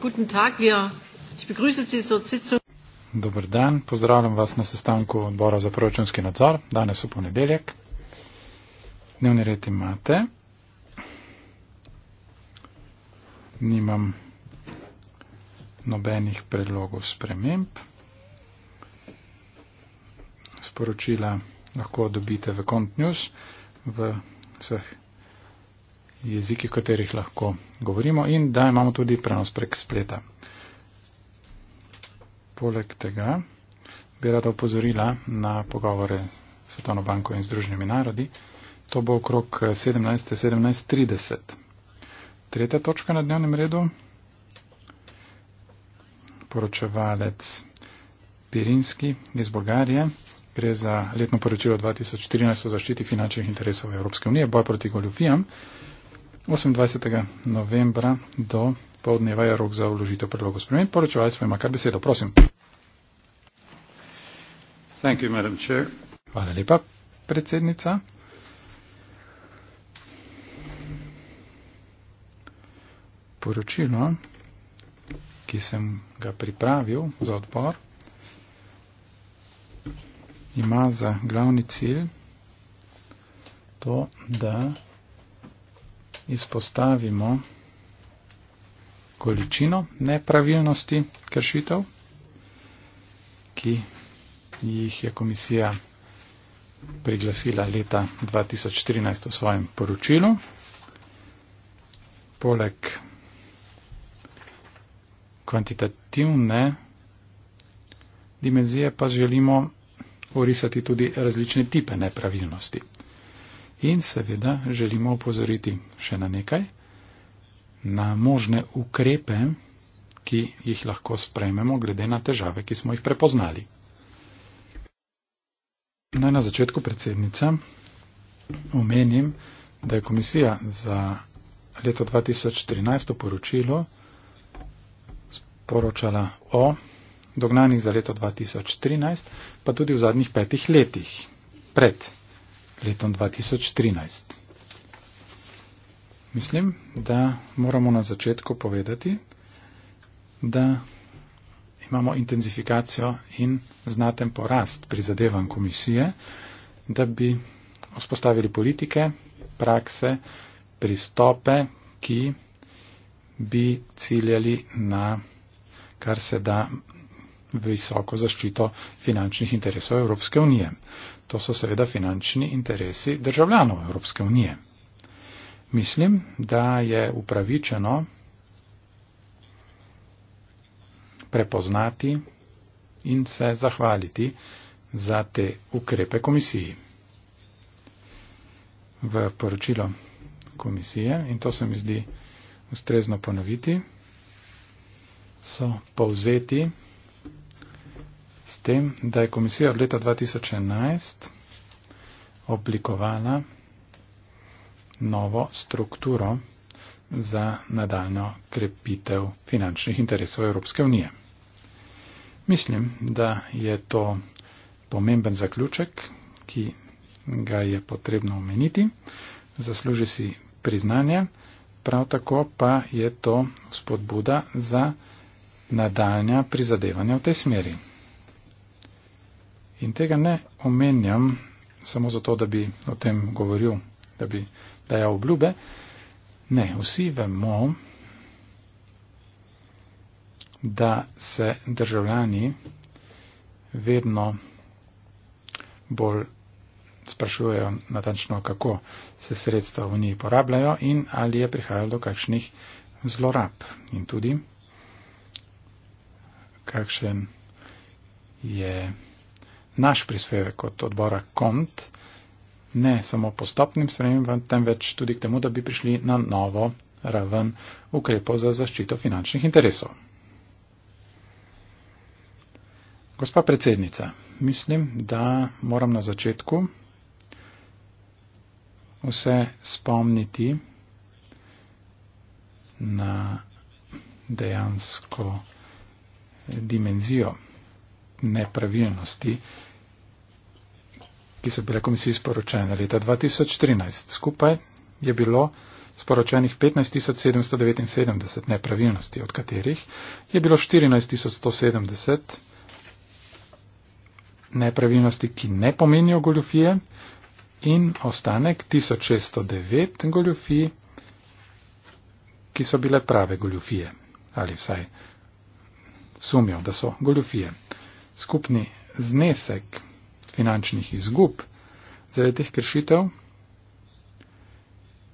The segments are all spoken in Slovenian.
Guten Tag, wir, ich begrüße Sie zur Sitzung. Dobar dan, pozdravljam vas na sestanku odbora za proračunski nadzor. Danes je ponedeljek. Dnevni red imate. Nimam nobenih predlogov sprememb. Sporočila lahko dobite v Kont News v vseh jeziki, v katerih lahko govorimo in da imamo tudi prenos prek spleta. Poleg tega bi rada upozorila na pogovore Svetovno banko in Združenimi narodi. To bo okrog 17.17.30. Tretja točka na dnevnem redu. Poročevalec Pirinski iz Bolgarije. Gre za letno poročilo 2013 o zaščiti finančnih interesov Evropske unije, boj proti goljufijam. 28. novembra do povdneva je rok za vložitev predlogo spremen. Poročevalec svojima kar besedo, prosim. Thank you, Madam Chair. Hvala lepa, predsednica. Poročilo, ki sem ga pripravil za odbor, ima za glavni cilj to, da izpostavimo količino nepravilnosti kršitev, ki jih je komisija priglasila leta 2013 v svojem poročilu. Poleg kvantitativne dimenzije pa želimo orisati tudi različne tipe nepravilnosti. In seveda želimo opozoriti še na nekaj, na možne ukrepe, ki jih lahko sprejmemo glede na težave, ki smo jih prepoznali. Naj na začetku predsednica omenim, da je komisija za leto 2013 poročilo sporočala o dognanjih za leto 2013, pa tudi v zadnjih petih letih pred letom 2013. Mislim, da moramo na začetku povedati, da imamo intenzifikacijo in znaten porast prizadevanj komisije, da bi vzpostavili politike, prakse, pristope, ki bi ciljali na kar se da visoko zaščito finančnih interesov Evropske unije. To so seveda finančni interesi državljanov Evropske unije. Mislim, da je upravičeno prepoznati in se zahvaliti za te ukrepe komisiji. V poročilo komisije, in to se mi zdi ustrezno ponoviti, so povzeti s tem, da je komisija od leta 2011 oblikovala novo strukturo za nadaljno krepitev finančnih interesov Evropske unije. Mislim, da je to pomemben zaključek, ki ga je potrebno omeniti, zasluži si priznanje, prav tako pa je to spodbuda za nadaljnja prizadevanja v tej smeri. In tega ne omenjam samo zato, da bi o tem govoril, da bi dajal obljube. Ne, vsi vemo, da se državljani vedno bolj sprašujejo natančno, kako se sredstva v njih porabljajo in ali je prihajalo do kakšnih zlorab. In tudi, kakšen je. Yeah naš prispevek kot odbora KONT ne samo postopnim spremembam, temveč tudi k temu, da bi prišli na novo raven ukrepov za zaščito finančnih interesov. Gospa predsednica, mislim, da moram na začetku vse spomniti na dejansko dimenzijo nepravilnosti, ki so bile komisiji sporočene leta 2013. Skupaj je bilo sporočenih 15.779 nepravilnosti, od katerih je bilo 14.170 nepravilnosti, ki ne pomenijo goljofije in ostanek 1609 goljofij, ki so bile prave goljofije ali vsaj sumijo, da so goljofije skupni znesek finančnih izgub zaradi teh kršitev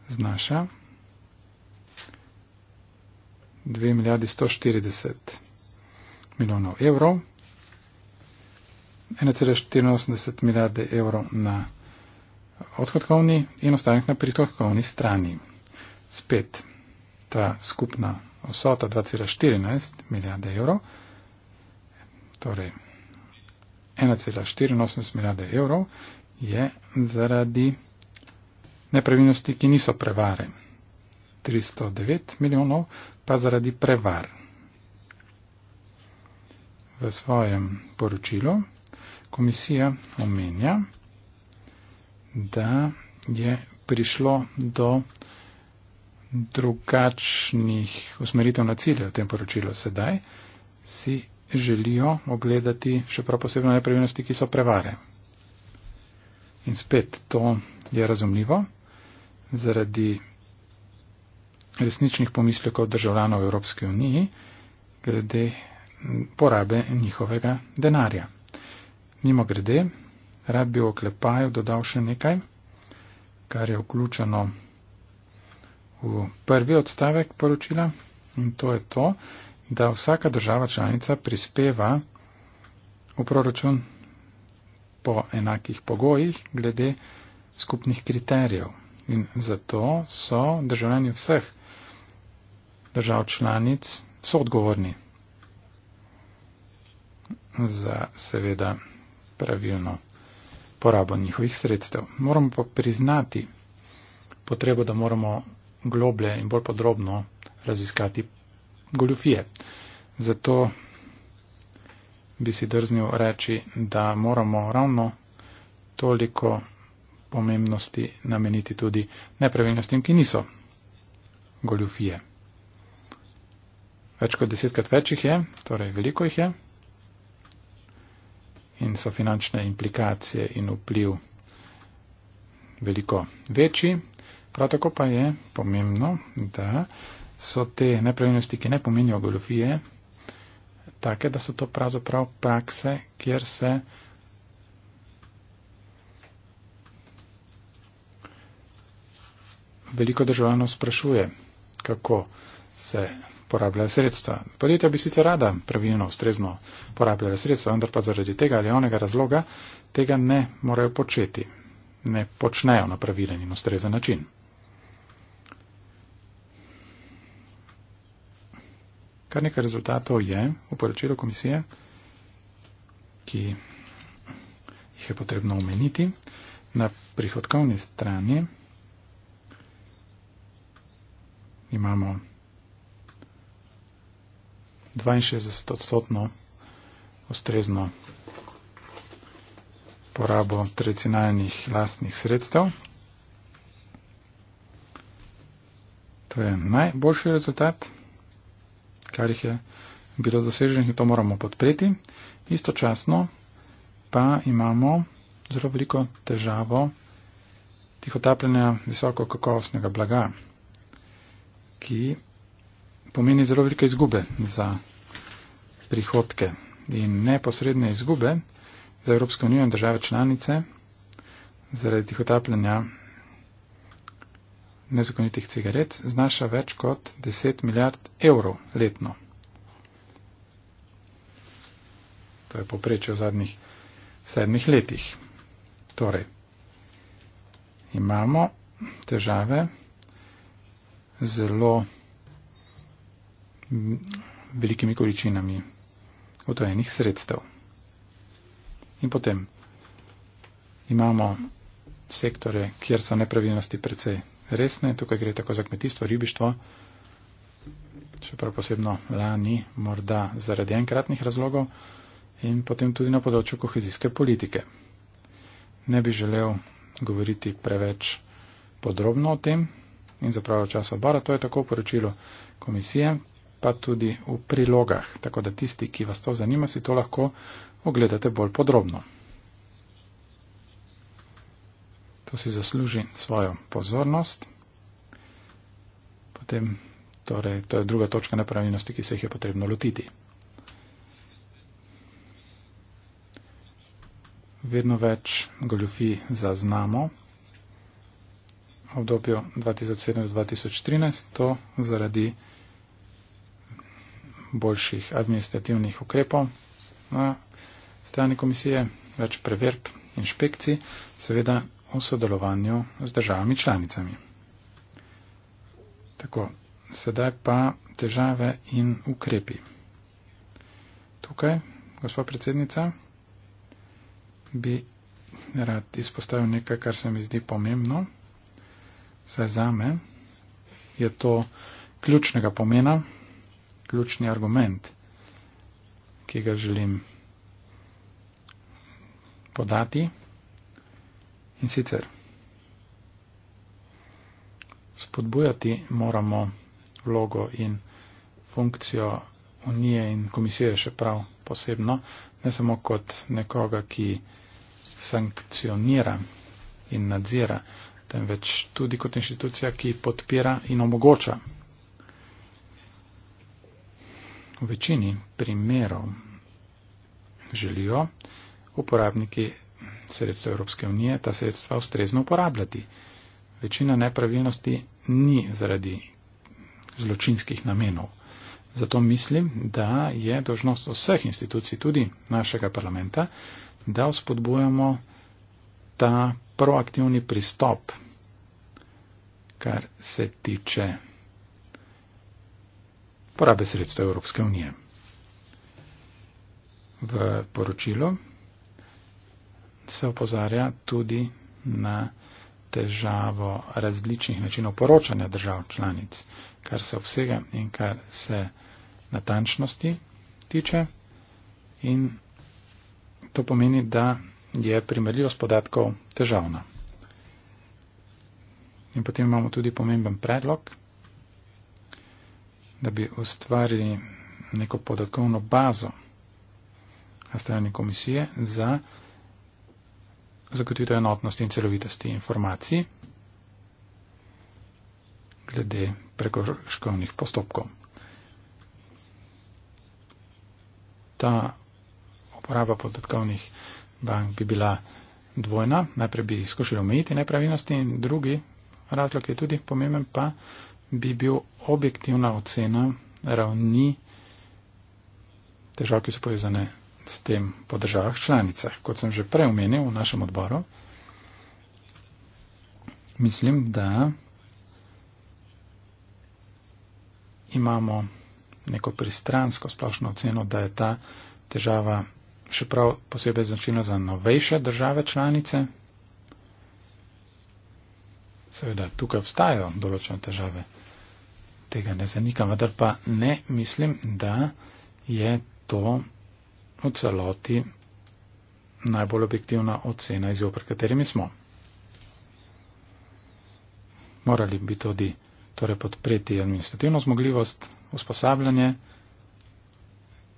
znaša 2 milijardi 140 milijonov evrov, 1,84 milijarde evrov na odhodkovni in ostanek na prihodkovni strani. Spet ta skupna osota 2,14 milijarde evrov, torej 1,84 milijarde evrov je zaradi nepravilnosti, ki niso prevare. 309 milijonov pa zaradi prevar. V svojem poročilu komisija omenja, da je prišlo do drugačnih usmeritev na cilje v tem poročilu sedaj. Si želijo ogledati še prav posebno nepravilnosti, ki so prevare. In spet to je razumljivo zaradi resničnih pomislekov državljanov Evropske unije glede porabe njihovega denarja. Nimo grede, rad bi v oklepaju dodal še nekaj, kar je vključeno v prvi odstavek poročila in to je to, da vsaka država članica prispeva v proračun po enakih pogojih glede skupnih kriterijev. In zato so državljani vseh držav članic soodgovorni za seveda pravilno porabo njihovih sredstev. Moramo pa priznati potrebo, da moramo globlje in bolj podrobno raziskati goljufije. Zato bi si drznil reči, da moramo ravno toliko pomembnosti nameniti tudi nepravilnostim, ki niso goljufije. Več kot desetkrat večjih je, torej veliko jih je in so finančne implikacije in vpliv veliko večji. Prav tako pa je pomembno, da so te nepravilnosti, ki ne pomenijo goljofije, take, da so to pravzaprav prakse, kjer se veliko državno sprašuje, kako se porabljajo sredstva. Podjetja bi sicer rada pravilno, ustrezno porabljala sredstva, vendar pa zaradi tega ali onega razloga tega ne morejo početi, ne počnejo na pravilen in ustrezen način. Kar nekaj rezultatov je v poročilu komisije, ki jih je potrebno omeniti. Na prihodkovni strani imamo 62 odstotno ustrezno porabo tradicionalnih lastnih sredstev. To je najboljši rezultat kar jih je bilo doseženih in to moramo podpreti. Istočasno pa imamo zelo veliko težavo tih otapljanja visoko kakovostnega blaga, ki pomeni zelo velike izgube za prihodke in neposredne izgube za Evropsko unijo in države članice zaradi tih otapljanja nezakonitih cigaret znaša več kot 10 milijard evrov letno. To je poprečje v zadnjih sedmih letih. Torej, imamo težave zelo velikimi količinami odojenih sredstev. In potem imamo sektore, kjer so nepravilnosti precej resne, tukaj gre tako za kmetijstvo, ribištvo, čeprav posebno lani, morda zaradi enkratnih razlogov in potem tudi na področju kohezijske politike. Ne bi želel govoriti preveč podrobno o tem in zapravljal čas odbora, to je tako poročilo komisije, pa tudi v prilogah, tako da tisti, ki vas to zanima, si to lahko ogledate bolj podrobno. To si zasluži svojo pozornost. Potem, torej, to je druga točka nepravilnosti, ki se jih je potrebno lotiti. Vedno več goljufi zaznamo. Obdobju 2007-2013 to zaradi boljših administrativnih ukrepov na strani komisije, več preverb, inšpekcij, seveda o sodelovanju z državami članicami. Tako, sedaj pa težave in ukrepi. Tukaj, gospod predsednica, bi rad izpostavil nekaj, kar se mi zdi pomembno. Saj za me je to ključnega pomena, ključni argument, ki ga želim podati In sicer spodbujati moramo vlogo in funkcijo Unije in komisije še prav posebno, ne samo kot nekoga, ki sankcionira in nadzira, temveč tudi kot inštitucija, ki podpira in omogoča. V večini primerov želijo uporabniki sredstev Evropske unije ta sredstva ustrezno uporabljati. Večina nepravilnosti ni zaradi zločinskih namenov. Zato mislim, da je dožnost vseh institucij, tudi našega parlamenta, da vzpodbujamo ta proaktivni pristop, kar se tiče porabe sredstev Evropske unije. V poročilu se opozarja tudi na težavo različnih načinov poročanja držav članic, kar se obsega in kar se natančnosti tiče. In to pomeni, da je primerljivost podatkov težavna. In potem imamo tudi pomemben predlog, da bi ustvarili neko podatkovno bazo strani komisije za zagotovitev enotnosti in celovitosti informacij glede prekrškovnih postopkov. Ta uporaba podatkovnih bank bi bila dvojna. Najprej bi skušali omejiti nepravilnosti in drugi razlog je tudi pomemben, pa bi bil objektivna ocena ravni težav, ki so povezane s tem po državah članicah. Kot sem že prej omenil v našem odboru, mislim, da imamo neko pristransko splošno oceno, da je ta težava še prav posebej značilna za novejše države članice. Seveda, tukaj obstajajo določene težave, tega ne zanikam, vendar pa ne mislim, da je to v celoti najbolj objektivna ocena izjiv, pred katerimi smo. Morali bi tudi torej podpreti administrativno zmogljivost, usposabljanje,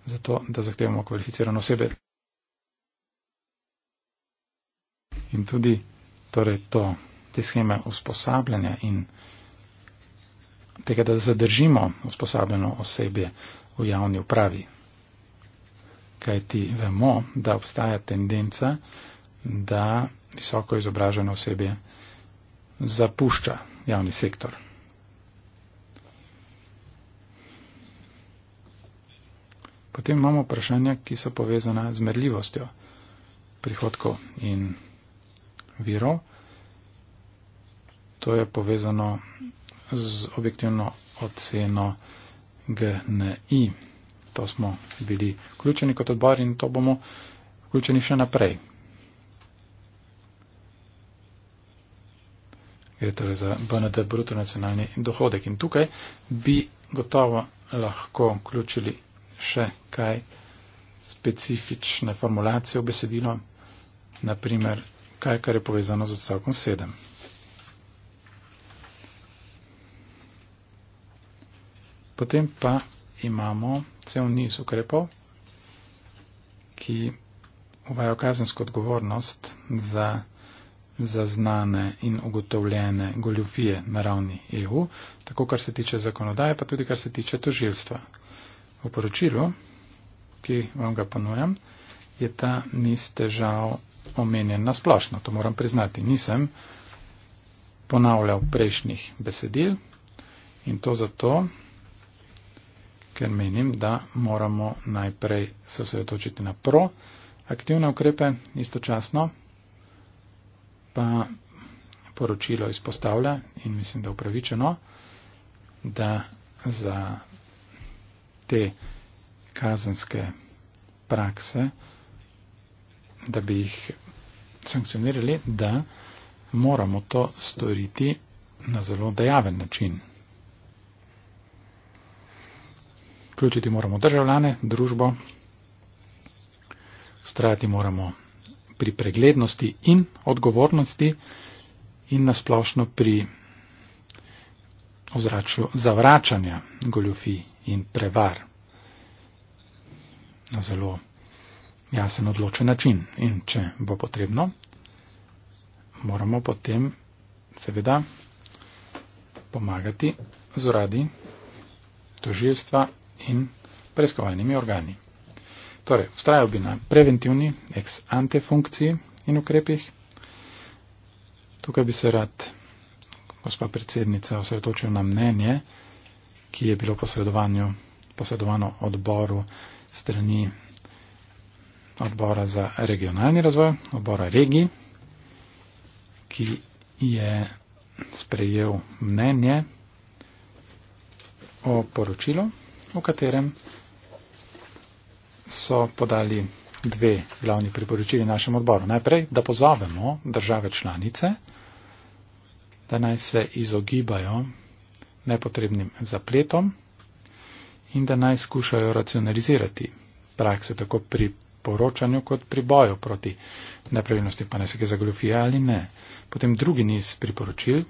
zato da zahtevamo kvalificirano osebe. In tudi torej to, te scheme usposabljanja in tega, da zadržimo usposabljeno osebje v javni upravi kajti vemo, da obstaja tendenca, da visoko izobražene osebe zapušča javni sektor. Potem imamo vprašanja, ki so povezana z merljivostjo prihodkov in virov. To je povezano z objektivno oceno GNI to smo bili vključeni kot odbor in to bomo vključeni še naprej. Gre torej za BND bruto nacionalni dohodek in tukaj bi gotovo lahko vključili še kaj specifične formulacije v besedilo, naprimer kaj, kar je povezano z odstavkom 7. Potem pa imamo cel niz ukrepov, ki uvajo kazensko odgovornost za zaznane in ugotovljene goljufije na ravni EU, tako kar se tiče zakonodaje, pa tudi kar se tiče tožilstva. V poročilu, ki vam ga ponujam, je ta niz težav omenjen na splošno, to moram priznati. Nisem ponavljal prejšnjih besedil in to zato, ker menim, da moramo najprej se osredotočiti na proaktivne ukrepe, istočasno pa poročilo izpostavlja in mislim, da upravičeno, da za te kazenske prakse, da bi jih sankcionirali, da moramo to storiti na zelo dejaven način. Vključiti moramo državljane, družbo, strati moramo pri preglednosti in odgovornosti in nasplošno pri ozračju zavračanja goljufi in prevar na zelo jasen odločen način. In če bo potrebno, moramo potem seveda pomagati z uradi toživstva, in preiskovalnimi organi. Torej, ustrajal bi na preventivni ex ante funkciji in ukrepih. Tukaj bi se rad, gospa predsednica, osredotočil na mnenje, ki je bilo posredovano odboru strani odbora za regionalni razvoj, odbora regij, ki je sprejel mnenje o poročilu, v katerem so podali dve glavni priporočili našem odboru. Najprej, da pozovemo države članice, da naj se izogibajo nepotrebnim zapletom in da naj skušajo racionalizirati prakse tako pri poročanju kot pri boju proti nepravilnosti, pa ne se ga zagoljofija ali ne. Potem drugi niz priporočil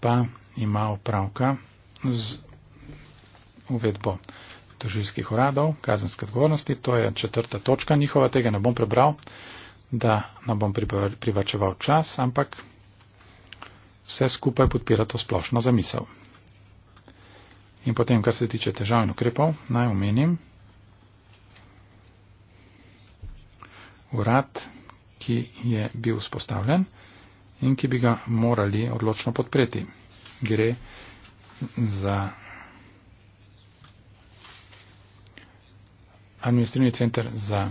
pa ima opravka z uvedbo tožilskih uradov, kazenske odgovornosti. To je četrta točka njihova, tega ne bom prebral, da ne bom privačeval čas, ampak vse skupaj podpira to splošno zamisel. In potem, kar se tiče težav in ukrepov, naj omenim urad, ki je bil vzpostavljen in ki bi ga morali odločno podpreti. Gre za Administrativni center za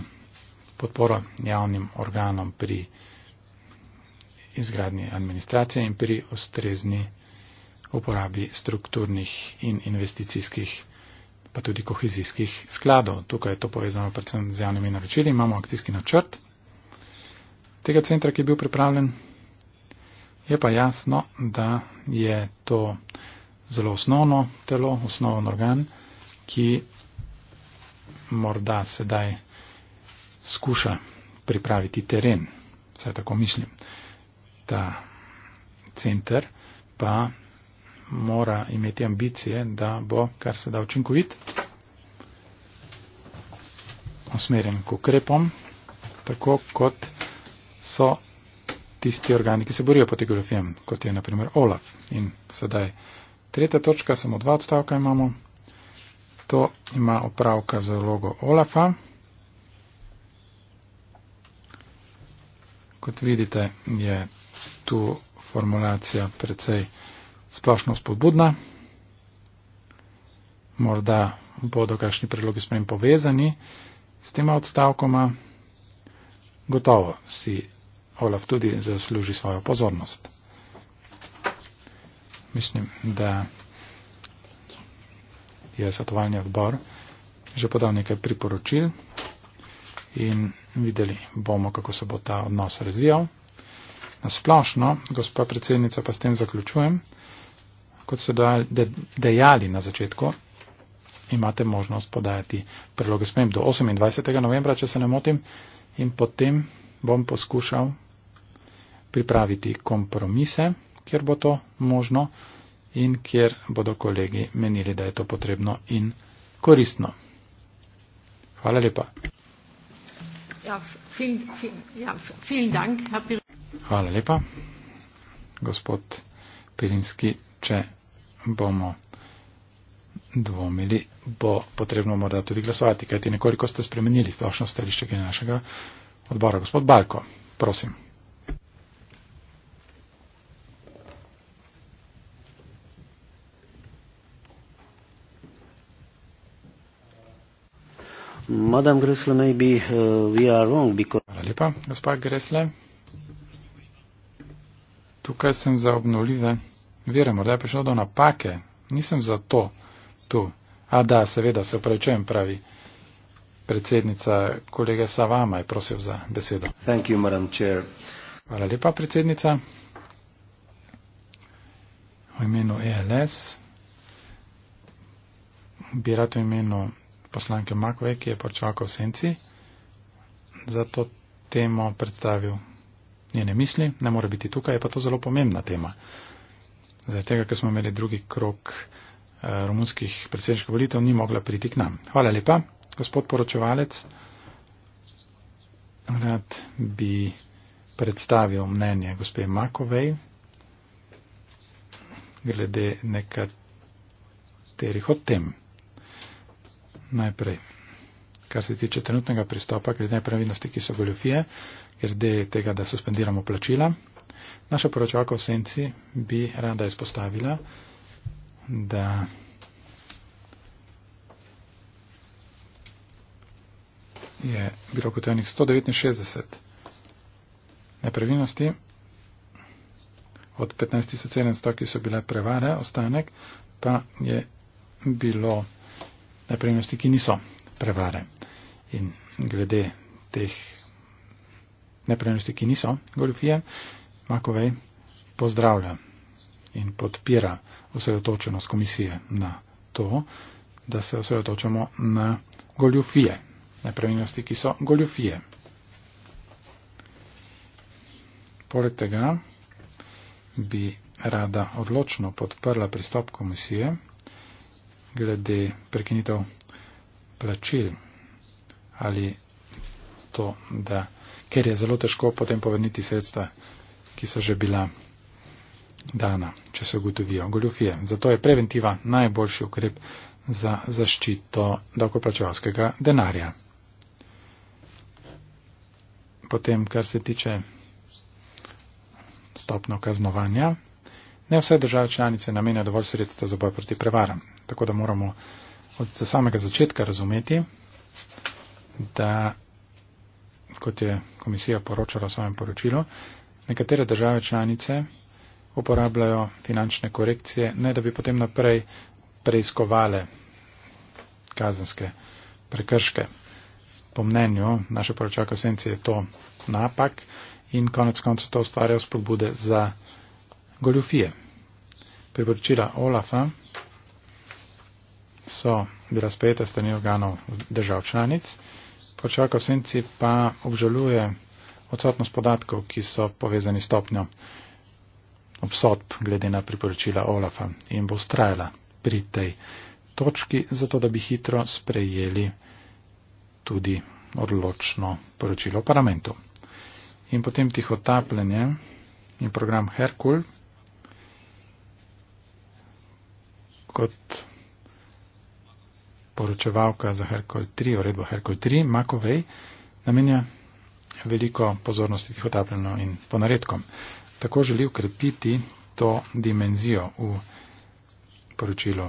podporo javnim organom pri izgradnji administracije in pri ustrezni uporabi strukturnih in investicijskih, pa tudi kohezijskih skladov. Tukaj je to povezano predvsem z javnimi naročili. Imamo akcijski načrt tega centra, ki je bil pripravljen. Je pa jasno, da je to zelo osnovno telo, osnoven organ, ki morda sedaj skuša pripraviti teren, vsaj tako mislim. Ta center pa mora imeti ambicije, da bo kar se da učinkovit, usmerjen k ukrepom, tako kot so tisti organi, ki se borijo proti goljofijam, kot je naprimer OLAF. In sedaj tretja točka, samo dva odstavka imamo to ima opravka z logo Olafa. Kot vidite, je tu formulacija precej splošno spodbudna. Morda bodo kakšni predlogi s povezani s tema odstavkoma. Gotovo si Olaf tudi zasluži svojo pozornost. Mislim, da je svetovalni odbor že podal nekaj priporočil in videli bomo, kako se bo ta odnos razvijal. Na splošno, gospa predsednica, pa s tem zaključujem, kot ste dejali na začetku, imate možnost podajati predloge sprem do 28. novembra, če se ne motim, in potem bom poskušal pripraviti kompromise, kjer bo to možno in kjer bodo kolegi menili, da je to potrebno in koristno. Hvala lepa. Ja, ja, Hvala lepa. Gospod Pirinski, če bomo dvomili, bo potrebno morda tudi glasovati, kajti nekoliko ste spremenili splošno stališče našega odbora. Gospod Balko, prosim. Madam Gresle, maybe uh, we are wrong because... Hvala lepa, gospa Gresle. Tukaj sem za obnovljive vire, morda je prišlo do napake. Nisem za to tu. A da, seveda, se upravičujem, pravi predsednica kolega Savama je prosil za besedo. Thank you, madam chair. Hvala lepa, predsednica. V imenu ELS bi rad v imenu poslanke Makve, ki je počakal v senci, za to temo predstavil njene misli, ne more biti tukaj, je pa to zelo pomembna tema. Zaradi tega, ker smo imeli drugi krok uh, eh, romunskih predsedniških volitev, ni mogla priti k nam. Hvala lepa, gospod poročevalec. Rad bi predstavil mnenje gospe Makovej glede nekaterih od tem najprej, kar se tiče trenutnega pristopa, glede nepravilnosti, ki so goljofije, glede tega, da suspendiramo plačila. Naša poročavka v senci bi rada izpostavila, da je bilo kot enih 169 nepravilnosti od 15.700, ki so bile prevare, ostanek pa je bilo nepravilnosti, ki niso prevare. In glede teh nepravilnosti, ki niso goljofije, Makovej pozdravlja in podpira osredotočenost komisije na to, da se osredotočamo na goljofije, nepravilnosti, ki so goljofije. Poleg tega bi rada odločno podprla pristop komisije glede prekinitev plačil ali to, da ker je zelo težko potem povrniti sredstva, ki so že bila dana, če se ugotovijo goljufije. Zato je preventiva najboljši ukrep za zaščito davkoplačevalskega denarja. Potem, kar se tiče stopno kaznovanja, ne vse države članice namenja dovolj sredstva za boj proti prevaram. Tako da moramo od samega začetka razumeti, da, kot je komisija poročala v svojem poročilu, nekatere države članice uporabljajo finančne korekcije, ne da bi potem naprej preiskovale kazenske prekrške. Po mnenju naše poročaka Sence je to napak in konec konca to ustvarja spodbude za goljufije. Priporočila Olafa so bila sprejeta strani organov držav članic. Počakal senci pa obžaluje odsotnost podatkov, ki so povezani s topnjo obsodb glede na priporočila Olafa in bo ustrajala pri tej točki, zato da bi hitro sprejeli tudi odločno poročilo v parlamentu. In potem tihotapljenje in program Herkul kot poročevalka za Herkul 3, uredbo Herkul 3, Makovej, namenja veliko pozornosti tihotapljeno in ponaredkom. Tako želi ukrepiti to dimenzijo v poročilu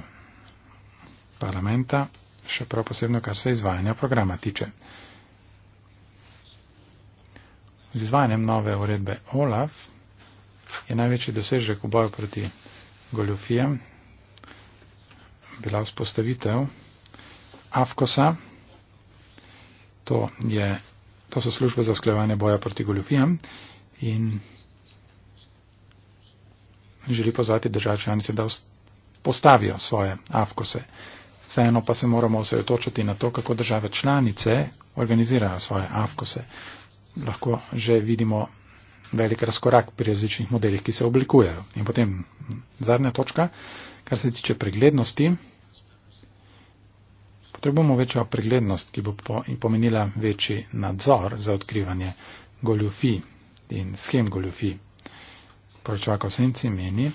parlamenta, še prav posebno, kar se izvajanja programa tiče. Z izvajanjem nove uredbe OLAF je največji dosežek v boju proti goljofijem bila vzpostavitev AFKOSA, to, je, to so službe za usklajevanje boja proti goljofijam in želi pozvati države članice, da postavijo svoje AFKOSE. Vseeno pa se moramo osredotočiti na to, kako države članice organizirajo svoje AFKOSE. Lahko že vidimo velik razkorak pri različnih modelih, ki se oblikujejo. In potem zadnja točka, kar se tiče preglednosti potrebujemo večjo preglednost, ki bo pomenila večji nadzor za odkrivanje goljufi in schem goljufi. Poročevalka v senci meni,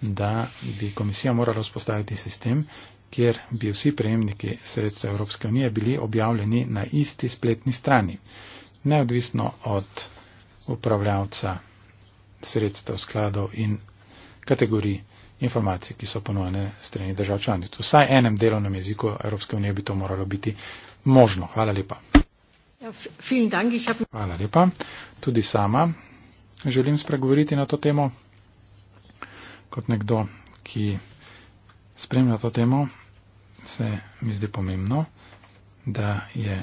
da bi komisija morala vzpostaviti sistem, kjer bi vsi prejemniki sredstva Evropske unije bili objavljeni na isti spletni strani, neodvisno od upravljavca sredstev skladov in kategorij informacij, ki so ponujene strani držav članic. V vsaj enem delovnem jeziku Evropske unije bi to moralo biti možno. Hvala lepa. Ja, Hvala lepa. Tudi sama želim spregovoriti na to temo kot nekdo, ki spremlja to temo. Se mi zdi pomembno, da je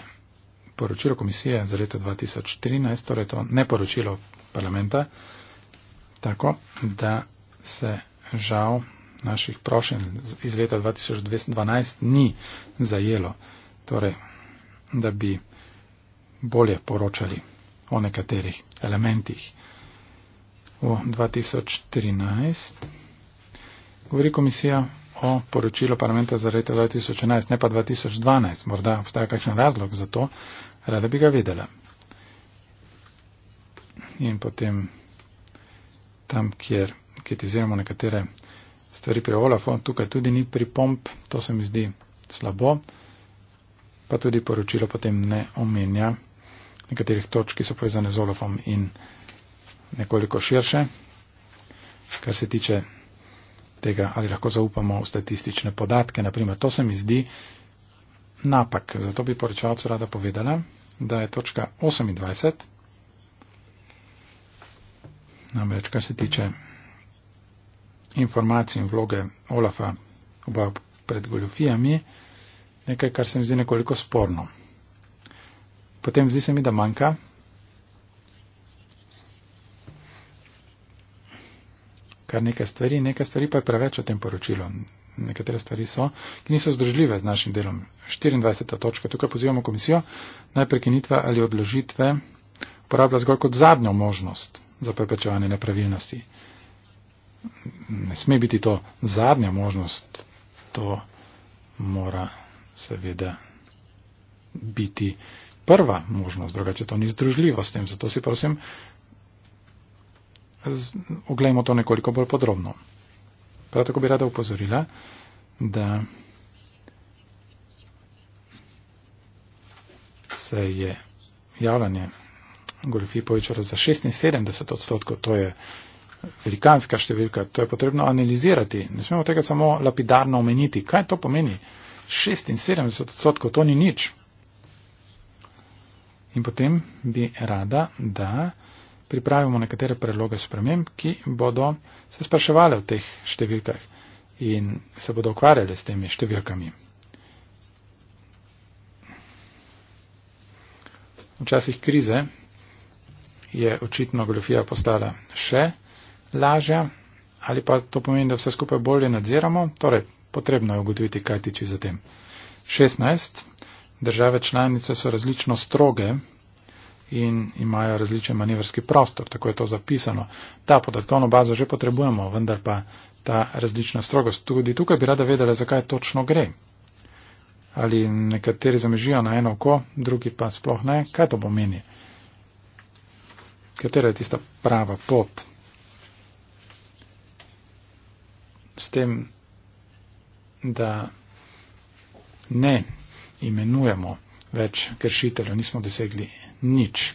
poročilo komisije za leto 2013, torej to ne poročilo parlamenta, tako, da se žal naših prošenj iz leta 2012 ni zajelo, torej, da bi bolje poročali o nekaterih elementih. V 2013 govori komisija o poročilu parlamenta za leto 2011, ne pa 2012. Morda obstaja kakšen razlog za to, rada bi ga vedela. In potem tam, kjer kritiziramo nekatere stvari pri Olafu, tukaj tudi ni pripomp, to se mi zdi slabo, pa tudi poročilo potem ne omenja nekaterih točk, ki so povezane z Olafom in nekoliko širše, kar se tiče tega, ali lahko zaupamo v statistične podatke, naprimer, to se mi zdi napak, zato bi poročalcu rada povedala, da je točka 28, namreč kar se tiče informacij in vloge Olafa oba pred goljofijami, nekaj, kar se mi zdi nekoliko sporno. Potem zdi se mi, da manjka. kar nekaj stvari, nekaj stvari pa je preveč o tem poročilu. Nekatere stvari so, ki niso združljive z našim delom. 24. točka. Tukaj pozivamo komisijo naj prekinitve ali odložitve uporablja zgolj kot zadnjo možnost za preprečevanje nepravilnosti ne sme biti to zadnja možnost, to mora seveda biti prva možnost, drugače to ni združljivo s tem. Zato si prosim, oglejmo to nekoliko bolj podrobno. Prav tako bi rada upozorila, da se je javljanje goljofije povečalo za 76 odstotkov, to je velikanska številka, to je potrebno analizirati. Ne smemo tega samo lapidarno omeniti. Kaj to pomeni? 76 odstotkov, to ni nič. In potem bi rada, da pripravimo nekatere predloge sprememb, ki bodo se spraševali o teh številkah in se bodo ukvarjali s temi številkami. V časih krize je očitno goljofija postala še lažja ali pa to pomeni, da vse skupaj bolje nadziramo. Torej, potrebno je ugotoviti, kaj tiči za tem. 16. Države članice so različno stroge in imajo različen manevrski prostor, tako je to zapisano. Ta podatkovno bazo že potrebujemo, vendar pa ta različna strogost. Tudi tukaj bi rada vedela, zakaj točno gre. Ali nekateri zamežijo na eno oko, drugi pa sploh ne. Kaj to pomeni? Katera je tista prava pot? s tem, da ne imenujemo več kršiteljev, nismo dosegli nič.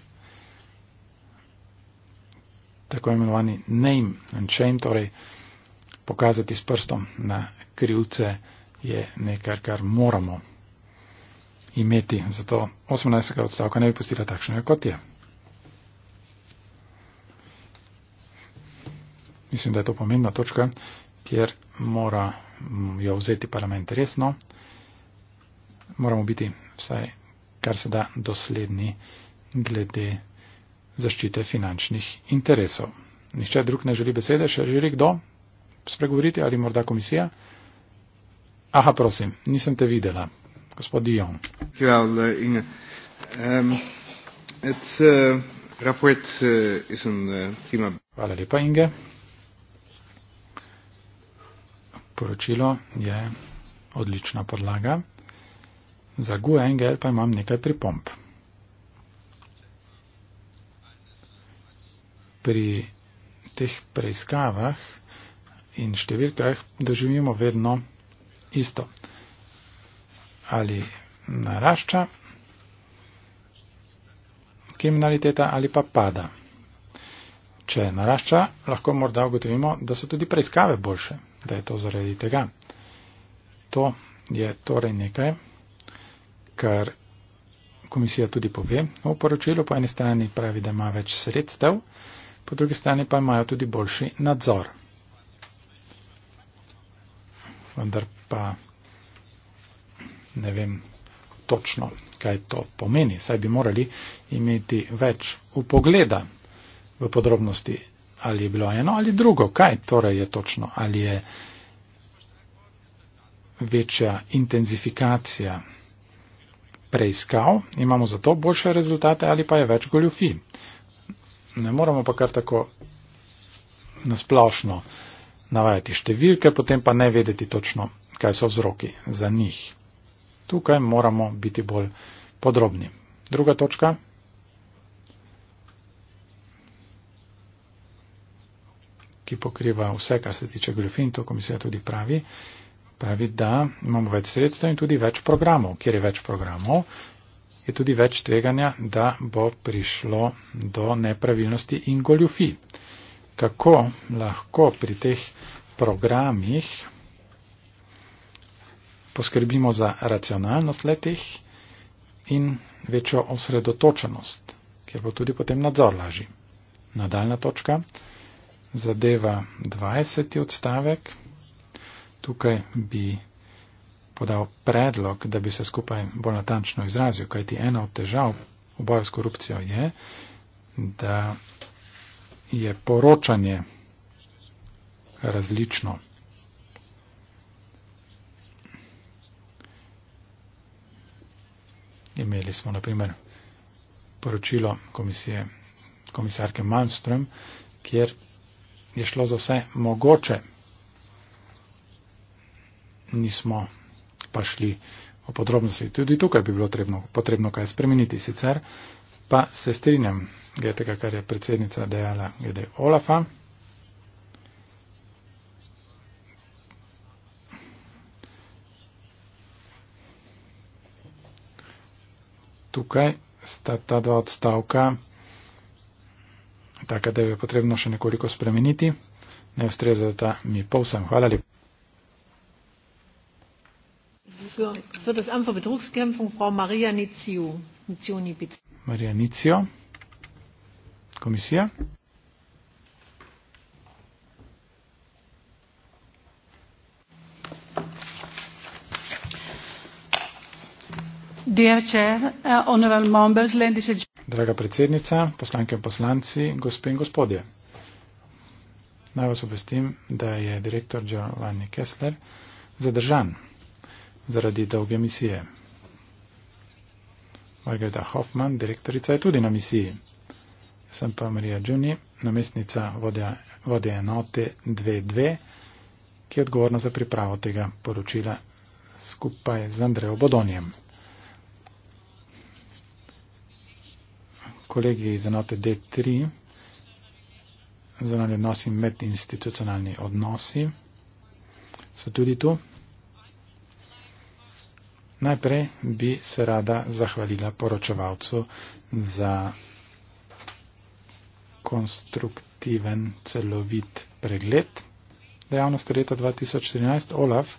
Tako imenovani name and shame, torej pokazati s prstom na krivce, je nekaj, kar moramo imeti. Zato 18. odstavka ne bi postila takšne, kot je. Mislim, da je to pomembna točka kjer mora jo vzeti parlament resno. Moramo biti vsaj kar se da dosledni glede zaščite finančnih interesov. Nihče drug ne želi besede, še želi kdo spregovoriti ali morda komisija. Aha, prosim, nisem te videla. Gospod Dion. Well, uh, in, um, it, uh, rapport, uh, is, uh, Hvala lepa, Inge. priporočilo je odlična podlaga. Za Guengel pa imam nekaj pripomp. Pri teh preiskavah in številkah doživimo vedno isto. Ali narašča kriminaliteta ali pa pada. Če narašča, lahko morda ugotovimo, da so tudi preiskave boljše da je to zaradi tega. To je torej nekaj, kar komisija tudi pove v poročilu. Po eni strani pravi, da ima več sredstev, po drugi strani pa imajo tudi boljši nadzor. Vendar pa ne vem točno, kaj to pomeni. Saj bi morali imeti več upogleda v podrobnosti ali je bilo eno ali drugo, kaj torej je točno, ali je večja intenzifikacija preiskav, imamo za to boljše rezultate ali pa je več goljufi. Ne moramo pa kar tako nasplošno navajati številke, potem pa ne vedeti točno, kaj so vzroki za njih. Tukaj moramo biti bolj podrobni. Druga točka. ki pokriva vse, kar se tiče goljofin, to komisija tudi pravi, pravi, da imamo več sredstev in tudi več programov. Ker je več programov, je tudi več tveganja, da bo prišlo do nepravilnosti in goljofi. Kako lahko pri teh programih poskrbimo za racionalnost letih in večjo osredotočenost, ker bo tudi potem nadzor lažji. Nadaljna točka zadeva 20. odstavek. Tukaj bi podal predlog, da bi se skupaj bolj natančno izrazil, kajti ena od težav v boju s korupcijo je, da je poročanje različno. Imeli smo naprimer poročilo komisije komisarke Malmström, kjer je šlo za vse mogoče. Nismo pa šli v podrobnosti. Tudi tukaj bi bilo trebno, potrebno kaj spremeniti. Sicer pa se strinjam, gledajte, kar je predsednica dejala glede Olafa. Tukaj sta ta dva odstavka taka, da jo je potrebno še nekoliko spremeniti. Ne ustreza ta mi povsem. Hvala lepa. Marija Nicio, komisija. Dear Chair, uh, Honourable Members, ladies and gentlemen. Draga predsednica, poslanke in poslanci, gospe in gospodje. Naj vas obvestim, da je direktor Giovanni Kessler zadržan zaradi dolge misije. Margareta Hoffman, direktorica, je tudi na misiji. Sem pa Marija Džuni, namestnica vodja, vodja enote 2.2, ki je odgovorna za pripravo tega poročila skupaj z Andrejo Bodonjem. kolegi iz enote D3, zunanje odnosi med institucionalni odnosi, so tudi tu. Najprej bi se rada zahvalila poročevalcu za konstruktiven celovit pregled dejavnosti leta 2014. Olaf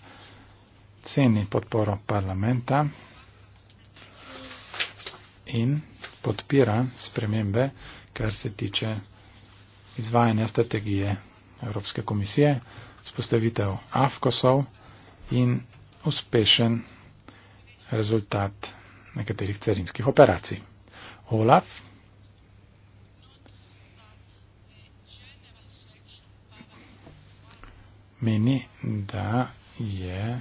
ceni podporo parlamenta in podpira spremembe, kar se tiče izvajanja strategije Evropske komisije, spostavitev AFKOSov in uspešen rezultat nekaterih carinskih operacij. Olaf. Meni, da je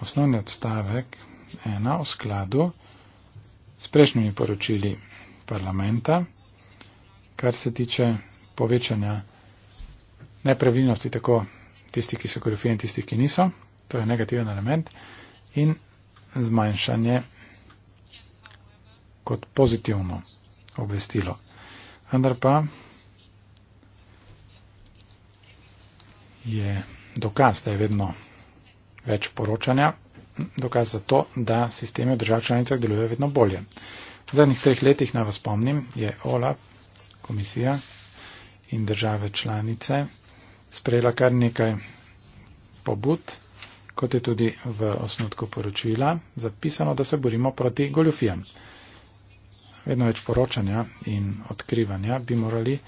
osnovni odstavek ena v skladu s prejšnjimi poročili parlamenta, kar se tiče povečanja nepravilnosti, tako tisti, ki so korofije in tisti, ki niso, to je negativen element, in zmanjšanje kot pozitivno obvestilo. Vendar pa je dokaz, da je vedno več poročanja dokaz za to, da sistemi v držav članicah delujejo vedno bolje. V zadnjih treh letih, naj vas spomnim, je OLAP, komisija in države članice sprejela kar nekaj pobud, kot je tudi v osnutku poročila zapisano, da se borimo proti goljofijam. Vedno več poročanja in odkrivanja bi morali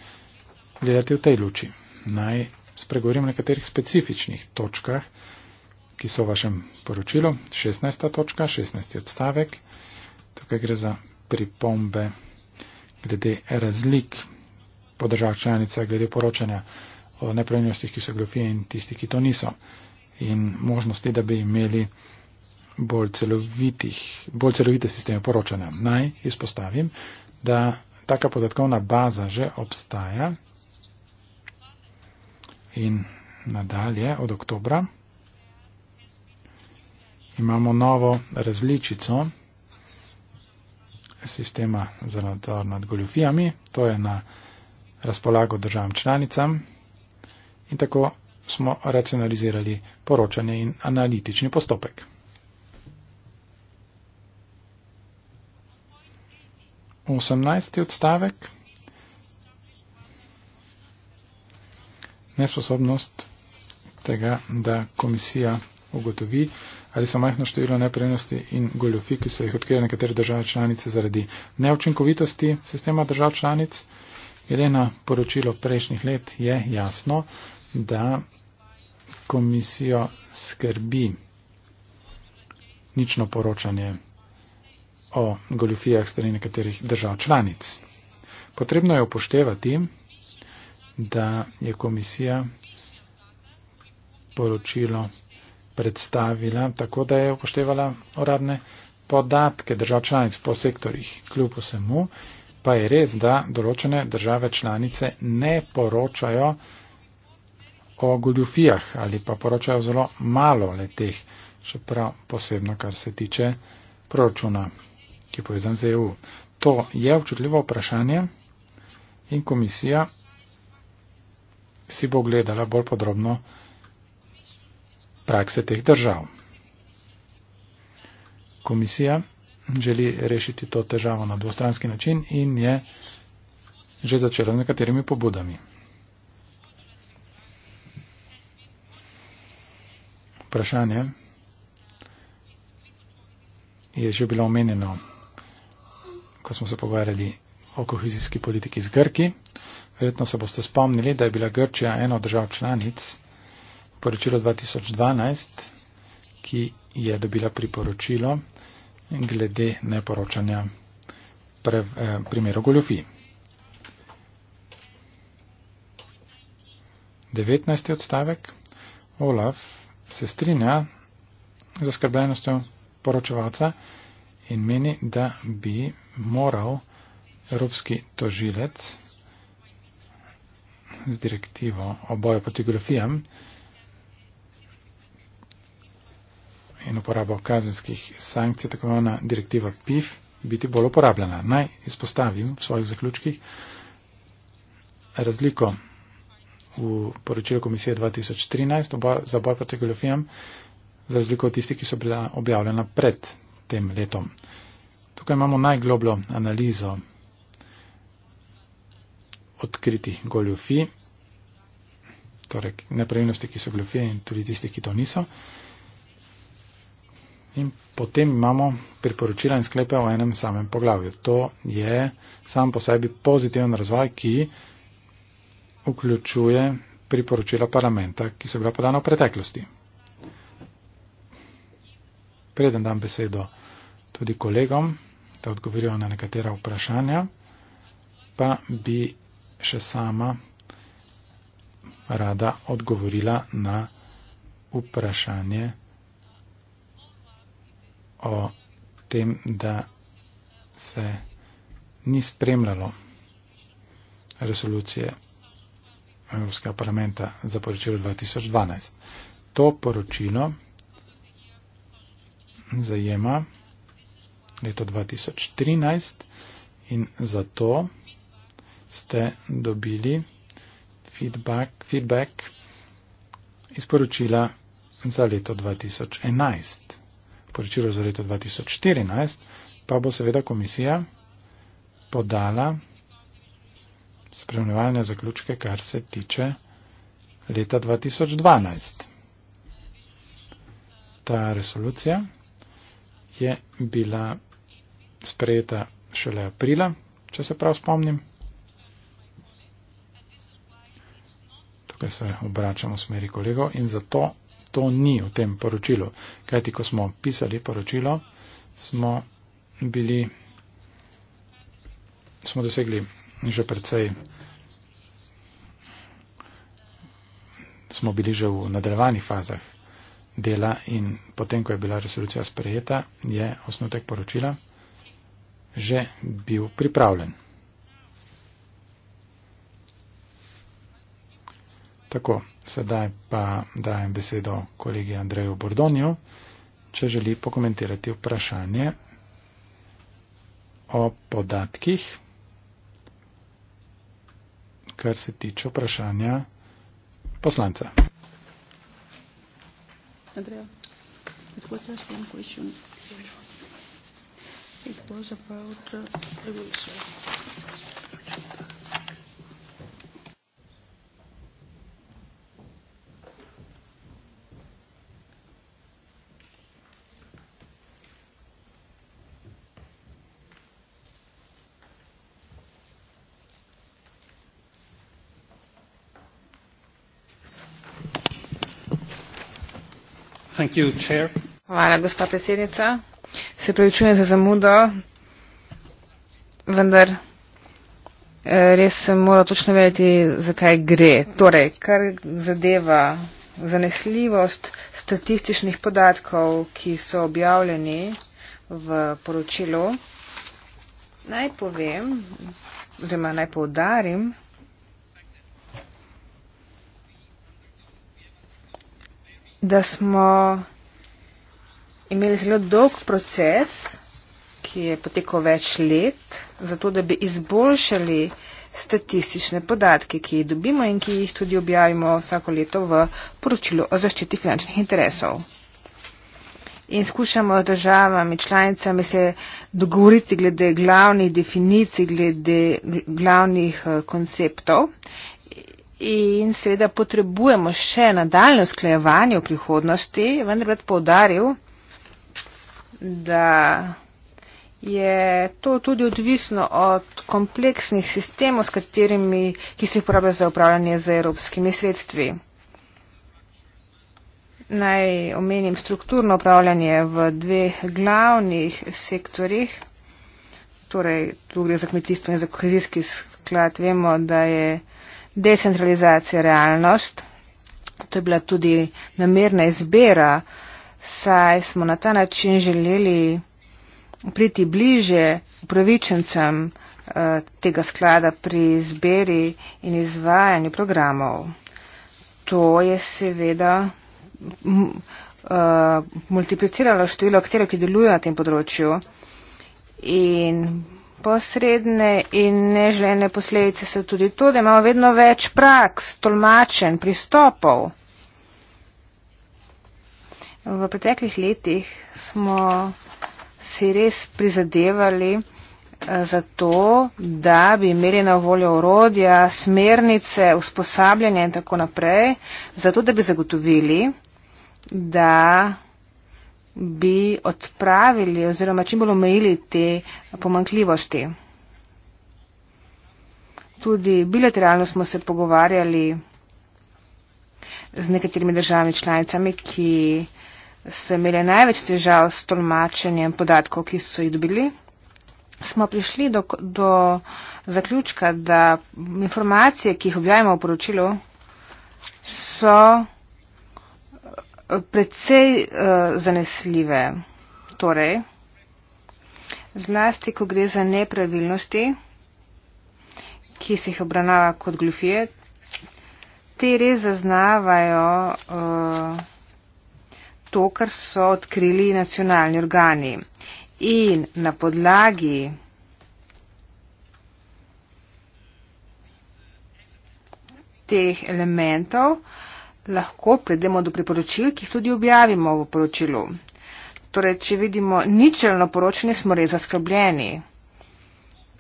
gledati v tej luči. Naj spregovorim o nekaterih specifičnih točkah, ki so v vašem poročilu. 16. točka, 16. odstavek. Tukaj gre za pripombe glede razlik po državah članica, glede poročanja o nepravilnostih, ki so glofije in tisti, ki to niso. In možnosti, da bi imeli bolj, bolj celovite sisteme poročanja. Naj izpostavim, da taka podatkovna baza že obstaja in nadalje od oktobra imamo novo različico sistema za nadzor nad goljufijami, to je na razpolago državam članicam in tako smo racionalizirali poročanje in analitični postopek. Osemnajsti odstavek. Nesposobnost tega, da komisija ugotovi, ali so majhno število neprenosti in goljofi, ki so jih odkrile nekatere države članice zaradi neučinkovitosti sistema držav članic. Glede na poročilo prejšnjih let je jasno, da komisijo skrbi nično poročanje o goljofijah strani nekaterih držav članic. Potrebno je upoštevati, da je komisija poročilo predstavila, tako da je upoštevala uradne podatke držav članic po sektorjih. Kljub vsemu pa je res, da določene države članice ne poročajo o goljufijah ali pa poročajo zelo malo le teh, še prav posebno, kar se tiče proračuna, ki je povezan z EU. To je občutljivo vprašanje in komisija si bo gledala bolj podrobno prakse teh držav. Komisija želi rešiti to težavo na dvostranski način in je že začela z nekaterimi pobudami. Vprašanje je že bilo omenjeno, ko smo se pogovarjali o kohezijski politiki z Grki. Verjetno se boste spomnili, da je bila Grčija ena od držav članic, poročilo 2012, ki je dobila priporočilo glede neporočanja prev, eh, primeru goljofi. 19. odstavek. Olaf se strinja z zaskrbljenostjo poročevalca in meni, da bi moral evropski tožilec z direktivo o boju proti goljofijam in uporabo kazenskih sankcij, tako imenovana direktiva PIF, biti bolj uporabljena. Naj izpostavim v svojih zaključkih razliko v poročilu komisije 2013 oba, za boj proti goljofijam, za razliko od tistih, ki so bila objavljena pred tem letom. Tukaj imamo najgloblo analizo odkritih goljofij, torej nepravilnosti, ki so goljofije in tudi tistih, ki to niso. In potem imamo priporočila in sklepe v enem samem poglavju. To je sam po sebi pozitiven razvoj, ki vključuje priporočila parlamenta, ki so bila podana v preteklosti. Preden dam besedo tudi kolegom, da odgovorijo na nekatera vprašanja, pa bi še sama rada odgovorila na vprašanje o tem, da se ni spremljalo resolucije Evropskega parlamenta za poročilo 2012. To poročilo zajema leto 2013 in zato ste dobili feedback, feedback iz poročila za leto 2011 poročilo za leto 2014, pa bo seveda komisija podala spremljevalne zaključke, kar se tiče leta 2012. Ta resolucija je bila sprejeta šele aprila, če se prav spomnim. Tukaj se obračamo v smeri kolego in zato to ni v tem poročilu. Kajti, ko smo pisali poročilo, smo bili, smo dosegli že precej, smo bili že v nadaljevanih fazah dela in potem, ko je bila resolucija sprejeta, je osnutek poročila že bil pripravljen. Tako. Sedaj pa dajem besedo kolegi Andreju Bordonijo, če želi pokomentirati vprašanje o podatkih, kar se tiče vprašanja poslanca. Andreja, Hvala, gospa predsednica. Se prevečujem za zamudo, vendar eh, res sem moral točno vedeti, zakaj gre. Torej, kar zadeva zanesljivost statističnih podatkov, ki so objavljeni v poročilu, naj povem, oziroma naj poudarim, da smo imeli zelo dolg proces, ki je potekal več let, zato da bi izboljšali statistične podatke, ki jih dobimo in ki jih tudi objavimo vsako leto v poročilu o zaščiti finančnih interesov. In skušamo z državami, članicami se dogovoriti glede glavnih definicij, glede glavnih eh, konceptov in seveda potrebujemo še nadaljno sklejevanje v prihodnosti, vendar bi povdaril, da je to tudi odvisno od kompleksnih sistemov, katerimi, ki se uporabljajo za upravljanje z evropskimi sredstvi. Naj omenim strukturno upravljanje v dveh glavnih sektorjih, torej tu gre za kmetijstvo in za kohezijski sklad. Vemo, da je decentralizacija realnost. To je bila tudi namerna izbira, saj smo na ta način želeli priti bliže upravičencem eh, tega sklada pri izbiri in izvajanju programov. To je seveda eh, multipliciralo število akterov, ki delujejo na tem področju in posredne in neželene posledice so tudi to, da imamo vedno več praks, tolmačen, pristopov. V preteklih letih smo si res prizadevali eh, za to, da bi imeli na voljo orodja, smernice, usposabljanje in tako naprej, zato da bi zagotovili, da bi odpravili oziroma čim bolj omejili te pomankljivosti. Tudi bilateralno smo se pogovarjali z nekaterimi državami članicami, ki so imeli največ težav s tolmačenjem podatkov, ki so jih dobili. Smo prišli do, do zaključka, da informacije, ki jih objavimo v poročilu, so precej uh, zanesljive. Torej, zlasti, ko gre za nepravilnosti, ki se jih obravnava kot glufije, te res zaznavajo uh, to, kar so odkrili nacionalni organi. In na podlagi teh elementov uh, lahko pridemo do priporočil, ki jih tudi objavimo v poročilu. Torej, če vidimo ničelno poročanje, smo res zaskrbljeni.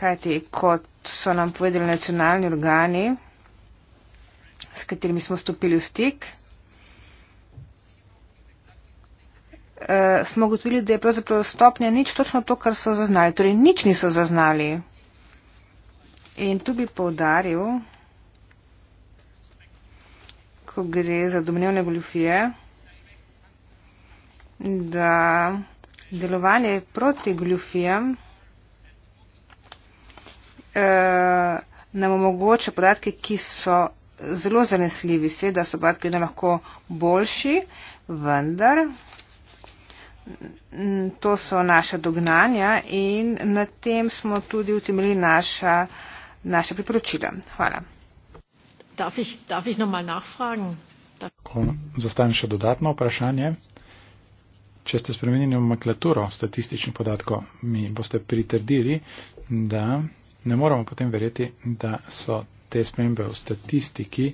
Kajti, kot so nam povedali nacionalni organi, s katerimi smo stopili v stik, eh, smo ugotovili, da je pravzaprav stopnja nič točno to, kar so zaznali. Torej, nič niso zaznali. In tu bi povdaril, ko gre za domnevne goljufije, da delovanje proti goljufijam eh, nam omogoča podatke, ki so zelo zanesljivi. Seveda so podatki vedno lahko boljši, vendar mm, to so naša dognanja in na tem smo tudi utemeljili naša, naša priporočila. Hvala. Darf ich, darf ich nochmal nachfragen? Zastavim še dodatno vprašanje. Če ste spremenili nomenklaturo statističnih podatkov, mi boste pritrdili, da ne moramo potem verjeti, da so te spremembe v statistiki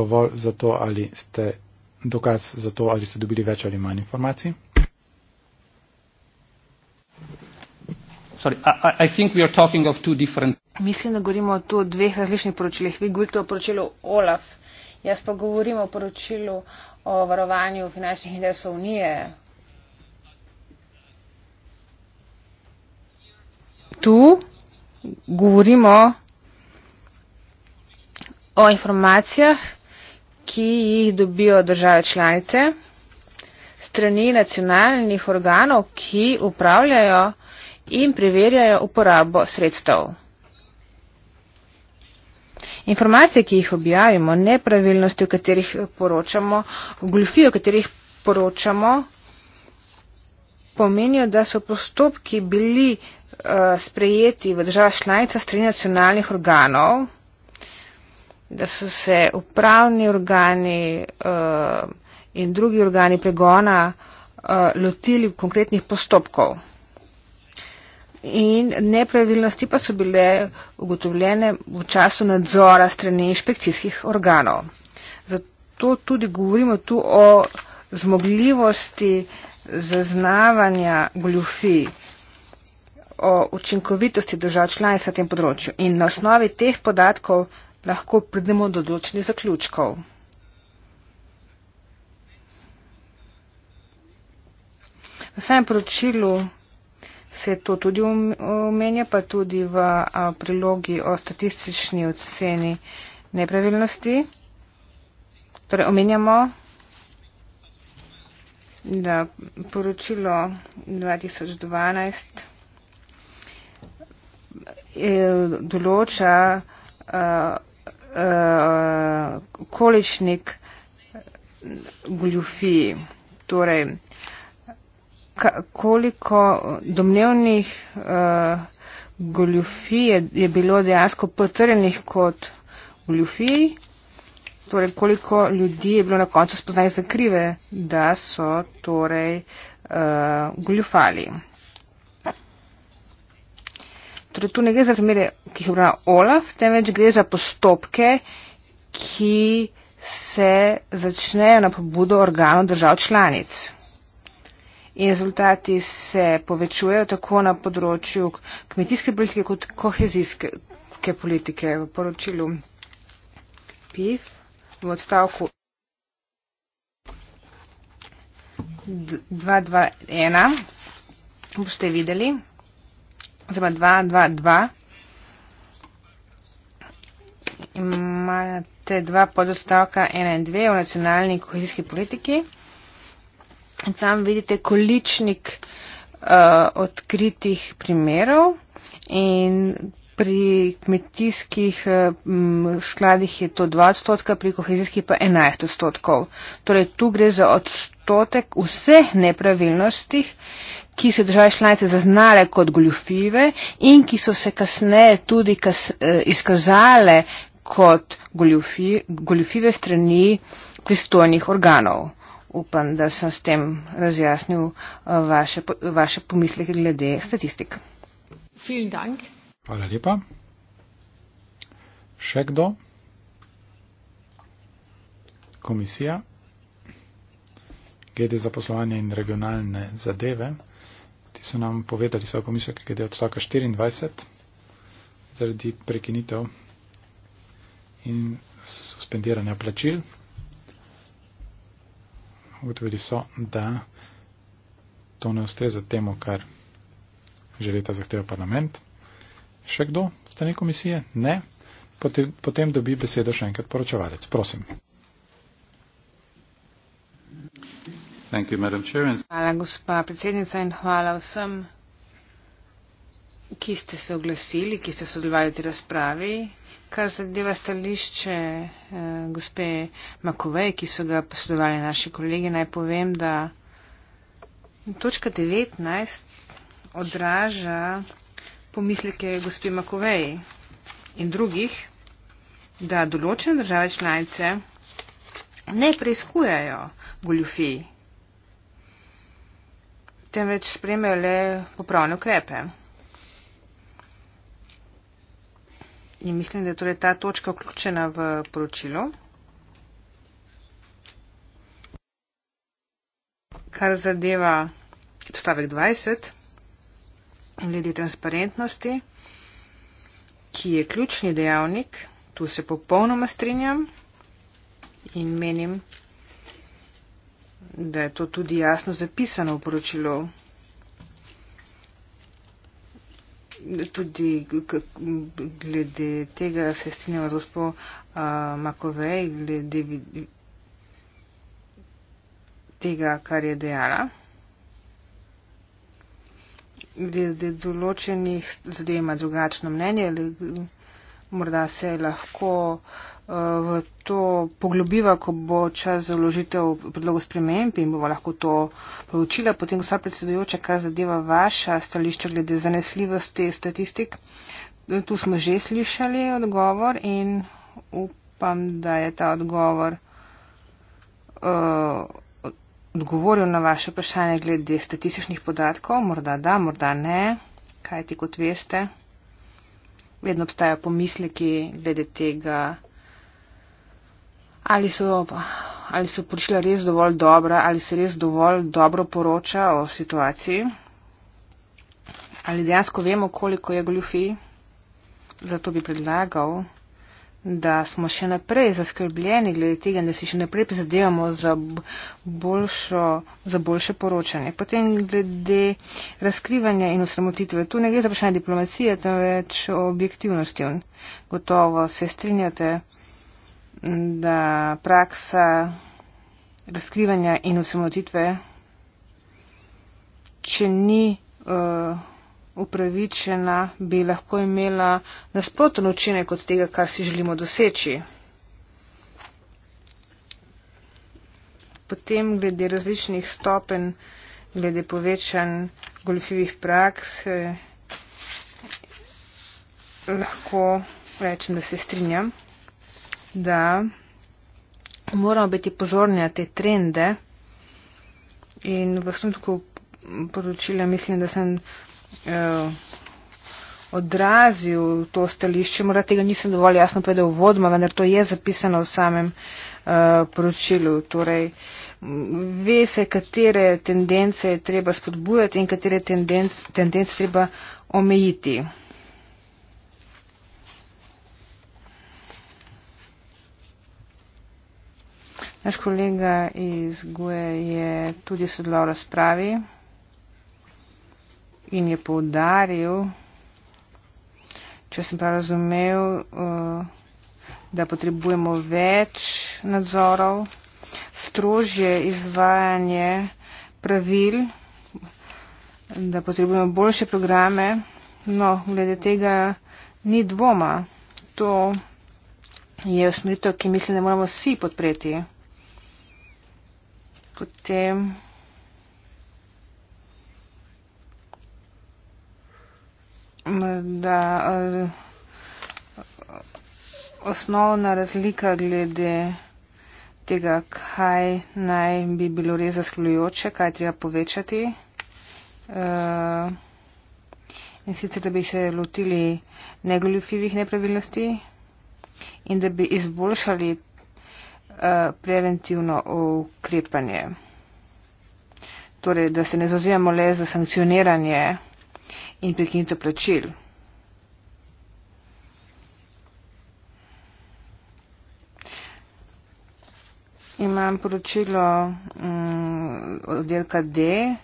dovolj za to, ali ste dokaz za to, ali ste dobili več ali manj informacij. Sorry, I, I think we are talking of two different. Mislim, da govorimo tu o dveh različnih poročilih. Vi govorite o poročilu OLAF, jaz pa govorim o poročilu o varovanju finančnih interesov unije. Tu govorimo o informacijah, ki jih dobijo države članice strani nacionalnih organov, ki upravljajo in preverjajo uporabo sredstev informacije, ki jih objavimo, nepravilnosti, o katerih poročamo, glufije, o katerih poročamo, pomenijo, da so postopki bili uh, sprejeti v država članica strani nacionalnih organov, da so se upravni organi uh, in drugi organi pregona uh, lotili konkretnih postopkov in nepravilnosti pa so bile ugotovljene v času nadzora strani inšpekcijskih organov. Zato tudi govorimo tu o zmogljivosti zaznavanja goljufij, o učinkovitosti držav članic na tem področju in na osnovi teh podatkov lahko pridemo do določenih zaključkov. V samem poročilu se to tudi um, omenja, pa tudi v prilogi o statistični oceni nepravilnosti. Torej, omenjamo, da poročilo 2012 e, določa količnik goljufiji. Torej, koliko domnevnih uh, goljufij je, je bilo dejansko potrjenih kot goljufiji, torej koliko ljudi je bilo na koncu spoznanih za krive, da so torej uh, goljufali. Torej, tu ne gre za primere, ki jih obravnava Olaf, temveč gre za postopke, ki se začnejo na pobudo organov držav članic in rezultati se povečujejo tako na področju kmetijske politike kot kohezijske politike. V poročilu PIF v odstavku 2.2.1 boste videli, oziroma 2.2.2 imate dva podostavka 1 in 2 v nacionalni kohezijski politiki. In tam vidite količnik uh, odkritih primerov in pri kmetijskih um, skladih je to 2 odstotka, pri kohezijskih pa 11 odstotkov. Torej tu gre za odstotek vseh nepravilnostih ki so države članice zaznale kot goljufive in ki so se kasneje tudi kas, eh, izkazale kot goljufi, goljufive strani pristojnih organov upam, da sem s tem razjasnil eh, vaše, vaše pomisleke glede statistik. Hvala lepa. Še kdo? Komisija? Glede za poslovanje in regionalne zadeve. Ti so nam povedali svoje pomisleke glede odstavka 24 zaradi prekinitev in suspendiranja plačil ugotovili so, da to ne ustreza temu, kar želita zahteva parlament. Še kdo strani komisije? Ne. Potem, potem dobi besedo še enkrat poročevalec. Prosim. Hvala, gospa predsednica, in hvala vsem, ki ste se oglasili, ki ste sodelovali v tej razpravi kar zadeva stališče eh, gospe Makovej, ki so ga posodovali naši kolegi, naj povem, da točka 19 odraža pomisleke gospe Makovej in drugih, da določene države članice ne preizkujajo goljufij, temveč spremljajo le popravne ukrepe. in mislim, da je torej ta točka vključena v poročilo. Kar zadeva stavek 20, glede transparentnosti, ki je ključni dejavnik, tu se popolnoma strinjam in menim, da je to tudi jasno zapisano v poročilu. tudi glede tega se strinjava z gospo uh, Makovej, glede tega, kar je dejala. Glede določenih, zdaj ima drugačno mnenje, ali morda se lahko uh, v to poglobiva, ko bo čas za vložitev predlogov sprememb in bomo lahko to poročila. Potem, gospod predsedujoča, kar zadeva vaša stališča glede zanesljivosti statistik, tu smo že slišali odgovor in upam, da je ta odgovor eh, odgovoril na vaše vprašanje glede statističnih podatkov. Morda da, morda ne, kajti kot veste, vedno obstajajo pomisleki glede tega, ali so, ali so prišla res dovolj dobra, ali se res dovolj dobro poroča o situaciji, ali dejansko vemo, koliko je goljufi. Zato bi predlagal, da smo še naprej zaskrbljeni glede tega in da si še naprej prizadevamo za, za boljše poročanje. Potem glede razkrivanja in osramotitve. Tu ne gre za vprašanje diplomacije, temveč objektivnosti. Gotovo se strinjate da praksa razkrivanja in osamotitve, če ni uh, upravičena, bi lahko imela nasproten učinek od tega, kar si želimo doseči. Potem glede različnih stopen, glede povečanj goljufivih praks, eh, lahko rečem, da se strinjam da moramo biti pozorni na te trende in v osnutku poročila mislim, da sem eh, odrazil to stališče, morda tega nisem dovolj jasno povedal vodma, vendar to je zapisano v samem eh, poročilu. Torej, ve se, katere tendence je treba spodbujati in katere tendence, tendence treba omejiti. Naš kolega iz GUE je tudi sodeloval v razpravi in je poudaril, če sem prav razumel, eh, da potrebujemo več nadzorov, strožje izvajanje pravil, da potrebujemo boljše programe. No, glede tega ni dvoma. To je usmeritev, ki mislim, da moramo vsi podpreti potem morda eh, osnovna razlika glede tega, kaj naj bi bilo res zaskrbljujoče, kaj treba povečati. Eh, in sicer, da bi se lotili negoljufivih nepravilnosti in da bi izboljšali Eh, preventivno ukrepanje. Torej, da se ne zauzemamo le za sankcioniranje in prekinitev plačil. Imam poročilo um, oddelka D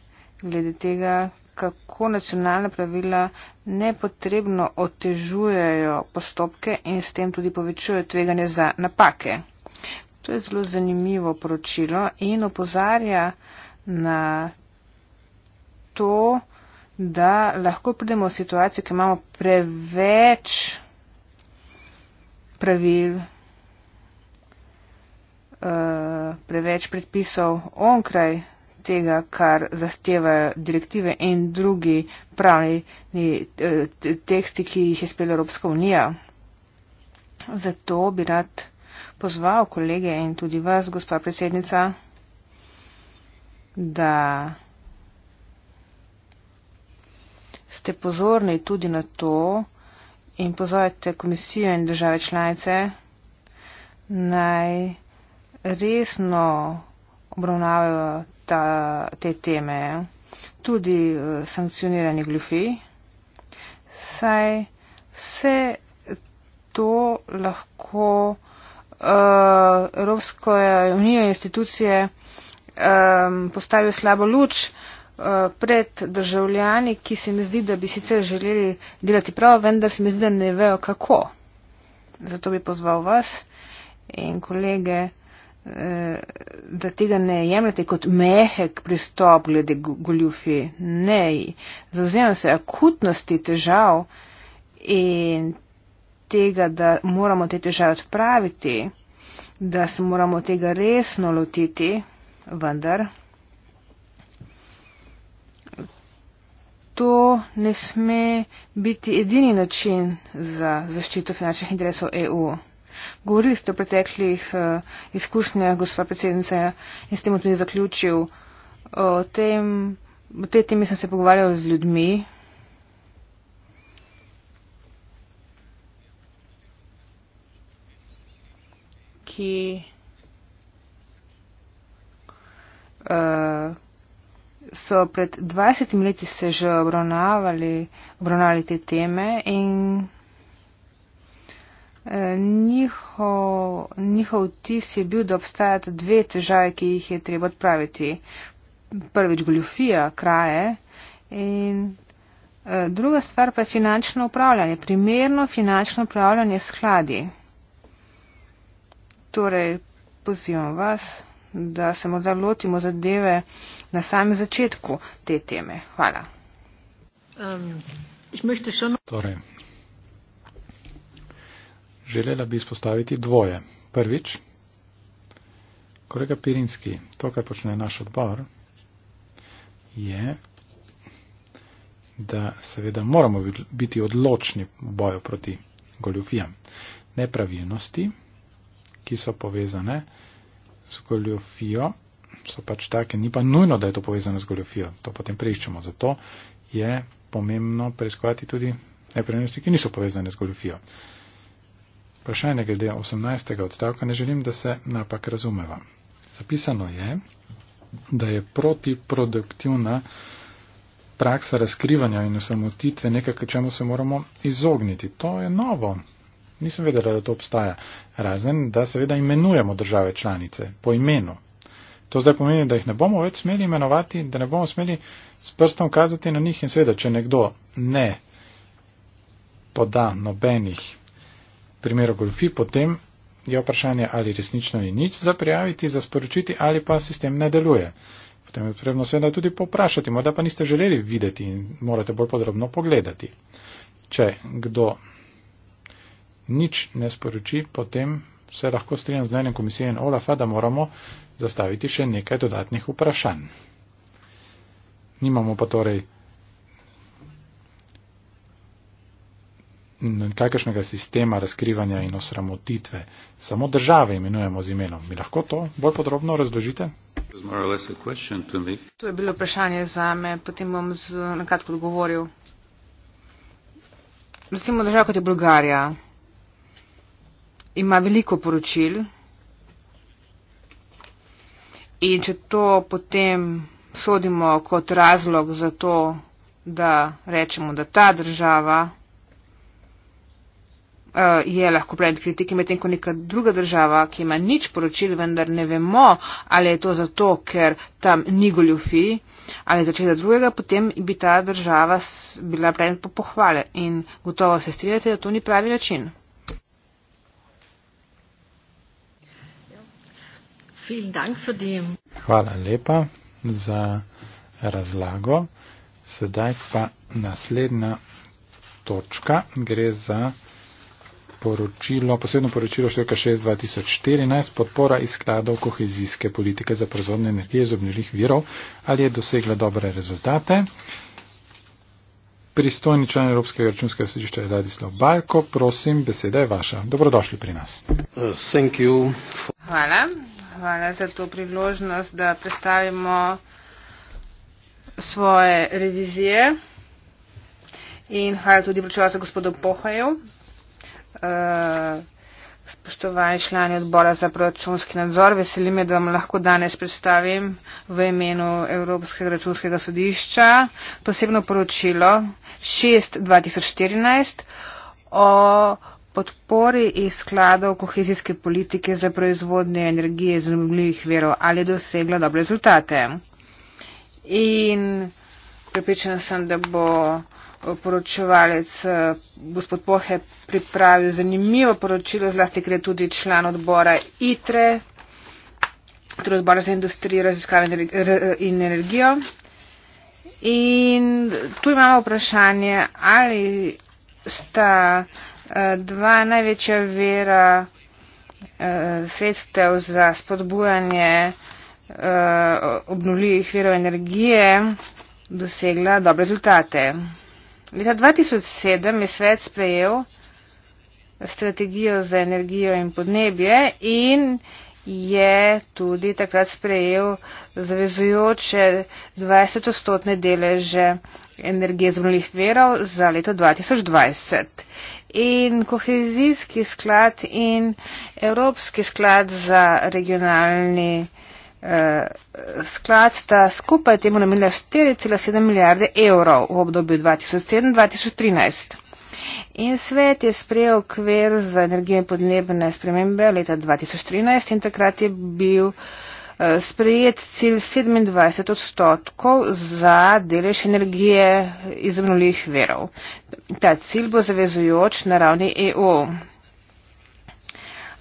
glede tega, kako nacionalna pravila nepotrebno otežujejo postopke in s tem tudi povečujejo tveganje za napake. To je zelo zanimivo poročilo in opozarja na to, da lahko pridemo v situacijo, ki imamo preveč pravil, eh, preveč predpisov onkraj tega, kar zahtevajo direktive in drugi pravni eh, teksti, ki jih je spela Evropska unija. Zato bi rad pozval kolege in tudi vas, gospa predsednica, da ste pozorni tudi na to in pozovete komisijo in države članice naj resno obravnavajo ta, te teme, tudi eh, sankcioniranje glufi, saj vse to lahko uh, eh, Evropske unije institucije um, postavil slabo luč uh, pred državljani, ki se mi zdi, da bi sicer želeli delati prav, vendar se mi zdi, da ne vejo kako. Zato bi pozval vas in kolege, uh, da tega ne jemljate kot mehek pristop glede goljufi. Ne, zauzemam se akutnosti težav in tega, da moramo te težave odpraviti, da se moramo tega resno lotiti, vendar to ne sme biti edini način za zaščito finančnih interesov EU. Govorili ste o preteklih uh, izkušnjah, gospa predsednica, in s tem tudi zaključil. O tem, o tej temi sem se pogovarjal z ljudmi, ki uh, so pred 20 leti se že obravnavali, obravnavali te teme in uh, njihov vtis je bil, da obstajata dve težave, ki jih je treba odpraviti. Prvič goljofija, kraje in uh, druga stvar pa je finančno upravljanje, primerno finančno upravljanje skladi. Torej, pozivam vas, da se morda lotimo zadeve na samem začetku te teme. Hvala. Um, torej, želela bi izpostaviti dvoje. Prvič, kolega Pirinski, to, kar počne naš odbor, je, da seveda moramo biti odločni v boju proti goljufijam. Nepravilnosti, ki so povezane z goljofijo, so pač take, ni pa nujno, da je to povezano z goljofijo, to potem preiščemo. Zato je pomembno preiskovati tudi nepremičnosti, ki niso povezane z goljofijo. Vprašanje glede 18. odstavka ne želim, da se napak razumeva. Zapisano je, da je protiproduktivna praksa razkrivanja in osamotitve nekaj, čemu se moramo izogniti. To je novo Nisem vedela, da to obstaja. Razen, da seveda imenujemo države članice po imenu. To zdaj pomeni, da jih ne bomo več smeli imenovati, da ne bomo smeli s prstom kazati na njih in seveda, če nekdo ne poda nobenih primerov goljufi, potem je vprašanje, ali resnično ni nič za prijaviti, za sporočiti ali pa sistem ne deluje. Potem je potrebno seveda tudi poprašati, morda pa niste želeli videti in morate bolj podrobno pogledati. Če kdo nič ne sporoči, potem se lahko strinjam z mnenjem komisije in OLAF-a, da moramo zastaviti še nekaj dodatnih vprašanj. Nimamo pa torej kakršnega sistema razkrivanja in osramotitve. Samo države imenujemo z imenom. Mi lahko to bolj podrobno razložite? To je bilo vprašanje za me, potem bom nekratko odgovoril. Recimo država kot je Bulgarija ima veliko poročil in če to potem sodimo kot razlog za to, da rečemo, da ta država uh, je lahko predmet kritike, medtem ko neka druga država, ki ima nič poročil, vendar ne vemo, ali je to zato, ker tam ni goljufi, ali začela drugega, potem bi ta država bila predmet po pohvale. In gotovo se strinjate, da to ni pravi način. Hvala lepa za razlago. Sedaj pa naslednja točka gre za poročilo, posebno poročilo številka 6.2014, podpora iz skladov kohezijske politike za proizvodnje energije iz obnovljivih virov, ali je dosegla dobre rezultate. Uh, pristojni član Evropskega računskega sodišča je Ladislav Bajko. Prosim, beseda je vaša. Dobrodošli pri nas. Uh, hvala. Hvala za to priložnost, da predstavimo svoje revizije. In hvala tudi pričevalcu gospodu Pohaju. Uh, Spoštovani člani odbora za proračunski nadzor, veselim me, da vam lahko danes predstavim v imenu Evropskega računskega sodišča posebno poročilo 6.2014 o podpori iz skladov kohezijske politike za proizvodnje energije iz zanimljivih verov ali dosegla dobre rezultate. In pripričana sem, da bo poročevalec eh, gospod Pohe pripravil zanimivo poročilo, zlasti ker je tudi član odbora ITRE, torej odbora za industrijo, raziskave in energijo. In tu imamo vprašanje, ali sta eh, dva največja vera eh, sredstev za spodbujanje obnuljivih virov energije dosegla dobre rezultate. Leta 2007 je svet sprejel strategijo za energijo in podnebje in je tudi takrat sprejel zavezujoče 20-stotne deleže energije zvonljih verov za leto 2020. In kohezijski sklad in Evropski sklad za regionalni razvoj eh, sklad sta skupaj temu namenila 4,7 milijarde evrov v obdobju 2007-2013. In svet je sprejel kver za energije in podnebne spremembe leta 2013 in takrat je bil eh, sprejet cilj 27 odstotkov za delež energije iz obnovljivih verov. Ta cilj bo zavezujoč na ravni EU.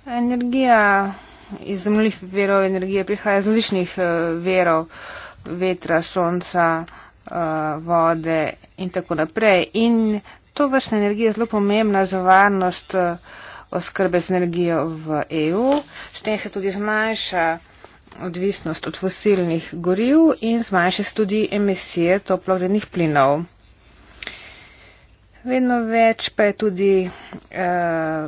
Energija iz zemljih verov energije prihaja iz različnih eh, verov, vetra, sonca, eh, vode in tako naprej. In to vrstna energija je zelo pomembna za varnost eh, oskrbe z energijo v EU. S tem se tudi zmanjša odvisnost od fosilnih goriv in zmanjša se tudi emisije toplogrednih plinov. Vedno več pa je tudi eh,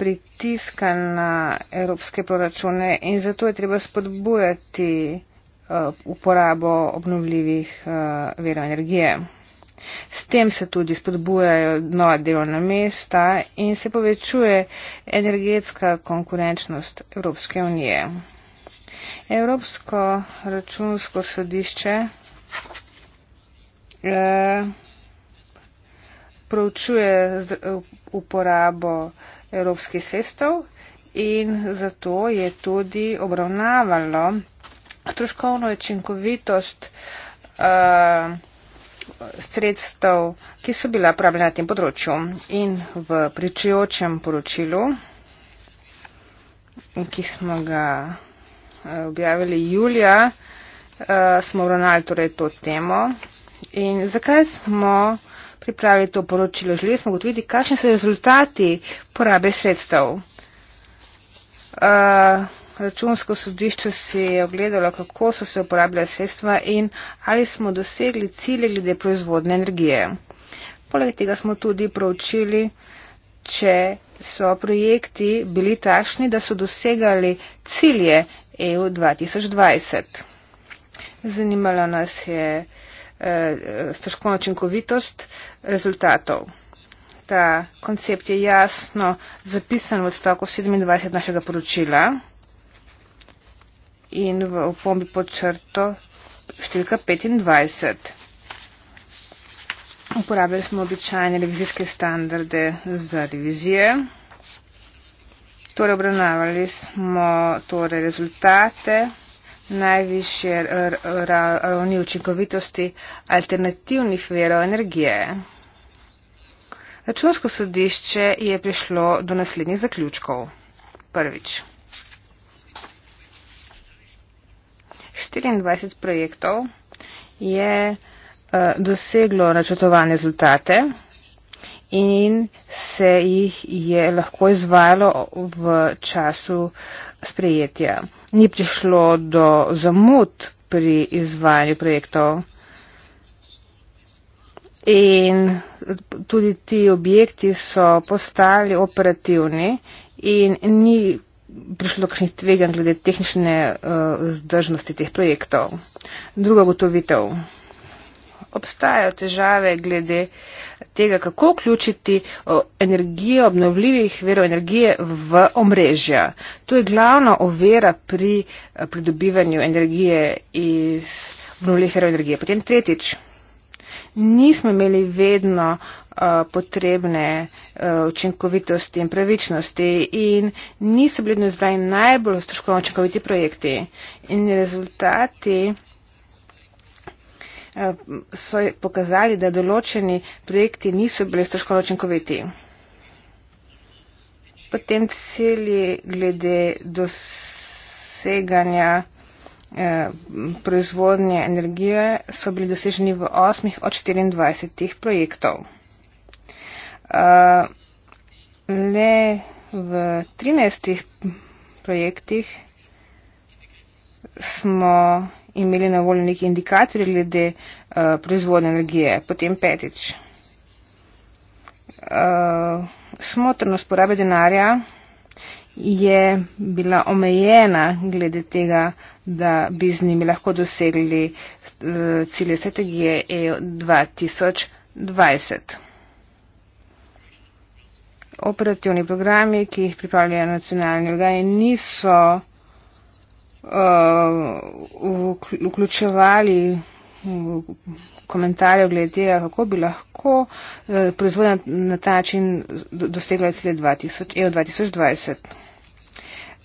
pritiska na evropske proračune in zato je treba spodbujati eh, uporabo obnovljivih eh, verov energije. S tem se tudi spodbujajo nova delovna mesta in se povečuje energetska konkurenčnost Evropske unije. Evropsko računsko sodišče. Eh, proučuje uporabo evropskih sestov in zato je tudi obravnavalo stroškovno učinkovitost eh, sredstev, ki so bila pravljena na tem področju. In v pričujočem poročilu, ki smo ga eh, objavili julija, eh, smo obravnavali torej to temo. In zakaj smo pripravili to poročilo. Želeli smo ugotoviti, kakšni so rezultati porabe sredstev. Uh, računsko sodišče si je ogledalo, kako so se uporabljala sredstva in ali smo dosegli cilje glede proizvodne energije. Poleg tega smo tudi proučili, če so projekti bili takšni, da so dosegali cilje EU 2020. Zanimalo nas je. Eh, eh, stroškovno učinkovitost rezultatov. Ta koncept je jasno zapisan v odstavku 27 našega poročila in v opombi pod črto številka 25. Uporabljali smo običajne revizijske standarde za revizije. Torej obravnavali smo torej rezultate najvišje ravni učinkovitosti alternativnih verov energije. Računsko sodišče je prišlo do naslednjih zaključkov. Prvič. 24 projektov je uh, doseglo načrtovane rezultate in se jih je lahko izvajalo v času uh, sprejetja. Ni prišlo do zamud pri izvajanju projektov. In tudi ti objekti so postali operativni in ni prišlo kakšnih tveganj glede tehnične uh, eh, zdržnosti teh projektov. Druga gotovitev obstajajo težave glede tega, kako vključiti energijo obnovljivih verov energije v omrežja. To je glavna ovira pri eh, pridobivanju energije iz obnovljivih verov energije. Potem tretjič. Nismo imeli vedno uh, potrebne uh, učinkovitosti in pravičnosti in niso bili vedno izbrani najbolj stroškovno učinkoviti projekti. In rezultati so pokazali, da določeni projekti niso bili stroškovno učinkoviti. Potem cilji glede doseganja eh, proizvodnje energije so bili doseženi v 8 od 24 projektov. Eh, le v 13 projektih smo imeli na voljo neki indikatorji glede uh, eh, proizvodne energije. Potem petič. Uh, smotrnost porabe denarja je bila omejena glede tega, da bi z njimi lahko dosegli uh, cilje strategije EU 2020. Operativni programi, ki jih pripravljajo nacionalni organi, niso uh, vključevali mm, komentarje glede, kako bi lahko uh, eh, proizvodnja na ta način dosegla cilje EU 2020.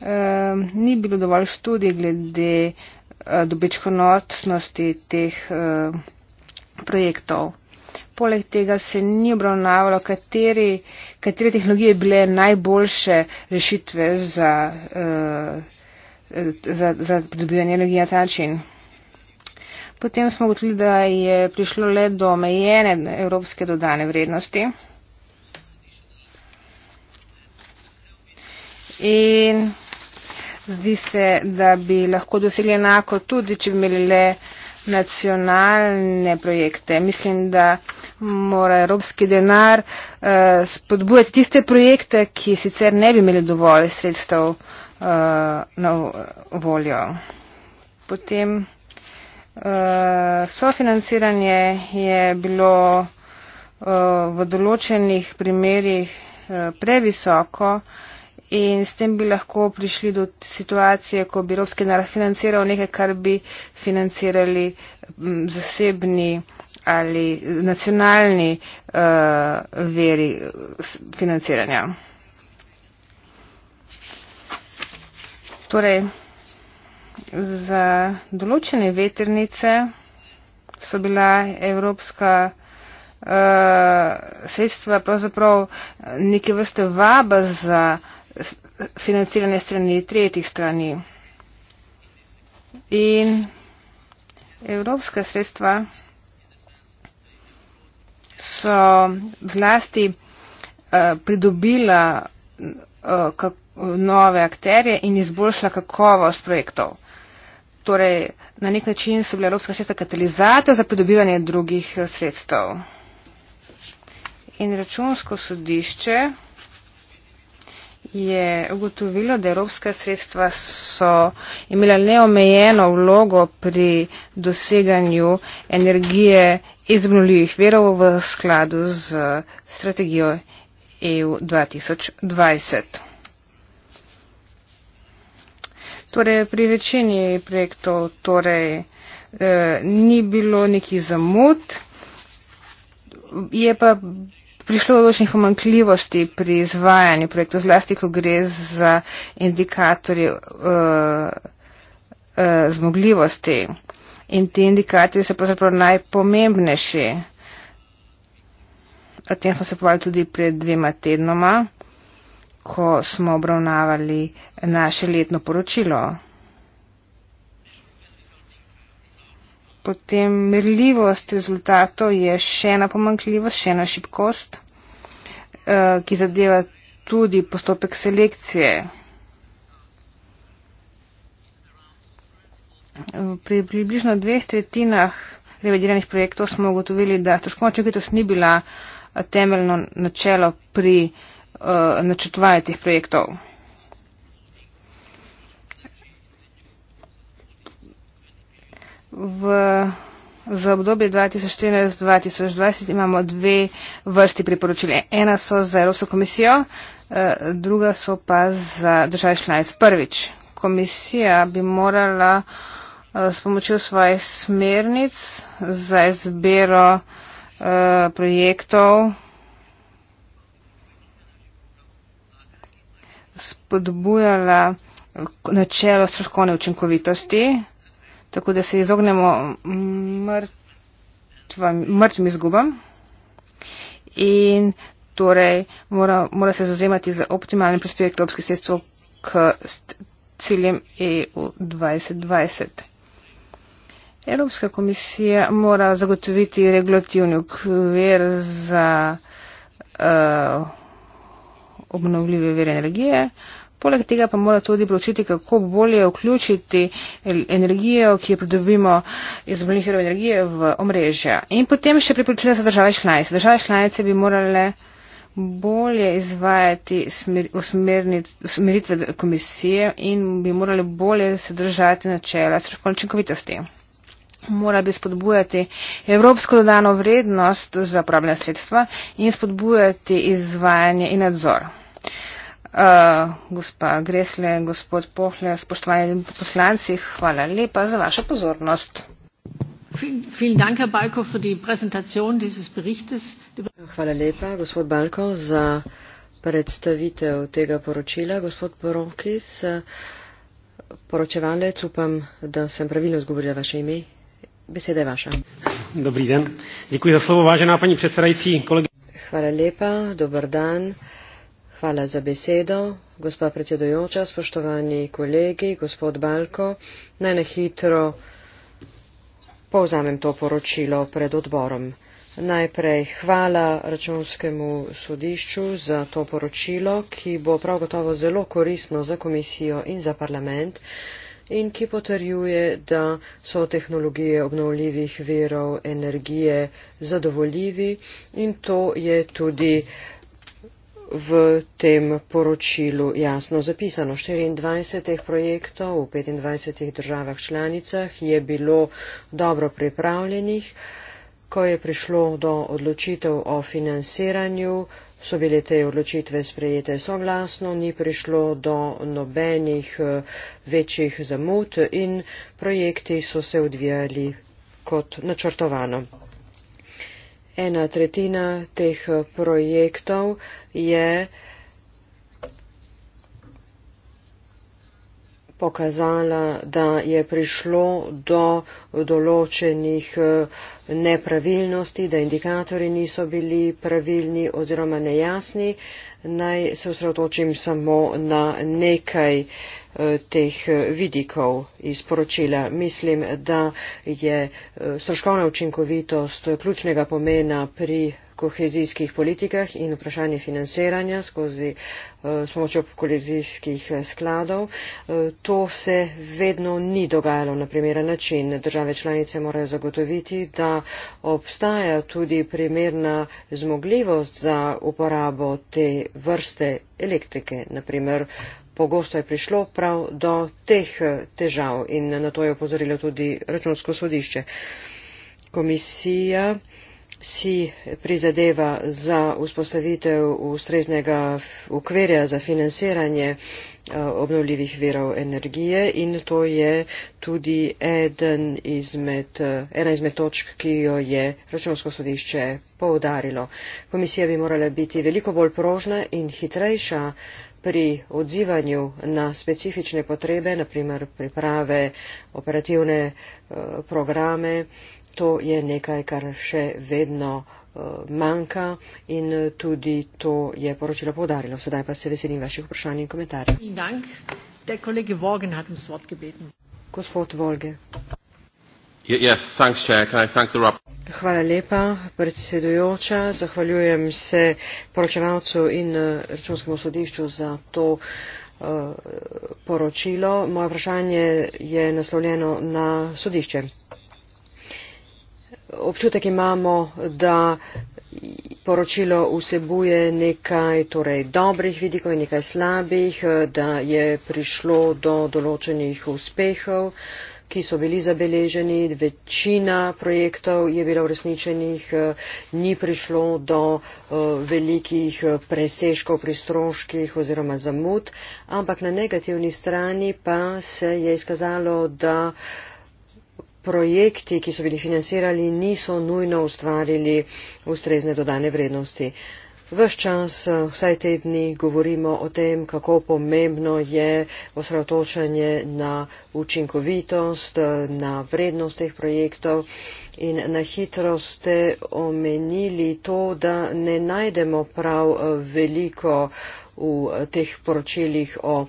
Uh, ni bilo dovolj študij glede uh, dobičkonosnosti teh uh, projektov. Poleg tega se ni obravnavalo, kateri, katere tehnologije bile najboljše rešitve za uh, za, za pridobivanje energije na ta način. Potem smo gotovili, da je prišlo le do omejene evropske dodane vrednosti. In zdi se, da bi lahko dosegli enako tudi, če bi imeli le nacionalne projekte. Mislim, da mora evropski denar uh, spodbujati tiste projekte, ki sicer ne bi imeli dovolj sredstev uh, Eh, na voljo. Potem eh, sofinanciranje je bilo eh, v določenih primerjih previsoko in s tem bi lahko prišli do situacije, ko bi Evropski narod financiral nekaj, kar bi financirali zasebni ali nacionalni uh, veri financiranja. Torej, za določene veternice so bila evropska uh, sredstva pravzaprav neke vrste vaba za financiranje strani tretjih strani. In evropska sredstva so zlasti uh, pridobila uh, kak, nove akterje in izboljšala kakovost projektov. Torej, na nek način so bile evropska sredstva katalizator za pridobivanje drugih eh, sredstev. In računsko sodišče je ugotovilo, da evropska sredstva so imela neomejeno vlogo pri doseganju energije iz obnovljivih verov v skladu z strategijo EU 2020. Torej, pri večini projektov torej, eh, ni bilo nekih zamud, je pa prišlo določenih pomankljivosti pri izvajanju projektov, zlasti, ko gre za indikatorje eh, eh, zmogljivosti. In ti indikatorji so pravzaprav najpomembnejši. O tem smo se povedali tudi pred dvema tednoma, ko smo obravnavali naše letno poročilo. Potem merljivost rezultatov je še ena pomankljivost, še ena šibkost, eh, ki zadeva tudi postopek selekcije. Pri približno dveh tretjinah revidiranih projektov smo ugotovili, da stroškovna učinkovitost ni bila temeljno načelo pri uh, načrtovanju teh projektov. V, za obdobje 2014-2020 imamo dve vrsti priporočili. Ena so za Evropsko komisijo, eh, druga so pa za države članice. Prvič, komisija bi morala eh, s pomočjo svojih smernic za izbero Eh, projektov, spodbujala načelo strokovne učinkovitosti, tako da se izognemo mrtvam, mrtvim izgubam in torej mora, mora se zazemati za optimalni prispevek evropskih sredstev k ciljem EU 2020. Evropska komisija mora zagotoviti regulativni okvir za uh, obnovljive vere energije. Poleg tega pa mora tudi pročiti, kako bolje vključiti energijo, ki jo pridobimo iz obnovljivih verov energije v omrežja. In potem še pripričila za države članice. Države članice bi morale bolje izvajati usmeritve komisije in bi morali bolje se držati načela stroškovne učinkovitosti mora bi spodbujati evropsko dodano vrednost za pravne sredstva in spodbujati izvajanje in nadzor. Uh, gospa Gresle, gospod Pohle, spoštovani poslanci, hvala lepa za vašo pozornost. Vielen Dank, Herr Balko, für die Präsentation dieses Berichtes. Hvala lepa, gospod Balko, za predstavitev tega poročila. Gospod Poronkis, poročevalec, upam, da sem pravilno odgovorila vaše ime. Beseda je vaša. Dobrý den. Děkuji za slovo, vážená paní předsedající. Kolegy. Hvala lepa, dobar dan. Hvala za besedo, gospod predsedujoča, spoštovani kolegi, gospod Balko. Naj na hitro povzamem to poročilo pred odborom. Najprej hvala računskemu sodišču za to poročilo, ki bo prav gotovo zelo koristno za komisijo in za parlament in ki potrjuje, da so tehnologije obnovljivih verov energije zadovoljivi in to je tudi v tem poročilu jasno zapisano. 24 projektov v 25 državah članicah je bilo dobro pripravljenih, ko je prišlo do odločitev o financiranju so bile te odločitve sprejete soglasno, ni prišlo do nobenih eh, večjih zamud in projekti so se odvijali kot načrtovano. Ena tretjina teh projektov je uh, pokazala, da je prišlo do določenih eh, nepravilnosti, da indikatori niso bili pravilni oziroma nejasni. Naj se osredotočim samo na nekaj eh, teh eh, vidikov iz poročila. Mislim, da je stroškovna učinkovitost ključnega pomena pri kohezijskih politikah in vprašanje financiranja skozi eh, s pomočjo kohezijskih eh, skladov. Eh, to se vedno ni dogajalo na primeren način. Države članice morajo zagotoviti, da obstaja tudi primerna zmogljivost za uporabo te vrste elektrike. Naprimer, pogosto je prišlo prav do teh težav in na to je upozorilo tudi računsko sodišče. Komisija si prizadeva za vzpostavitev ustreznega okvirja za financiranje eh, obnovljivih virov energije in to je tudi eden izmed, eh, ena izmed točk, ki jo je računsko sodišče poudarilo. Komisija bi morala biti veliko bolj prožna in hitrejša pri odzivanju na specifične potrebe, naprimer priprave operativne eh, programe, to je nekaj, kar še vedno eh, manjka in eh, tudi to je poročilo povdarilo. Sedaj pa se veselim vaših vprašanj in komentarjev. Gospod Volge. Hvala lepa, predsedujoča. Zahvaljujem se poročevalcu in eh, računskemu sodišču za to poročilo. Moje vprašanje je naslovljeno na sodišče občutek imamo, da poročilo vsebuje nekaj torej, dobrih vidikov in nekaj slabih, da je prišlo do določenih uspehov, ki so bili zabeleženi, večina projektov je bila uresničenih, ni prišlo do eh, velikih presežkov pri stroških oziroma zamud, ampak na negativni strani pa se je izkazalo, da projekti, ki so bili financirali, niso nujno ustvarili ustrezne dodane vrednosti. Ves čas, eh, vsaj tedni, govorimo o tem, kako pomembno je osredotočanje na učinkovitost, eh, na vrednost teh projektov in na hitro ste omenili to, da ne najdemo prav eh, veliko v teh poročilih o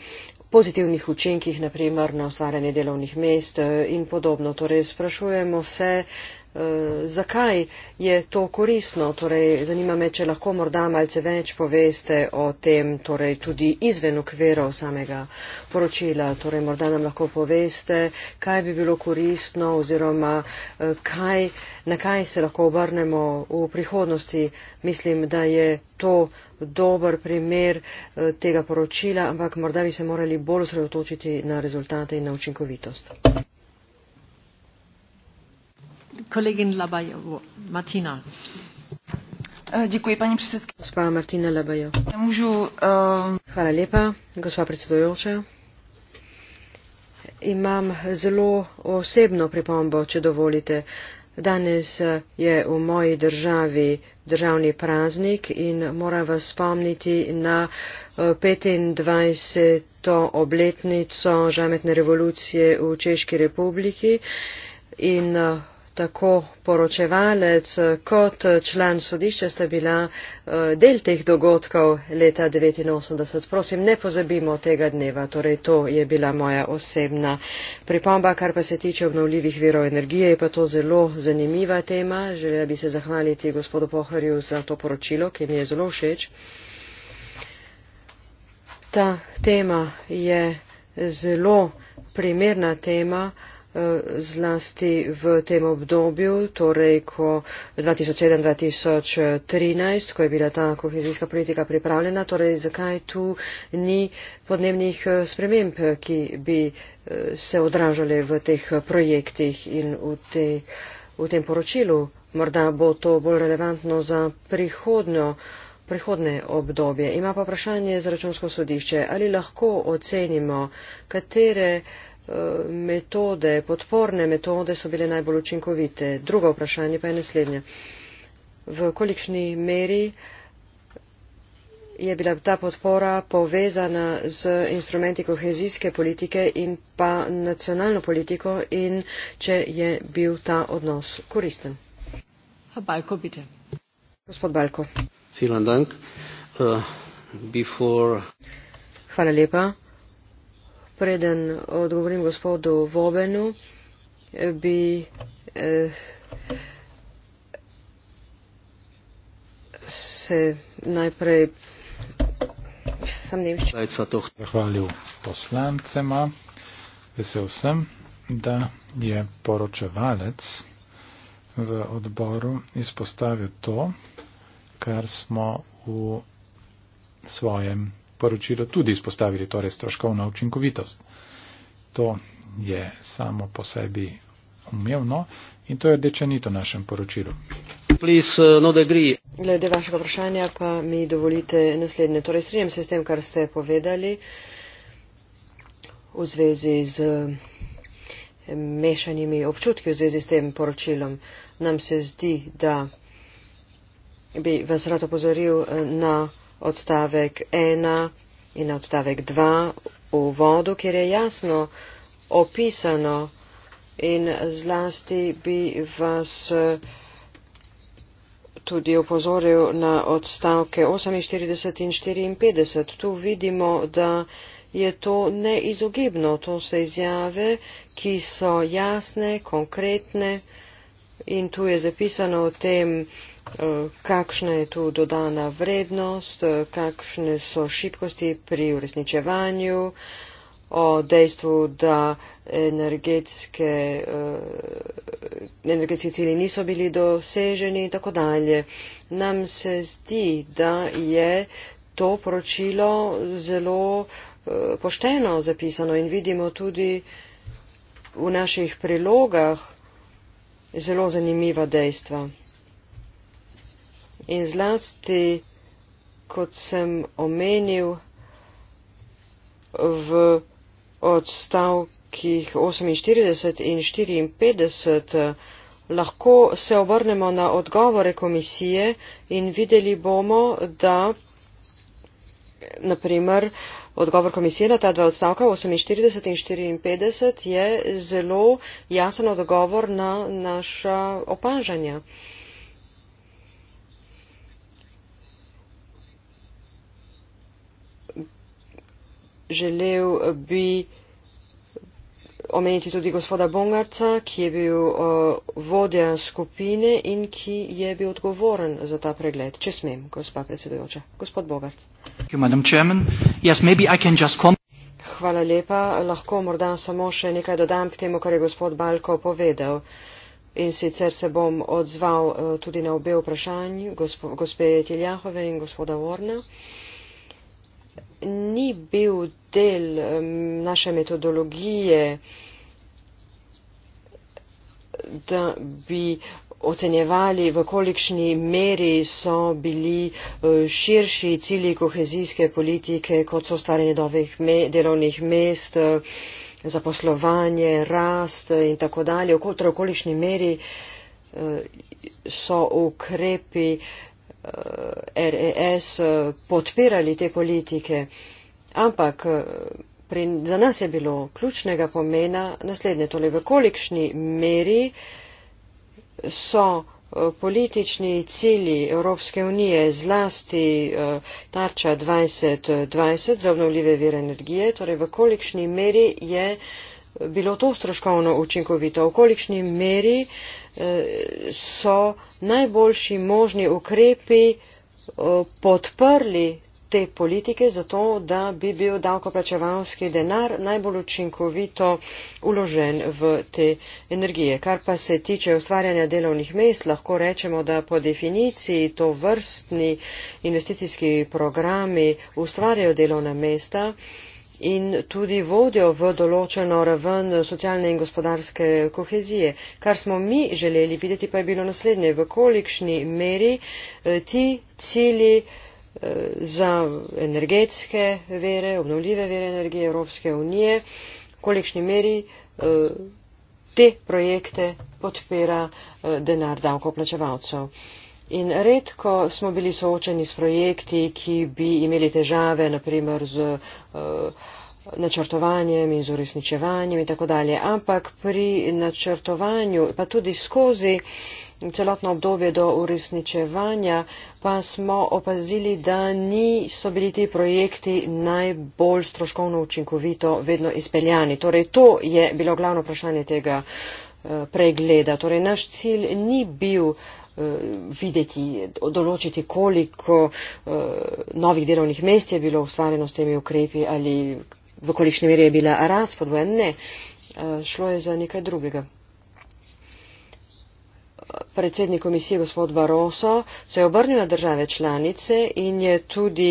pozitivnih učinkih na primer na ustvarjanje delovnih mest eh, in podobno. Torej sprašujemo se, eh, zakaj je to koristno. Torej zanima me, če lahko morda malce več poveste o tem, torej tudi izven okvirov samega poročila. Torej morda nam lahko poveste, kaj bi bilo koristno oziroma eh, kaj, na kaj se lahko obrnemo v prihodnosti. Mislim, da je to koristno dober primer eh, tega poročila, ampak morda bi se morali bolj osredotočiti na rezultate in na učinkovitost. Kolegin Labajevo, Martina. Děkuji, paní předsedkyně. Gospa Martina Labajo. Nemůžu. Ja Hvala lepa, gospa predsedujoča. Imam zelo osebno pripombo, če dovolite. Danes eh, je v moji državi državni praznik in moram vas spomniti na 25. Eh, obletnico žametne revolucije v Češki republiki in eh, tako poročevalec kot član sodišča sta bila eh, del teh dogodkov leta 1989. Prosim, ne pozabimo tega dneva, torej to je bila moja osebna pripomba, kar pa se tiče obnovljivih virov energije, je pa to zelo zanimiva tema. Želela bi se zahvaliti gospodu Poharju za to poročilo, ki mi je zelo všeč. Ta tema je zelo primerna tema, Eh, zlasti v tem obdobju, torej ko 2007-2013, ko je bila ta kohezijska politika pripravljena, torej zakaj tu ni podnebnih eh, sprememb, ki bi eh, se odražali v teh projektih in v, te, v tem poročilu. Morda bo to bolj relevantno za prihodnjo prihodne obdobje. Ima pa vprašanje za računsko sodišče, ali lahko ocenimo, katere metode, podporne metode so bile najbolj učinkovite. Drugo vprašanje pa je naslednje. V kolikšni meri je bila ta podpora povezana z instrumenti kohezijske politike in pa nacionalno politiko in če je bil ta odnos koristen? Balko, bite. Gospod Balko. Uh, before... Hvala lepa. Preden odgovorim gospodu Vobenu, bi eh, se najprej sam nemški. Zahvalil poslancema. Vesel sem, da je poročevalec v odboru izpostavil to, kar smo v svojem poročilo tudi izpostavili, torej stroškovna učinkovitost. To je samo po sebi umevno in to je rdeča nit v našem poročilu. Uh, Glede vašega vprašanja pa mi dovolite naslednje. Torej, strinjam se s tem, kar ste povedali v zvezi z eh, mešanimi občutki v zvezi s tem poročilom. Nam se zdi, da bi vas rad opozoril eh, na odstavek 1 in odstavek 2 v vodu, kjer je jasno opisano in zlasti bi vas eh, tudi upozoril na odstavke 48 in 54. Tu vidimo, da je to neizogibno. To so izjave, ki so jasne, konkretne in tu je zapisano o tem, eh, kakšna je tu dodana vrednost, eh, kakšne so šibkosti pri uresničevanju, o dejstvu, da energetske, eh, energetski cili niso bili doseženi in tako dalje. Nam se zdi, da je to poročilo zelo pošteno zapisano in vidimo tudi v naših prilogah, zelo zanimiva dejstva. In zlasti, kot sem omenil, v odstavkih 48 in 54 lahko se obrnemo na odgovore komisije in videli bomo, da na primer odgovor komisije na ta dva odstavka oseminštirideset in štiriinpetdeset je zelo jasen odgovor na naša opažanja želel bi omeniti tudi gospoda Bongarca, ki je bil uh, vodja skupine in ki je bil odgovoren za ta pregled, če smem, gospa predsedujoča. Gospod Bogarc. Hvala lepa. Lahko morda samo še nekaj dodam k temu, kar je gospod Balko povedal. In sicer se bom odzval uh, tudi na obe vprašanji gospe Tiljahove in gospoda Vorna. Uh, ni bil del naše metodologije, da bi ocenjevali, v kolikšni meri so bili e, širši cilji kohezijske politike, kot so ustvarjanje novih me, delovnih mest, e, zaposlovanje, rast in tako dalje. V kolikšni meri e, so ukrepi Eh, RES eh, podpirali te politike, ampak eh, pri, za nas je bilo ključnega pomena naslednje, torej v kolikšni meri so politični cilji Evropske unije zlasti tarča 2020 za obnovljive vire energije, torej v kolikšni meri je bilo to stroškovno učinkovito, v kolikšni meri eh, so najboljši možni ukrepi eh, podprli te politike zato, da bi bil davkoplačevalski denar najbolj učinkovito uložen v te energije. Kar pa se tiče ustvarjanja delovnih mest, lahko rečemo, da po definiciji to vrstni investicijski programi ustvarjajo delovna mesta in tudi vodijo v določeno raven socialne in gospodarske kohezije. Kar smo mi želeli videti, pa je bilo naslednje, v kolikšni meri eh, ti cili eh, za energetske vere, obnovljive vere energije Evropske unije, kolikšni meri eh, te projekte podpira denar davkoplačevalcev. In redko smo bili soočeni s projekti, ki bi imeli težave, naprimer z eh, načrtovanjem in z uresničevanjem in tako dalje. Ampak pri načrtovanju, pa tudi skozi celotno obdobje do uresničevanja, pa smo opazili, da niso bili ti projekti najbolj stroškovno učinkovito vedno izpeljani. Torej, to je bilo glavno vprašanje tega eh, pregleda. Torej, naš cilj ni bil uh, Eh, videti, določiti, koliko eh, novih delovnih mest je bilo ustvarjeno s temi ukrepi ali v kolikšni meri je bila rast podvojen. Ne, eh, šlo je za nekaj drugega. Predsednik komisije gospod Baroso se je obrnil na države članice in je tudi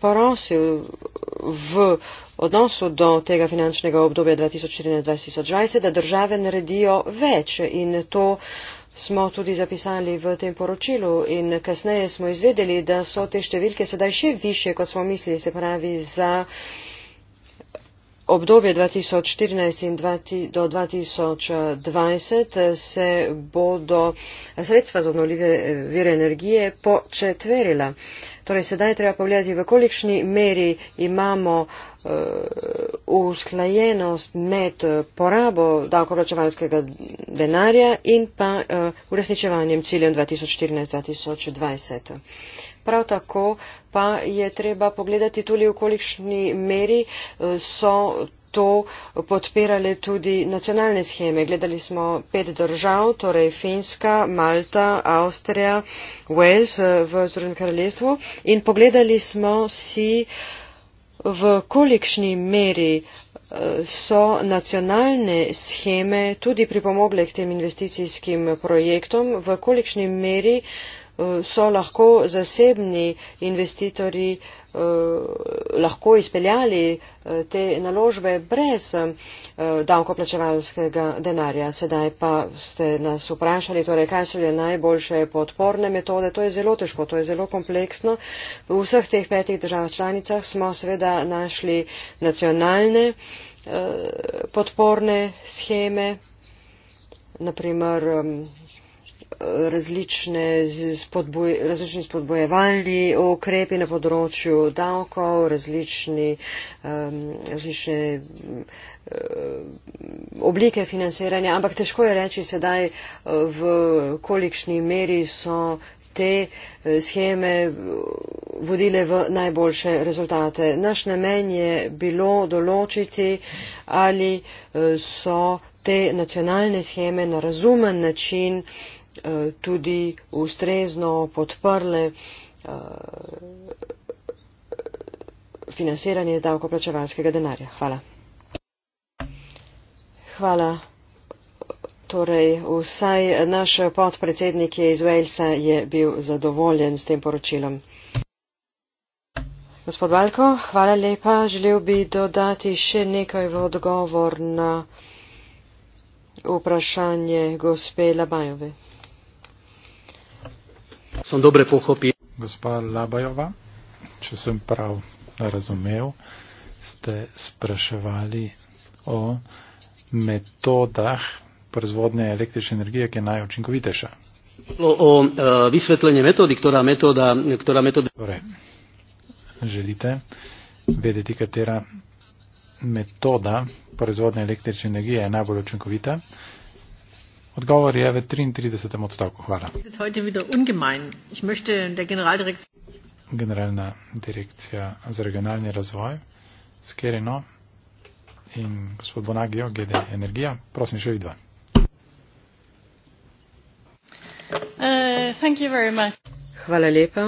prosil v odnosu do tega finančnega obdobja 2014-2020, da države naredijo več in to smo tudi zapisali v tem poročilu in kasneje smo izvedeli, da so te številke sedaj še više, kot smo mislili, se pravi za obdobje 2014 in do 2020 se bodo sredstva za obnovljive vire energije početverila torej sedaj je treba pogledati v kolikšni meri imamo uh, usklajenost med uh, porabo davkoplačevalskega denarja in pa uh, uresničevanjem ciljem 2014-2020. Prav tako pa je treba pogledati tudi v kolikšni meri uh, so to podpirale tudi nacionalne scheme. Gledali smo pet držav, torej Finska, Malta, Avstrija, Wales eh, v Združenem kraljestvu in pogledali smo si, v kolikšni meri eh, so nacionalne scheme tudi pripomogle k tem investicijskim projektom, v kolikšni meri Eh, so lahko zasebni investitorji eh, lahko izpeljali eh, te naložbe brez davkoplačevalskega denarja. Sedaj pa ste nas vprašali, torej, kaj so le najboljše podporne metode. To je zelo težko, to je zelo kompleksno. V vseh teh petih držav članicah smo seveda našli nacionalne podporne scheme, naprimer različne spodboj, različni spodbojevalni ukrepi na področju davkov, različni, um, različne um, oblike financiranja, ampak težko je reči sedaj, eh, v kolikšni meri so te eh, scheme vodile v najboljše rezultate. Naš namen je bilo določiti, ali so te nacionalne scheme na razumen način uh, Eh, tudi ustrezno podprle eh, financiranje iz davkoplačevalskega denarja. Hvala. Hvala. Torej, vsaj naš podpredsednik je iz Walesa je bil zadovoljen s tem poročilom. Gospod Valko, hvala lepa. Želel bi dodati še nekaj v odgovor na vprašanje gospe Labajove sem dobro pohopil. Gospa Labajova, če sem prav razumel, ste spraševali o metodah proizvodnje električne energije, ki je najučinkovitejša. O, o e, vysvetlenje metodi, ktorá metóda... Ktorá metóda... Dobre. Želite vedeti, katera metóda proizvodnje električne energije je najbolj učinkovita? E, Odgovor je v 33. odstavku. Hvala. Generalna direkcija za regionalni razvoj, Skereno in gospod Bonagio, GD Energija. Prosim, še vidva. Uh, Hvala lepa.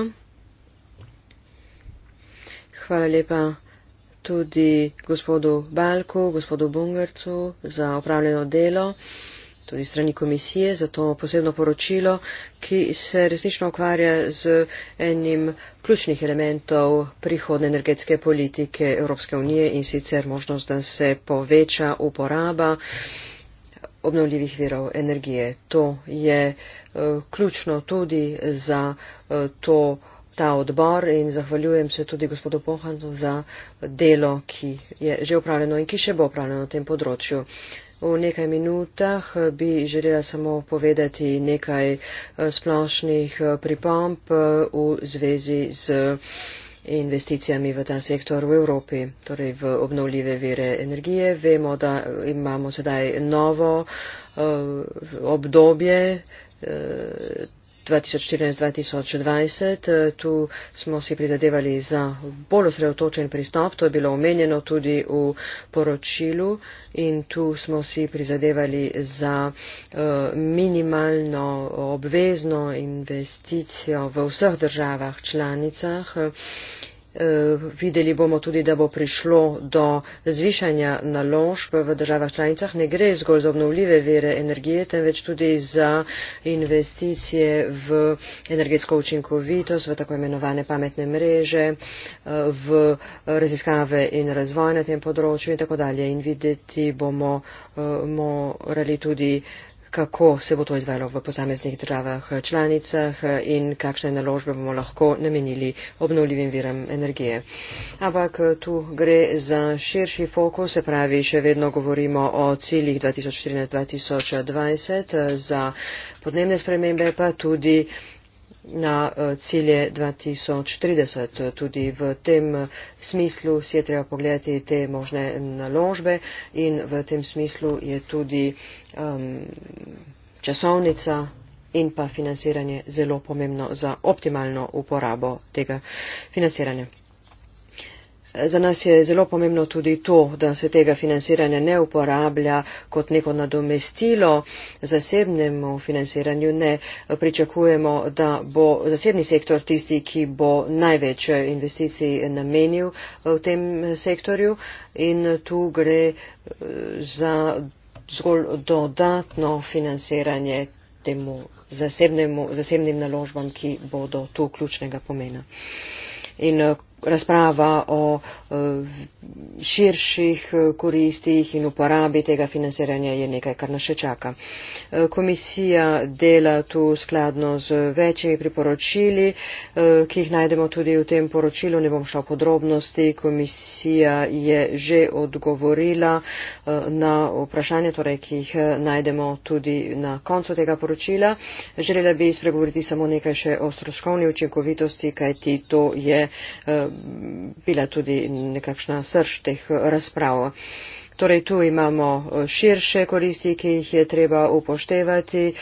Hvala lepa tudi gospodu Balku, gospodu Bungarcu za opravljeno delo tudi strani komisije za to posebno poročilo, ki se resnično ukvarja z enim ključnih elementov prihodne energetske politike Evropske unije in sicer možnost, da se poveča uporaba obnovljivih virov energije. To je eh, ključno tudi za eh, to, ta odbor in zahvaljujem se tudi gospodu Pohanu za delo, ki je že upravljeno in ki še bo upravljeno na tem področju. V nekaj minutah bi želela samo povedati nekaj eh, splošnih eh, pripomp eh, v zvezi z investicijami v ta sektor v Evropi, torej v obnovljive vire energije. Vemo, da imamo sedaj novo obdobje 2014-2020. Eh, tu smo si prizadevali za bolj osredotočen pristop, to je bilo omenjeno tudi v poročilu in tu smo si prizadevali za eh, minimalno obvezno investicijo v vseh državah članicah. Eh, videli bomo tudi, da bo prišlo do zvišanja naložb v državah članicah. Ne gre zgolj za obnovljive vere energije, temveč tudi za investicije v energetsko učinkovitost, v tako imenovane pametne mreže, eh, v raziskave in razvoj na tem področju in tako dalje. In videti bomo eh, morali tudi kako se bo to izvelo v posameznih državah članicah in kakšne naložbe bomo lahko namenili obnovljivim viram energije. Ampak tu gre za širši fokus, se pravi, še vedno govorimo o ciljih 2014-2020 za podnebne spremembe, pa tudi na eh, cilje 2030. Tudi v tem eh, smislu si je treba pogledati te možne naložbe in v tem smislu je tudi um, časovnica in pa financiranje zelo pomembno za optimalno uporabo tega financiranja. Za nas je zelo pomembno tudi to, da se tega financiranja ne uporablja kot neko nadomestilo zasebnemu financiranju. Ne pričakujemo, da bo zasebni sektor tisti, ki bo največ investicij namenil eh, v tem eh, sektorju in eh, tu gre za zgolj dodatno financiranje temu zasebnemu, zasebnim naložbam, ki bodo tu ključnega pomena. In razprava o eh, širših eh, koristih in uporabi tega financiranja je nekaj, kar nas še čaka. Eh, komisija dela tu skladno z večjimi priporočili, ki jih najdemo tudi v tem poročilu. Ne bom šla v podrobnosti. Komisija je že odgovorila na vprašanje, torej, ki jih najdemo tudi na koncu tega poročila. Želela bi spregovoriti samo nekaj še o stroškovni učinkovitosti, kajti to je bila tudi nekakšna srč teh razprav. Torej tu imamo e, širše koristi, ki jih je treba upoštevati. E,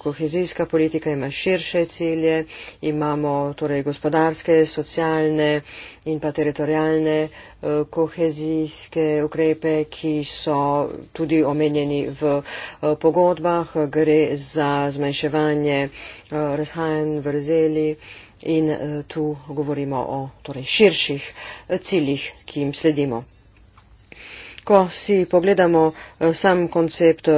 kohezijska politika ima širše cilje, imamo torej gospodarske, socialne in pa teritorijalne e, kohezijske ukrepe, ki so tudi omenjeni v pogodbah. Gre za zmanjševanje razhajanj vrzeli in eh, tu govorimo o torej, širših eh, ciljih, ki jim sledimo. Ko si pogledamo eh, sam koncept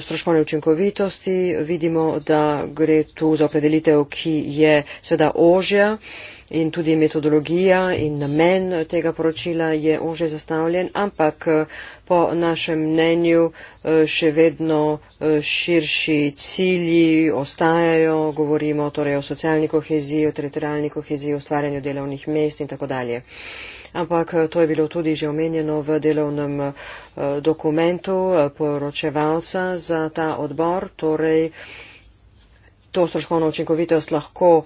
stroškovne učinkovitosti, vidimo, da gre tu za opredelitev, ki je sveda ožja in tudi metodologija in namen tega poročila je ože zastavljen, ampak eh, po našem mnenju eh, še vedno eh, širši cilji ostajajo, govorimo torej o socialni koheziji, o teritorijalni koheziji, o stvarjanju delovnih mest in tako dalje. Ampak to je bilo tudi že omenjeno v delovnem dokumentu poročevalca za ta odbor, torej to stroškovno učinkovitost lahko uh,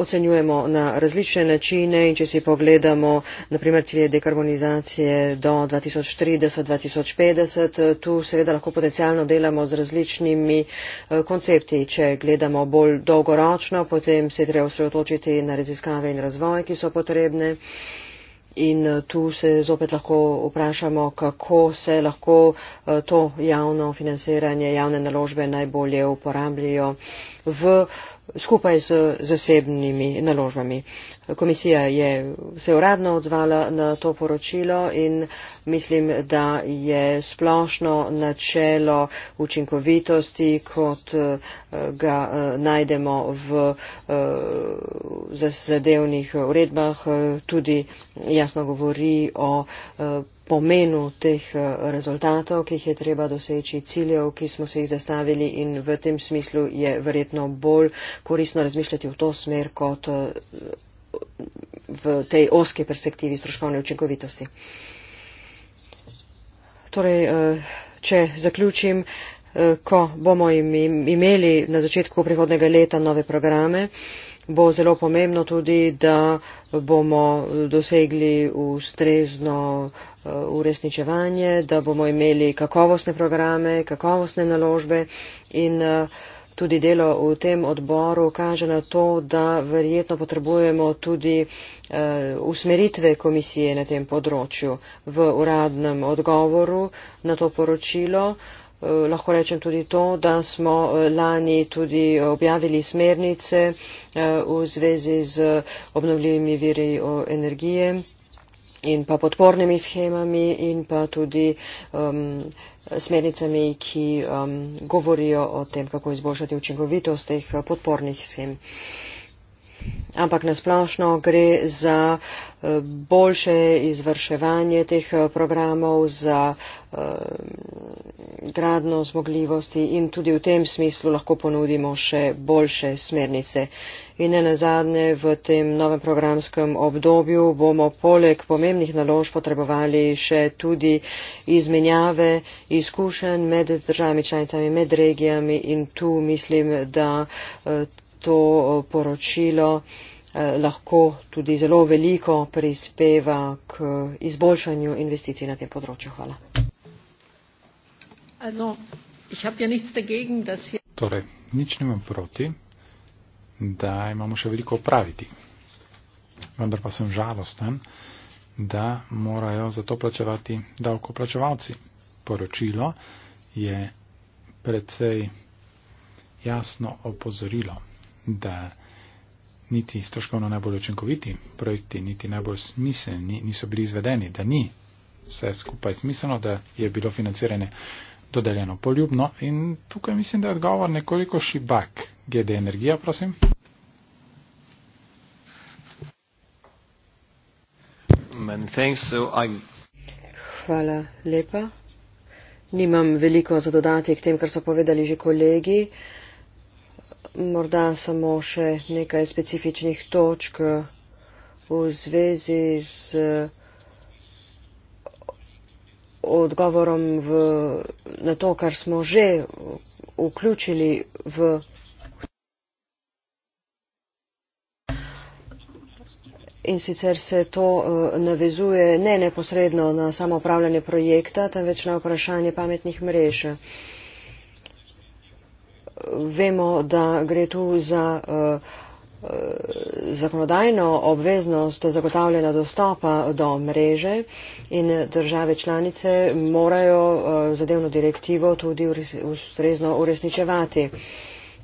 ocenjujemo na različne načine in če si pogledamo naprimer cilje dekarbonizacije do 2030-2050, eh, tu seveda lahko potencialno delamo z različnimi uh, koncepti. Če gledamo bolj dolgoročno, potem se treba osredotočiti na raziskave in razvoj, ki so potrebne. Uh, in eh, tu se zopet lahko vprašamo, kako se lahko eh, to javno financiranje, javne naložbe najbolje uporabljajo v skupaj z zasebnimi naložbami. komisija je se uradno odzvala na to poročilo in mislim da je splošno načelo učinkovitosti kot eh, ga eh, najdemo eh, v zadevnih uredbah tudi jasno govori o pomenu teh eh, rezultatov, ki jih je treba doseči, ciljev, ki smo se jih zastavili in v tem smislu je verjetno bolj koristno razmišljati v to smer kot eh, v tej oske perspektivi stroškovne učinkovitosti. Torej, eh, če zaključim, ko bomo imeli na začetku prihodnega leta nove programe, bo zelo pomembno tudi, da bomo dosegli ustrezno eh, uresničevanje, da bomo imeli kakovostne programe, kakovostne naložbe in eh, tudi delo v tem odboru kaže na to, da verjetno potrebujemo tudi eh, usmeritve komisije na tem področju v uradnem odgovoru na to poročilo. Eh, lahko rečem tudi to, da smo eh, lani tudi objavili smernice eh, v zvezi z obnovljivimi viri energije in pa podpornimi schemami in pa tudi um, smernicami, ki um, govorijo o tem, kako izboljšati učinkovitost teh podpornih schem. Uh, ampak na splošno gre za eh, boljše izvrševanje teh eh, programov, za eh, gradno zmogljivosti in tudi v tem smislu lahko ponudimo še boljše smernice. In ne nazadnje, v tem novem programskem obdobju bomo poleg pomembnih nalož potrebovali še tudi izmenjave izkušenj med državami članicami, med regijami in tu mislim, da to eh, poročilo eh, lahko tudi zelo veliko prispeva k eh, izboljšanju investicij na tem področju. Hvala. Also, ich habe ja nichts dagegen, dass hier. Torej, nič nimam proti, da imamo še veliko opraviti. Vendar pa sem žalosten, da morajo za to plačevati davkoplačevalci. Poročilo je precej jasno opozorilo da niti stroškovno najbolj očinkoviti projekti, niti najbolj smiselni niso bili izvedeni, da ni vse skupaj smiselno, da je bilo financiranje dodeljeno poljubno. In tukaj mislim, da je odgovor nekoliko šibak. GD energija, prosim. Hvala lepa. Nimam veliko za dodati k tem, kar so povedali že kolegi. Uh, morda samo še nekaj specifičnih točk v zvezi z odgovorom v, na to, kar smo že vključili v. In sicer se to eh, navezuje ne neposredno na samo upravljanje projekta, temveč na vprašanje pametnih mrež vemo, da gre tu za eh, zakonodajno obveznost zagotavljanja dostopa do mreže in države članice morajo eh, zadevno direktivo tudi ustrezno uresničevati.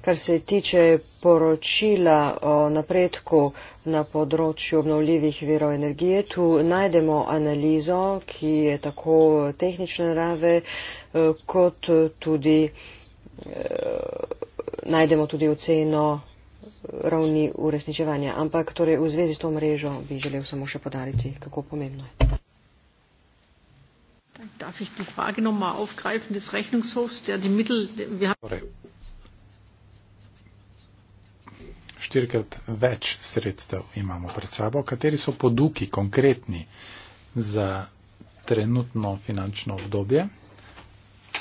Kar se tiče poročila o napredku na področju obnovljivih virov energije, tu najdemo analizo, ki je tako tehnične narave eh, kot tudi Eh, najdemo tudi oceno ravni uresničevanja. Ampak torej v zvezi s to mrežo bi želel samo še podariti, kako pomembno je. Darf ich die Frage nochmal aufgreifen des Rechnungshofs, der die Mittel. Wir haben torej, Štirikrat več sredstev imamo pred sabo. Kateri so poduki konkretni za trenutno finančno obdobje 2014-2020?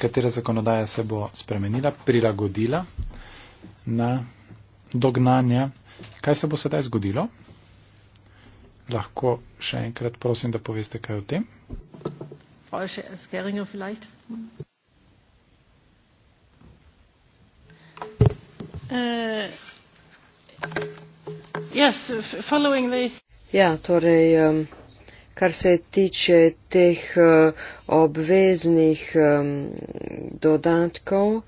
katera zakonodaja se bo spremenila, prilagodila na dognanja. Kaj se bo sedaj zgodilo? Lahko še enkrat prosim, da poveste kaj o tem. Uh, ja, torej. Um, kar se tiče teh eh, obveznih dodatkov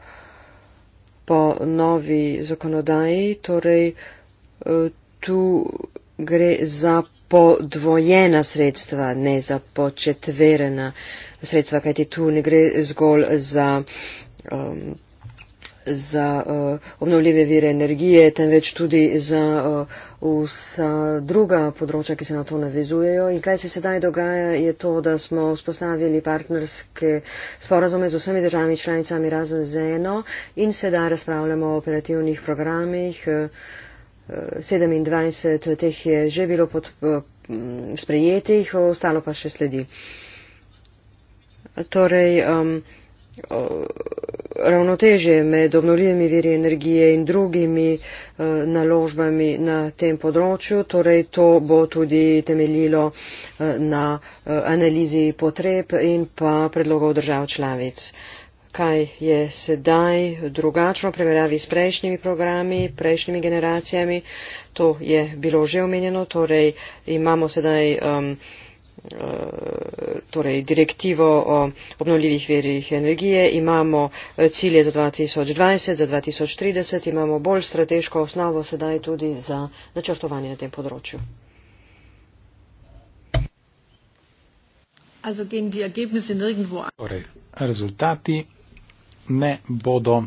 po novi zakonodaji, torej eh, tu gre za podvojena sredstva, ne za početverena sredstva, kajti tu ne gre zgolj za um, za uh, obnovljive vire energije, temveč tudi za uh, vsa druga področja, ki se na to navezujejo. In kaj se sedaj dogaja, je to, da smo vzpostavili partnerske sporazume z vsemi državami članicami razen z eno in sedaj razpravljamo o operativnih programih. Uh, eh, 27 teh je že bilo pod, uh, sprejetih, ostalo pa še sledi. Torej, um, ravnotežje med obnovljivimi viri energije in drugimi e, naložbami na tem področju. Torej, to bo tudi temeljilo e, na e, analizi potreb in pa predlogov držav članic. Kaj je sedaj drugačno v primerjavi s prejšnjimi programi, prejšnjimi generacijami, to je bilo že omenjeno. Torej, imamo sedaj um, Eh, torej direktivo o obnovljivih verjih energije, imamo eh, cilje za 2020, za 2030, imamo bolj strateško osnovo sedaj tudi za načrtovanje na tem področju. Torej, rezultati ne bodo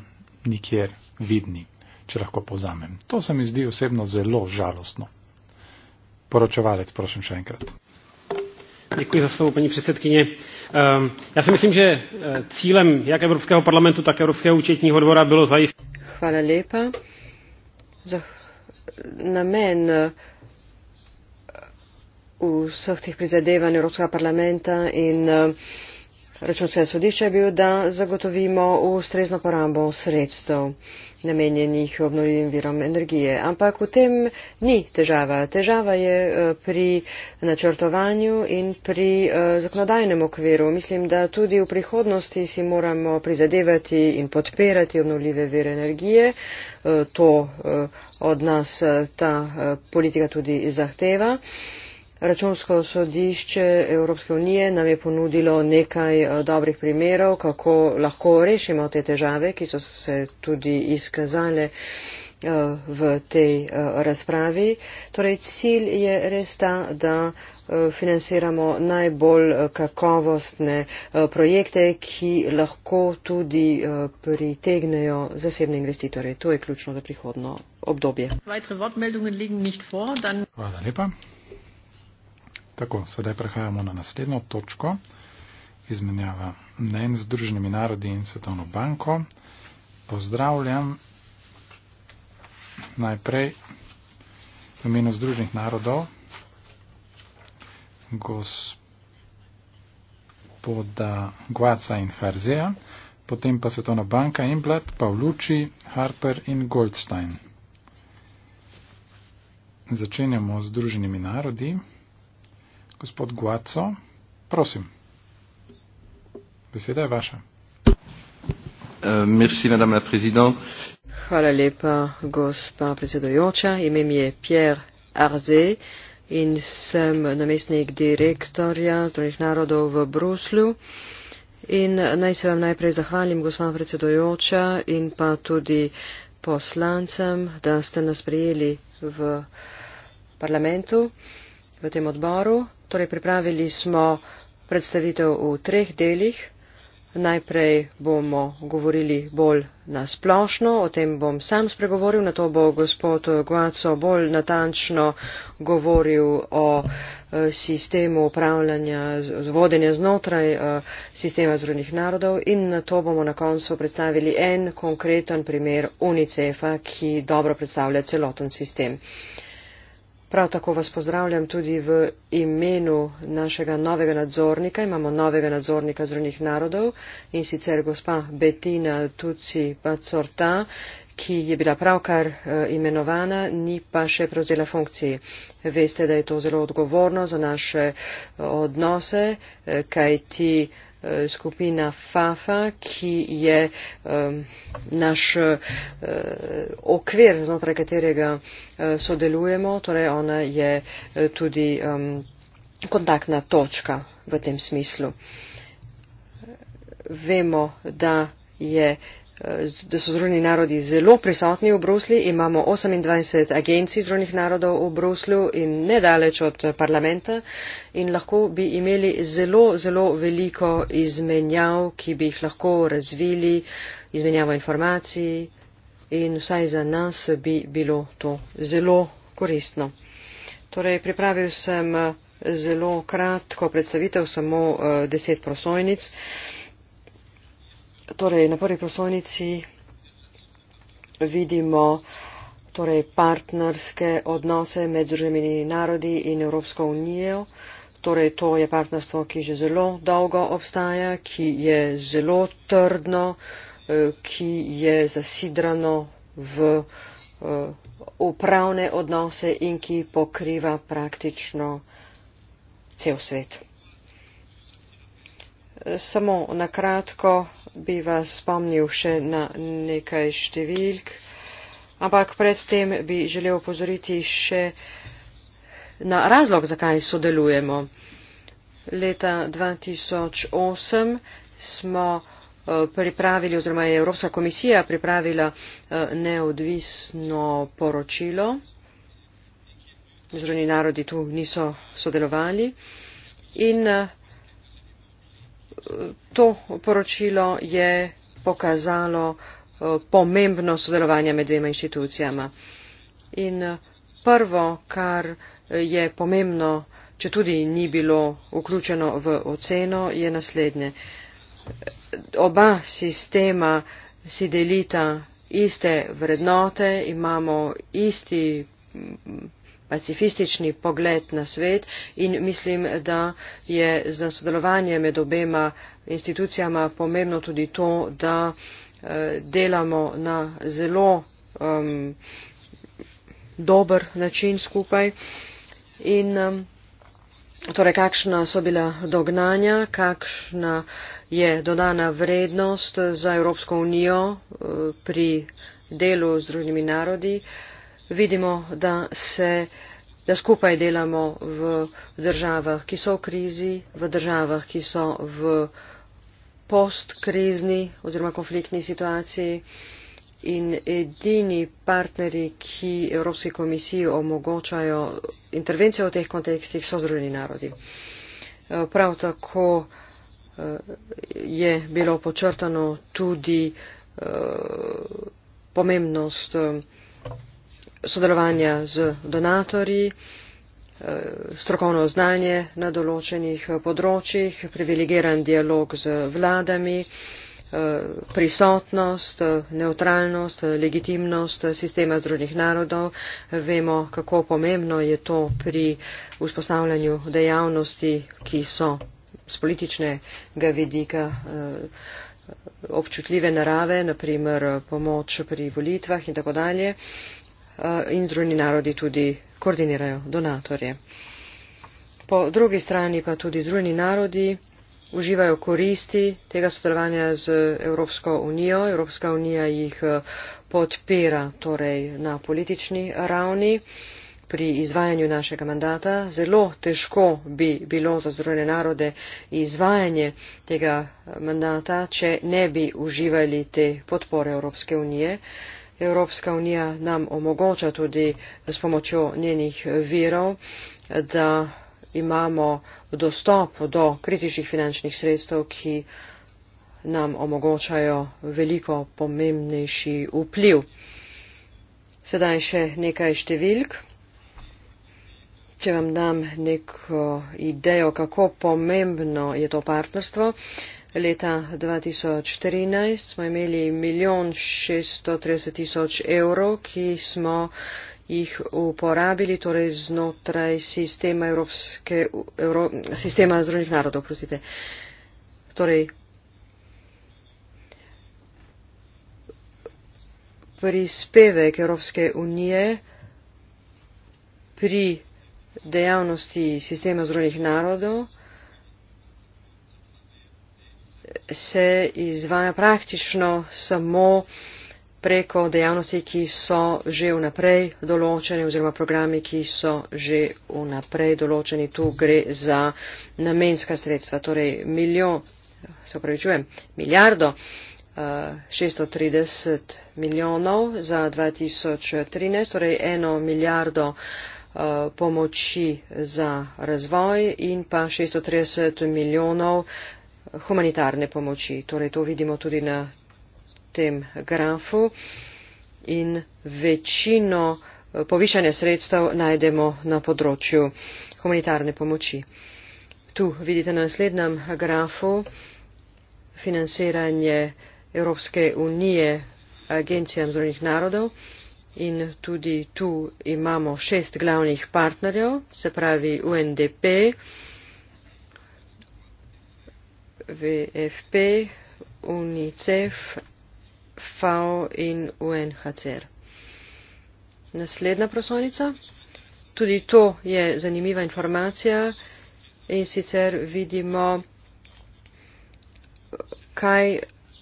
nikjer vidni, če lahko povzamem. To se mi zdi osebno zelo žalostno. Poročevalec, prosim še enkrat paní předsedkyně ehm, já si myslím že eh, cílem jak evropského parlamentu tak evropského účetního dvora bylo zajistit. Hvala lepa. Namen eh, vseh teh prizadevanj Evropskega parlamenta in uh, Računske sodišče je bil, da zagotovimo ustrezno porabo sredstev namenjenih obnovljivim virom energije. Ampak v tem ni težava. Težava je eh, pri načrtovanju in pri eh, zakonodajnem okviru. Mislim, da tudi v prihodnosti si moramo prizadevati in podpirati obnovljive vire energije. Eh, to od nas ta politika tudi zahteva. Računsko sodišče Evropske unije nam je ponudilo nekaj eh, dobrih primerov, kako lahko rešimo te težave, ki so se tudi izkazale eh, v tej eh, razpravi. Torej, cilj je res ta, da financiramo najbolj kakovostne projekte, ki lahko tudi pritegnejo zasebne investitore. To je ključno za prihodno obdobje. Hvala lepa. Tako, sedaj prehajamo na naslednjo točko izmenjava mnen z Združenimi narodi in Svetovno banko. Pozdravljam najprej v imenu Združenih narodov gospoda Guaca in Harzeja, potem pa Svetovna banka Inblad, Pavluči, Harper in Goldstein. Začenjamo z Združenimi narodi. Gospod Guaco, prosim. Beseda je vaša. Eh, Hvala lepa, gospa predsedojoča. Ime mi je Pierre Arze in sem namestnik direktorja Združenih narodov v Bruslju. In naj se vam najprej zahvalim, gospa predsedojoča, in pa tudi poslancem, da ste nas prijeli v parlamentu, v tem odboru. Torej, pripravili smo predstavitev v treh delih. Najprej bomo govorili bolj nasplošno, o tem bom sam spregovoril, na to bo gospod Guaco bolj natančno govoril o e, sistemu upravljanja, vodenja znotraj e, sistema Združenih narodov in na to bomo na koncu predstavili en konkreten primer UNICEF-a, ki dobro predstavlja celoten sistem. Prav tako vas pozdravljam tudi v imenu našega novega nadzornika. Imamo novega nadzornika zdravnih narodov in sicer gospa Betina Tuci Pacorta, ki je bila pravkar eh, imenovana, ni pa še prevzela funkciji. Veste, da je to zelo odgovorno za naše eh, odnose, eh, kaj ti. E, skupina FAFA, ki je e, naš e, okvir, znotraj katerega sodelujemo, torej ona je tudi kontaktna točka v tem smislu. Vemo, da je uh, da so združeni narodi zelo prisotni v Bruslju, imamo 28 agencij združenih narodov v Bruslju in nedaleč od parlamenta in lahko bi imeli zelo, zelo veliko izmenjav, ki bi jih lahko razvili, izmenjavo informacij in vsaj za nas bi bilo to zelo koristno. Torej, pripravil sem eh, zelo kratko predstavitev, samo eh, deset prosojnic. Torej, na prvi prosojnici vidimo torej, partnerske odnose med Združenimi narodi in Evropsko unijo. Torej, to je partnerstvo, ki že zelo dolgo obstaja, ki je zelo trdno, eh, ki je zasidrano v eh, upravne odnose in ki pokriva praktično cel svet samo na kratko bi vas spomnil še na nekaj številk, ampak predtem bi želel opozoriti še na razlog, zakaj sodelujemo. Leta 2008 smo eh, pripravili oziroma je Evropska komisija pripravila eh, neodvisno poročilo. Združeni narodi tu niso sodelovali. In eh, to poročilo je pokazalo eh, pomembno sodelovanje med dvema inštitucijama. In eh, prvo, kar eh, je pomembno, če tudi ni bilo vključeno v oceno, je naslednje. Oba sistema si delita iste vrednote, imamo isti pacifistični pogled na svet in mislim, da je za sodelovanje med obema institucijama pomembno tudi to, da eh, delamo na zelo um, dober način skupaj. In, um, torej, kakšna so bila dognanja, kakšna je dodana vrednost za Evropsko unijo uh, pri delu z drugimi narodi. Uh, vidimo, da, se, da skupaj delamo v državah, ki so v krizi, v državah, ki so v postkrizni oziroma konfliktni situaciji. In edini partneri, ki Evropski komisiji omogočajo intervencije v teh kontekstih, so združeni narodi. Eh, prav tako eh, je bilo počrtano tudi eh, pomembnost sodelovanja z donatorji, eh, strokovno znanje na določenih področjih, privilegiran dialog z vladami, eh, prisotnost, neutralnost, legitimnost sistema Združenih narodov. Vemo, kako pomembno je to pri vzpostavljanju dejavnosti, ki so z političnega vidika eh, občutljive narave, naprimer pomoč pri volitvah in tako dalje. Eh, in združeni narodi tudi koordinirajo donatorje. Po drugi strani pa tudi združeni narodi uživajo koristi tega sodelovanja z Evropsko unijo. Evropska unija jih eh, podpira torej na politični ravni pri izvajanju našega mandata. Zelo težko bi bilo za združene narode izvajanje tega mandata, če ne bi uživali te podpore Evropske unije. Uh, Evropska unija nam omogoča tudi s pomočjo njenih virov, da imamo dostop do kritičnih finančnih sredstev, ki nam omogočajo veliko pomembnejši vpliv. Sedaj še nekaj številk. Če vam dam neko idejo, kako pomembno je to partnerstvo. Leta 2013 smo imeli milijon 630 tisoč evrov, ki smo jih uporabili torej znotraj sistema, Evropske, Evro, sistema Združenih narodov. Prosite. Torej, prispevek Evropske unije pri dejavnosti sistema Združenih narodov se izvaja praktično samo preko dejavnosti, ki so že vnaprej določene oziroma programi, ki so že vnaprej določeni. Tu gre za namenska sredstva, torej milijon, se upravičujem, milijardo. 630 eh, milijonov za 2013, torej eno milijardo eh, pomoči za razvoj in pa 630 milijonov humanitarne pomoči. Torej, to vidimo tudi na tem grafu in večino eh, povišanja sredstev najdemo na področju humanitarne pomoči. Tu vidite na naslednjem grafu financiranje Evropske unije agencijam zdravnih narodov in tudi tu imamo šest glavnih partnerjev, se pravi UNDP, WFP, UNICEF, FAO in UNHCR. Naslednja prosonica. Tudi to je zanimiva informacija in sicer vidimo, kaj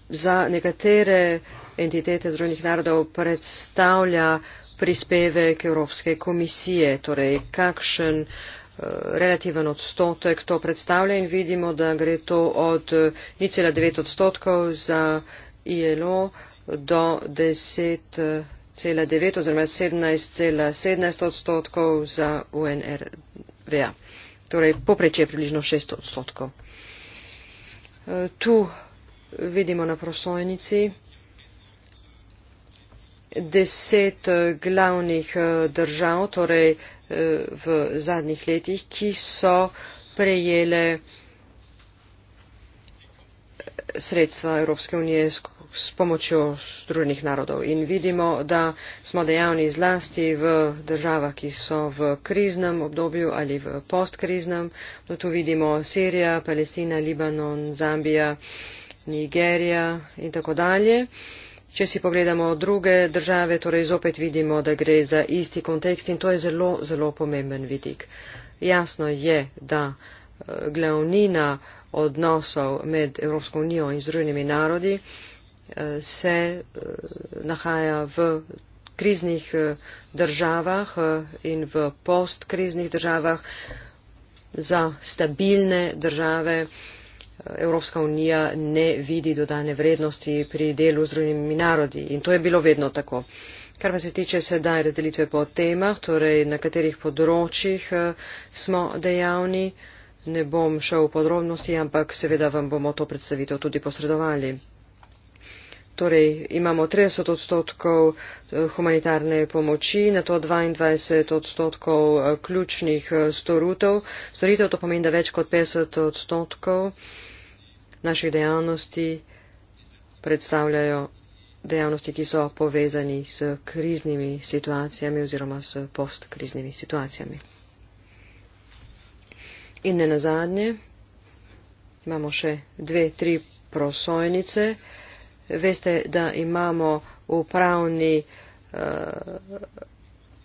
za nekatere entitete Združenih narodov predstavlja prispevek Evropske komisije, torej kakšen uh, Eh, relativen odstotek to predstavlja in vidimo, da gre to od 0,9 eh, odstotkov za ILO do 10,9 eh, oziroma 17,17 odstotkov za UNRVA. Torej, poprečje je približno 6 odstotkov. Tu vidimo na prosojnici deset glavnih držav, torej Eh, v zadnjih letih, ki so prejele eh, sredstva Evropske unije s pomočjo Združenih narodov. In vidimo, da smo dejavni zlasti v državah, ki so v kriznem obdobju ali v postkriznem. No, tu vidimo Sirija, Palestina, Libanon, Zambija, Nigerija in tako dalje če si pogledamo druge države torej zopet vidimo da gre za isti kontekst in to je zelo zelo pomemben vidik jasno je da eh, glavnina odnosov med Evropsko unijo in Združenimi narodi eh, se eh, nahaja v kriznih državah in v postkriznih državah za stabilne države Evropska unija ne vidi dodane vrednosti pri delu z drugimi narodi. In to je bilo vedno tako. Kar pa se tiče sedaj razdelitve po temah, torej na katerih področjih eh, smo dejavni, ne bom šel v podrobnosti, ampak seveda vam bomo to predstavitev tudi posredovali torej imamo 30 odstotkov eh, humanitarne pomoči, na to 22 odstotkov eh, ključnih eh, storitev. Storitev to pomeni, da več kot 50 odstotkov naših dejavnosti predstavljajo dejavnosti, ki so povezani s kriznimi situacijami oziroma s postkriznimi situacijami. In ne nazadnje, imamo še dve, tri prosojnice veste, da imamo upravni uh,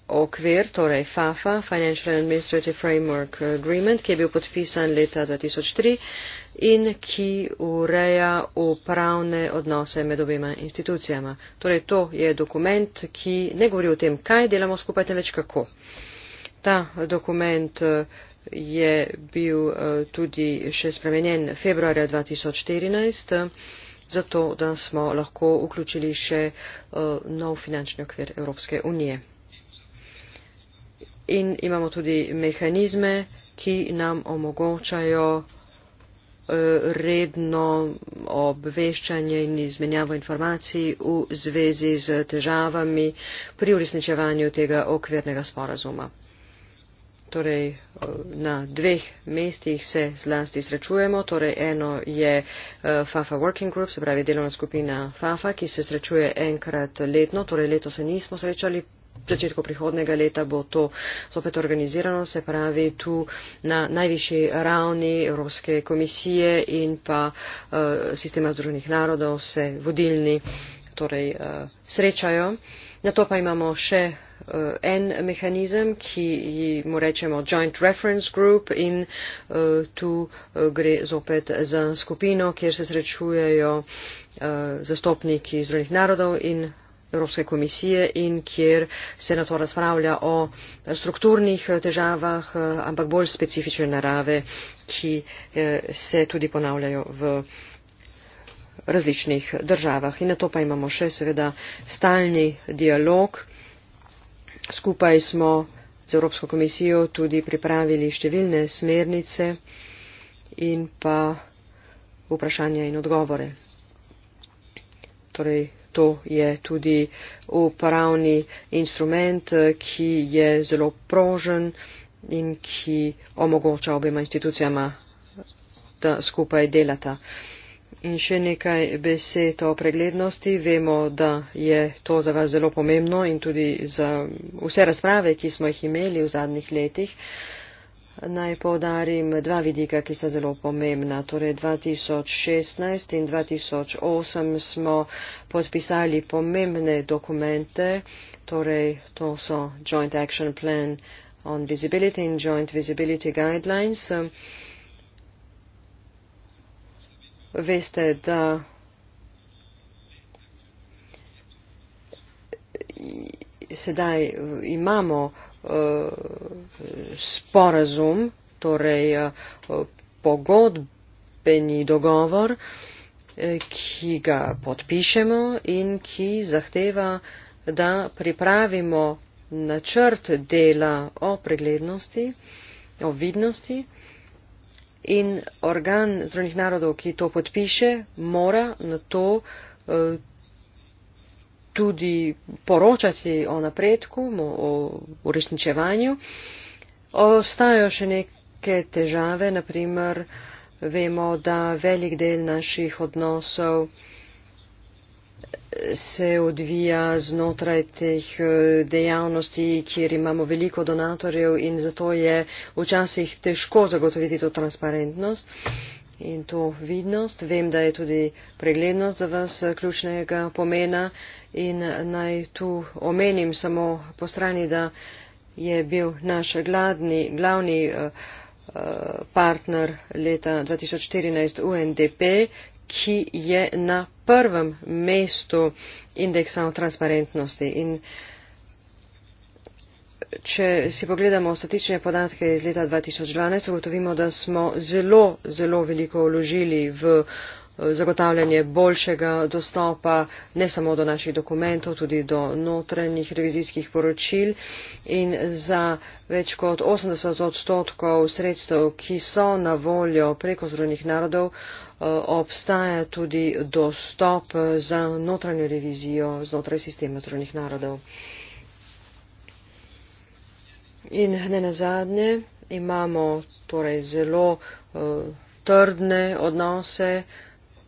okvir, torej FAFA, Financial Administrative Framework Agreement, ki je bil podpisan leta 2003 in ki ureja upravne odnose med obema institucijama. Torej, to je dokument, ki ne govori o tem, kaj delamo skupaj, temveč kako. Ta dokument eh, je bil eh, tudi še spremenjen februarja 2014 zato da smo lahko vključili še eh, nov finančni okvir Evropske unije. In imamo tudi mehanizme, ki nam omogočajo eh, redno obveščanje in izmenjavo informacij v zvezi z težavami pri uresničevanju tega okvirnega sporazuma torej eh, na dveh mestih se zlasti srečujemo. Torej eno je eh, FAFA Working Group, se pravi delovna skupina FAFA, ki se srečuje enkrat letno, torej leto se nismo srečali. V začetku prihodnega leta bo to zopet organizirano, se pravi tu na najvišji ravni Evropske komisije in pa uh, sistema združenih narodov se vodilni torej, uh, srečajo. Na to pa imamo še uh, Eh, en mehanizem, ki mu rečemo Joint Reference Group in eh, tu eh, gre zopet za skupino, kjer se srečujejo zastopniki Združenih narodov in Evropske komisije in kjer se na to razpravlja o strukturnih težavah, ampak bolj specifične narave, ki se tudi ponavljajo v različnih državah. In na to pa imamo še seveda stalni dialog Skupaj smo z Evropsko komisijo tudi pripravili številne smernice in pa vprašanja in odgovore. Torej, to je tudi upravni instrument, ki je zelo prožen in ki omogoča obema institucijama, da skupaj delata. Uh, In še nekaj besed o preglednosti. Vemo, da je to za vas zelo pomembno in tudi za vse razprave, ki smo jih imeli v zadnjih letih. Naj povdarim dva vidika, ki sta zelo pomembna. Torej 2016 in 2008 smo podpisali pomembne dokumente, torej to so Joint Action Plan on Visibility in Joint Visibility Guidelines veste, da sedaj imamo uh, sporazum, torej uh, pogodbeni dogovor, eh, ki ga podpišemo in ki zahteva, da pripravimo načrt dela o preglednosti, o vidnosti in organ zdravnih narodov, ki to podpiše, mora na to eh, tudi poročati o napredku, o uresničevanju. Ostajajo še neke težave, naprimer vemo, da velik del naših odnosov se odvija znotraj teh eh, dejavnosti, kjer imamo veliko donatorjev in zato je včasih težko zagotoviti to transparentnost in to vidnost. Vem, da je tudi preglednost za vas eh, ključnega pomena in naj tu omenim samo po strani, da je bil naš gladni, glavni eh, partner leta 2014 UNDP, ki je na prvem mestu indeksa o transparentnosti. In če si pogledamo statične podatke iz leta 2012, ugotovimo, da smo zelo, zelo veliko vložili v eh, zagotavljanje boljšega dostopa ne samo do naših dokumentov, tudi do notranjih revizijskih poročil in za več kot 80 odstotkov sredstev, ki so na voljo preko Združenih narodov, uh, obstaja tudi dostop za notranjo revizijo znotraj sistema zdravnih narodov. In ne nazadnje, imamo torej zelo uh, trdne odnose,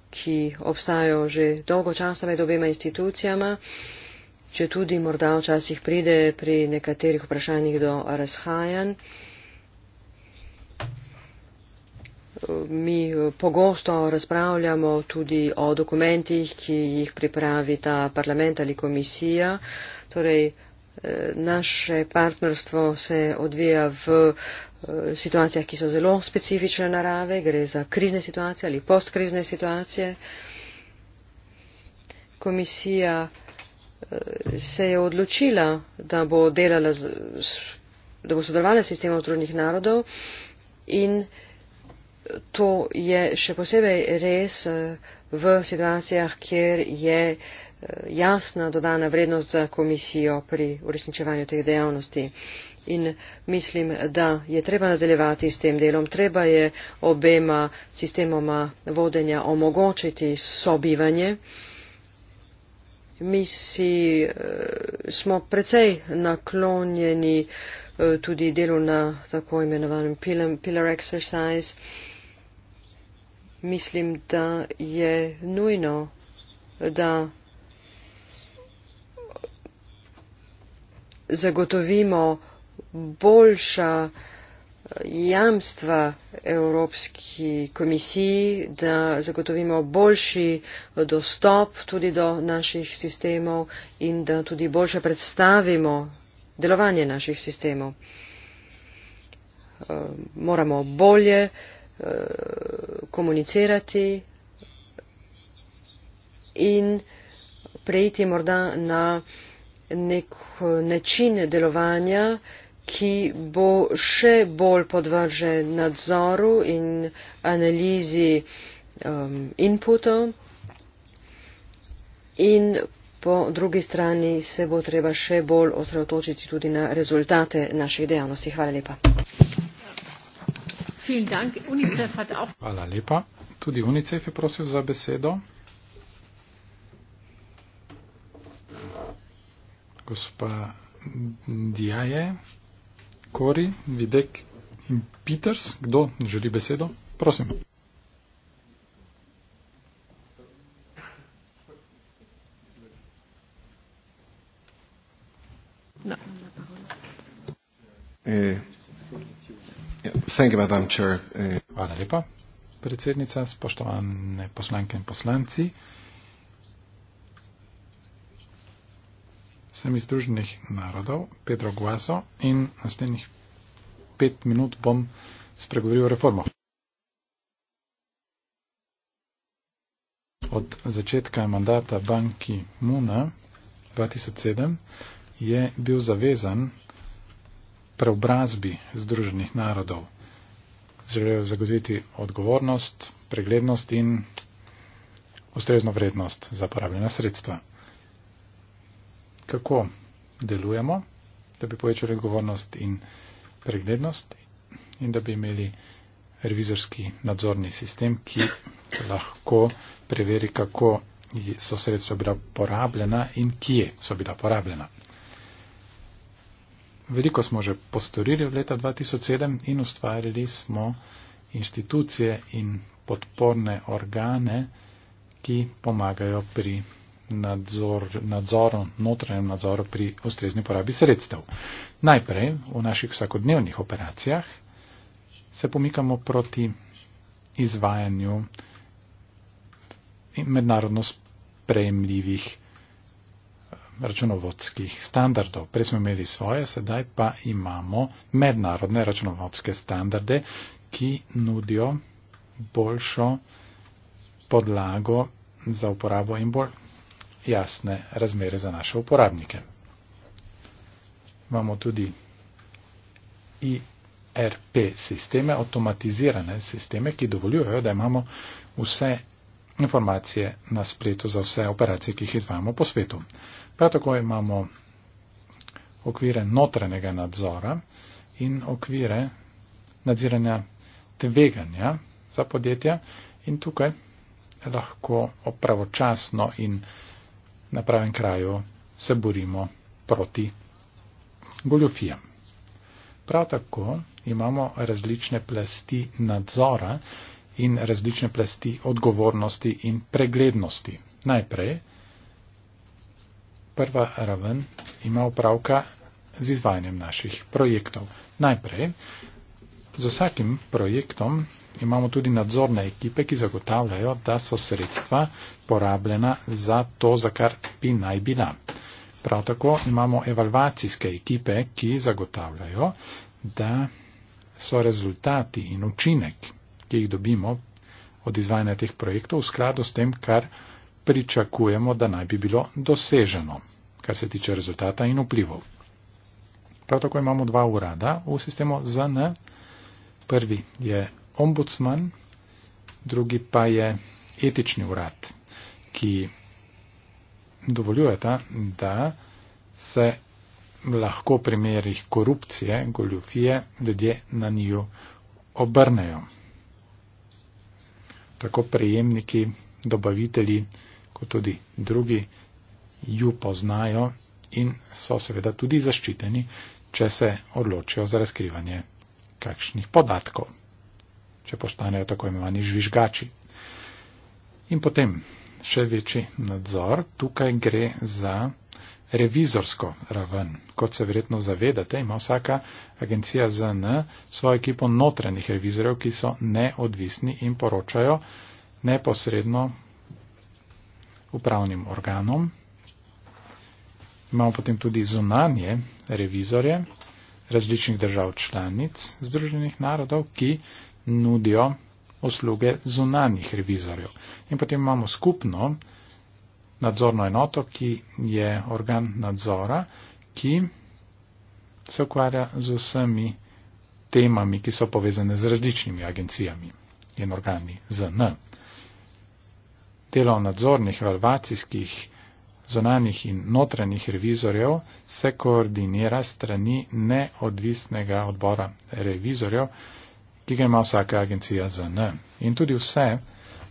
ki obstajajo že dolgo časa med obema institucijama, če tudi morda včasih pride pri nekaterih vprašanjih do razhajanj. mi eh, pogosto razpravljamo tudi o dokumentih, ki jih pripravi ta parlament ali komisija. Torej, eh, naše partnerstvo se odvija v eh, situacijah, ki so zelo specifične narave, gre za krizne situacije ali postkrizne situacije. Komisija se je odločila, da bo, delala, da bo sodelovala s sistemom Združenih narodov in to je še posebej res eh, v situacijah, kjer je eh, jasna dodana vrednost za komisijo pri uresničevanju teh dejavnosti. In mislim, da je treba nadaljevati s tem delom. Treba je obema sistemoma vodenja omogočiti sobivanje. Mi si, eh, smo precej naklonjeni tudi delu na tako imenovanem pillar, pillar exercise mislim, da je nujno, da zagotovimo boljša eh, jamstva Evropski komisiji, da zagotovimo boljši eh, dostop tudi do naših sistemov in da tudi boljše predstavimo delovanje naših sistemov. Eh, moramo bolje Eh, komunicirati in prejiti morda na nek način delovanja, ki bo še bolj podvržen nadzoru in analizi um, inputov in po drugi strani se bo treba še bolj osredotočiti tudi na rezultate naših dejavnosti. Hvala lepa. Hvala lepa. Tudi UNICEF je prosil za besedo. Gospa Diaje, Kori, Videk in Peters, kdo želi besedo? Prosim. No. Thank you, Madam Chair. Uh, Hvala lepa, predsednica, spoštovane poslanke in poslanci. Sem iz Združenih narodov, Pedro Guaso, in naslednjih pet minut bom spregovoril o reformah. Od začetka mandata banki Muna 2007 je bil zavezan preobrazbi Združenih narodov. Želijo zagotoviti odgovornost, preglednost in ustrezno vrednost za porabljena sredstva. Kako delujemo, da bi povečali odgovornost in preglednost in da bi imeli revizorski nadzorni sistem, ki lahko preveri, kako so sredstva bila porabljena in kje so bila porabljena. Veliko smo že postorili v leta 2007 in ustvarili smo institucije in podporne organe, ki pomagajo pri nadzor, nadzoru, notranjem nadzoru pri ustrezni porabi sredstev. Najprej v naših vsakodnevnih operacijah se pomikamo proti izvajanju mednarodno sprejemljivih računovodskih standardov. Prej smo imeli svoje, sedaj pa imamo mednarodne računovodske standarde, ki nudijo boljšo podlago za uporabo in bolj jasne razmere za naše uporabnike. Imamo tudi IRP sisteme, avtomatizirane sisteme, ki dovoljujejo, da imamo vse informacije na spletu za vse operacije, ki jih izvajamo po svetu. Prav tako imamo okvire notranjega nadzora in okvire nadziranja tveganja za podjetja in tukaj lahko opravočasno in na pravem kraju se borimo proti goljofijam. Prav tako imamo različne plasti nadzora, in različne plasti odgovornosti in preglednosti. Najprej, prva raven ima upravka z izvajanjem naših projektov. Najprej, z vsakim projektom imamo tudi nadzorne ekipe, ki zagotavljajo, da so sredstva porabljena za to, za kar bi naj bila. Prav tako imamo evalvacijske ekipe, ki zagotavljajo, da so rezultati in učinek ki jih dobimo od izvajanja teh projektov, v skladu s tem, kar pričakujemo, da naj bi bilo doseženo, kar se tiče rezultata in vplivov. Prav tako imamo dva urada v sistemu ZN. Prvi je ombudsman, drugi pa je etični urad, ki dovoljujeta, da se lahko primerih korupcije, goljufije ljudje na njo obrnejo tako prejemniki, dobavitelji, kot tudi drugi ju poznajo in so seveda tudi zaščiteni, če se odločijo za razkrivanje kakšnih podatkov, če postanejo tako imenovani žvižgači. In potem še večji nadzor, tukaj gre za revizorsko raven. Kot se verjetno zavedate, ima vsaka agencija ZN svojo ekipo notranjih revizorjev, ki so neodvisni in poročajo neposredno upravnim organom. Imamo potem tudi zunanje revizorje različnih držav članic Združenih narodov, ki nudijo usluge zunanjih revizorjev. In potem imamo skupno nadzorno enoto, ki je organ nadzora, ki se ukvarja z vsemi temami, ki so povezane z različnimi agencijami in organi ZN. Delo nadzornih, evalvacijskih, zonanih in notranjih revizorjev se koordinira strani neodvisnega odbora revizorjev, ki ga ima vsaka agencija ZN. In tudi vse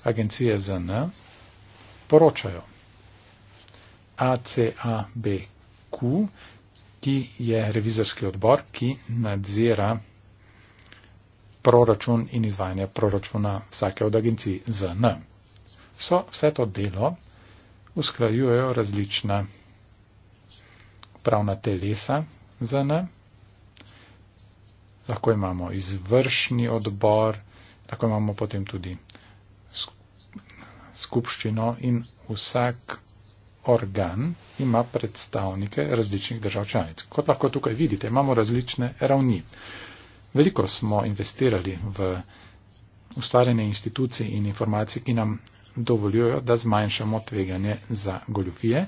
agencije ZN poročajo ACABQ, ki je revizorski odbor, ki nadzira proračun in izvajanje proračuna vsake od agencij ZN. So vse to delo usklajujejo različna pravna telesa ZN. Lahko imamo izvršni odbor, lahko imamo potem tudi skupščino in vsak organ ima predstavnike različnih držav članic. Kot lahko tukaj vidite, imamo različne ravni. Veliko smo investirali v ustvarjanje institucij in informacij, ki nam dovoljujo, da zmanjšamo tveganje za goljufije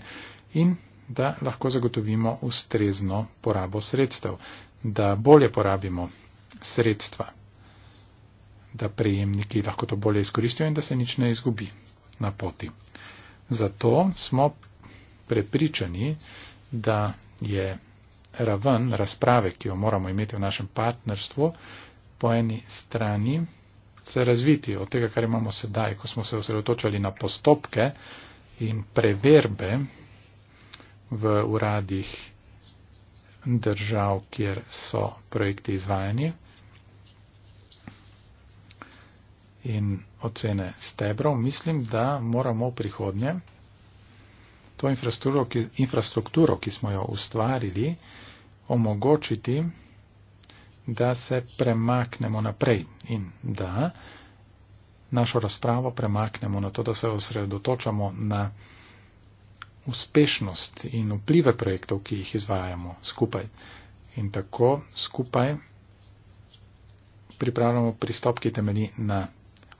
in da lahko zagotovimo ustrezno porabo sredstev, da bolje porabimo sredstva, da prejemniki lahko to bolje izkoristijo in da se nič ne izgubi na poti. Zato smo prepričani, da je raven razprave, ki jo moramo imeti v našem partnerstvu, po eni strani se razviti od tega, kar imamo sedaj, ko smo se osredotočali na postopke in preverbe v uradih držav, kjer so projekti izvajani in ocene stebrov, mislim, da moramo v prihodnje to infrastrukturo ki, infrastrukturo, ki smo jo ustvarili, omogočiti, da se premaknemo naprej in da našo razpravo premaknemo na to, da se osredotočamo na uspešnost in vplive projektov, ki jih izvajamo skupaj. In tako skupaj pripravljamo pristop, ki temeli na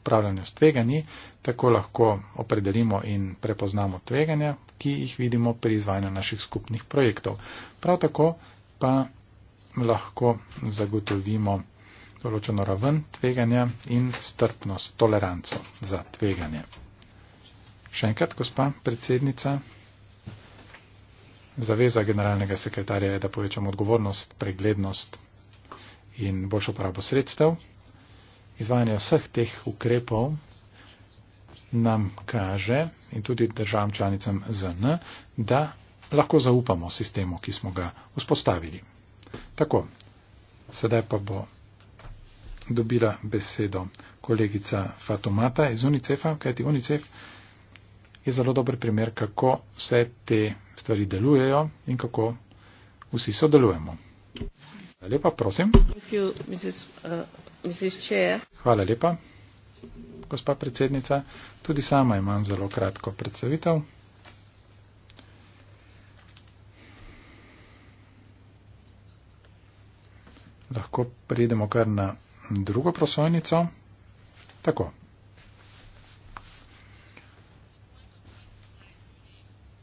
upravljanju s tveganji, tako lahko opredelimo in prepoznamo tveganja, ki jih vidimo pri izvajanju naših skupnih projektov. Prav tako pa lahko zagotovimo določeno raven tveganja in strpnost, toleranco za tveganje. Še enkrat, gospa predsednica. Zaveza generalnega sekretarja je, da povečamo odgovornost, preglednost in boljšo uporabo sredstev izvajanje vseh teh ukrepov nam kaže in tudi državam članicam ZN, da lahko zaupamo sistemu, ki smo ga vzpostavili. Tako, sedaj pa bo dobila besedo kolegica Fatomata iz UNICEF-a, kajti UNICEF je zelo dober primer, kako vse te stvari delujejo in kako vsi sodelujemo. Hvala lepa, prosim. Uh, Hvala lepa, gospa predsednica. Tudi sama imam zelo kratko predstavitev. Lahko pridemo kar na drugo prosojnico. Tako.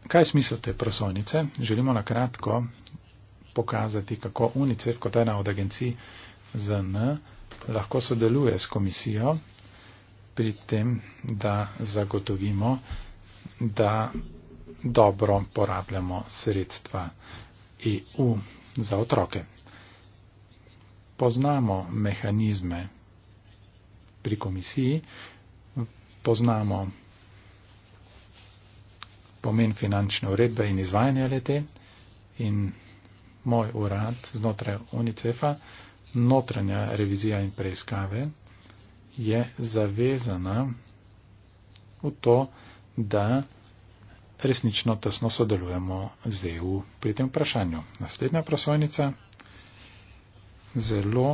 Kaj je smisel te prosojnice? Želimo na kratko pokazati, kako UNICEF kot ena od agencij ZN lahko sodeluje s komisijo pri tem, da zagotovimo, da dobro porabljamo sredstva EU za otroke. Poznamo mehanizme pri komisiji, poznamo pomen finančne uredbe in izvajanja lete in moj urad znotraj UNICEF-a, notranja revizija in preiskave, je zavezana v to, da resnično tesno sodelujemo z EU pri tem vprašanju. Naslednja prosojnica. Zelo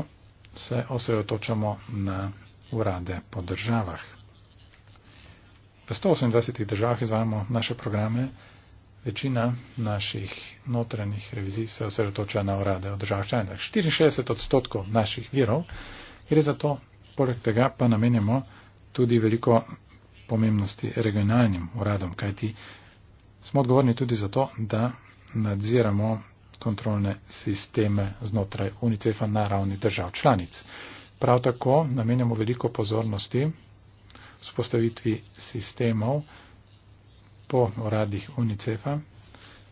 se osredotočamo na urade po državah. V 128 državah izvajamo naše programe. Večina naših notranjih revizij se osredotoča na urade o državah članicah. 64 odstotkov naših virov gre za to, poleg tega pa namenjamo tudi veliko pomembnosti regionalnim uradom, kajti smo odgovorni tudi za to, da nadziramo kontrolne sisteme znotraj UNICEF-a na ravni držav članic. Prav tako namenjamo veliko pozornosti vzpostavitvi sistemov, po uradih UNICEF-a.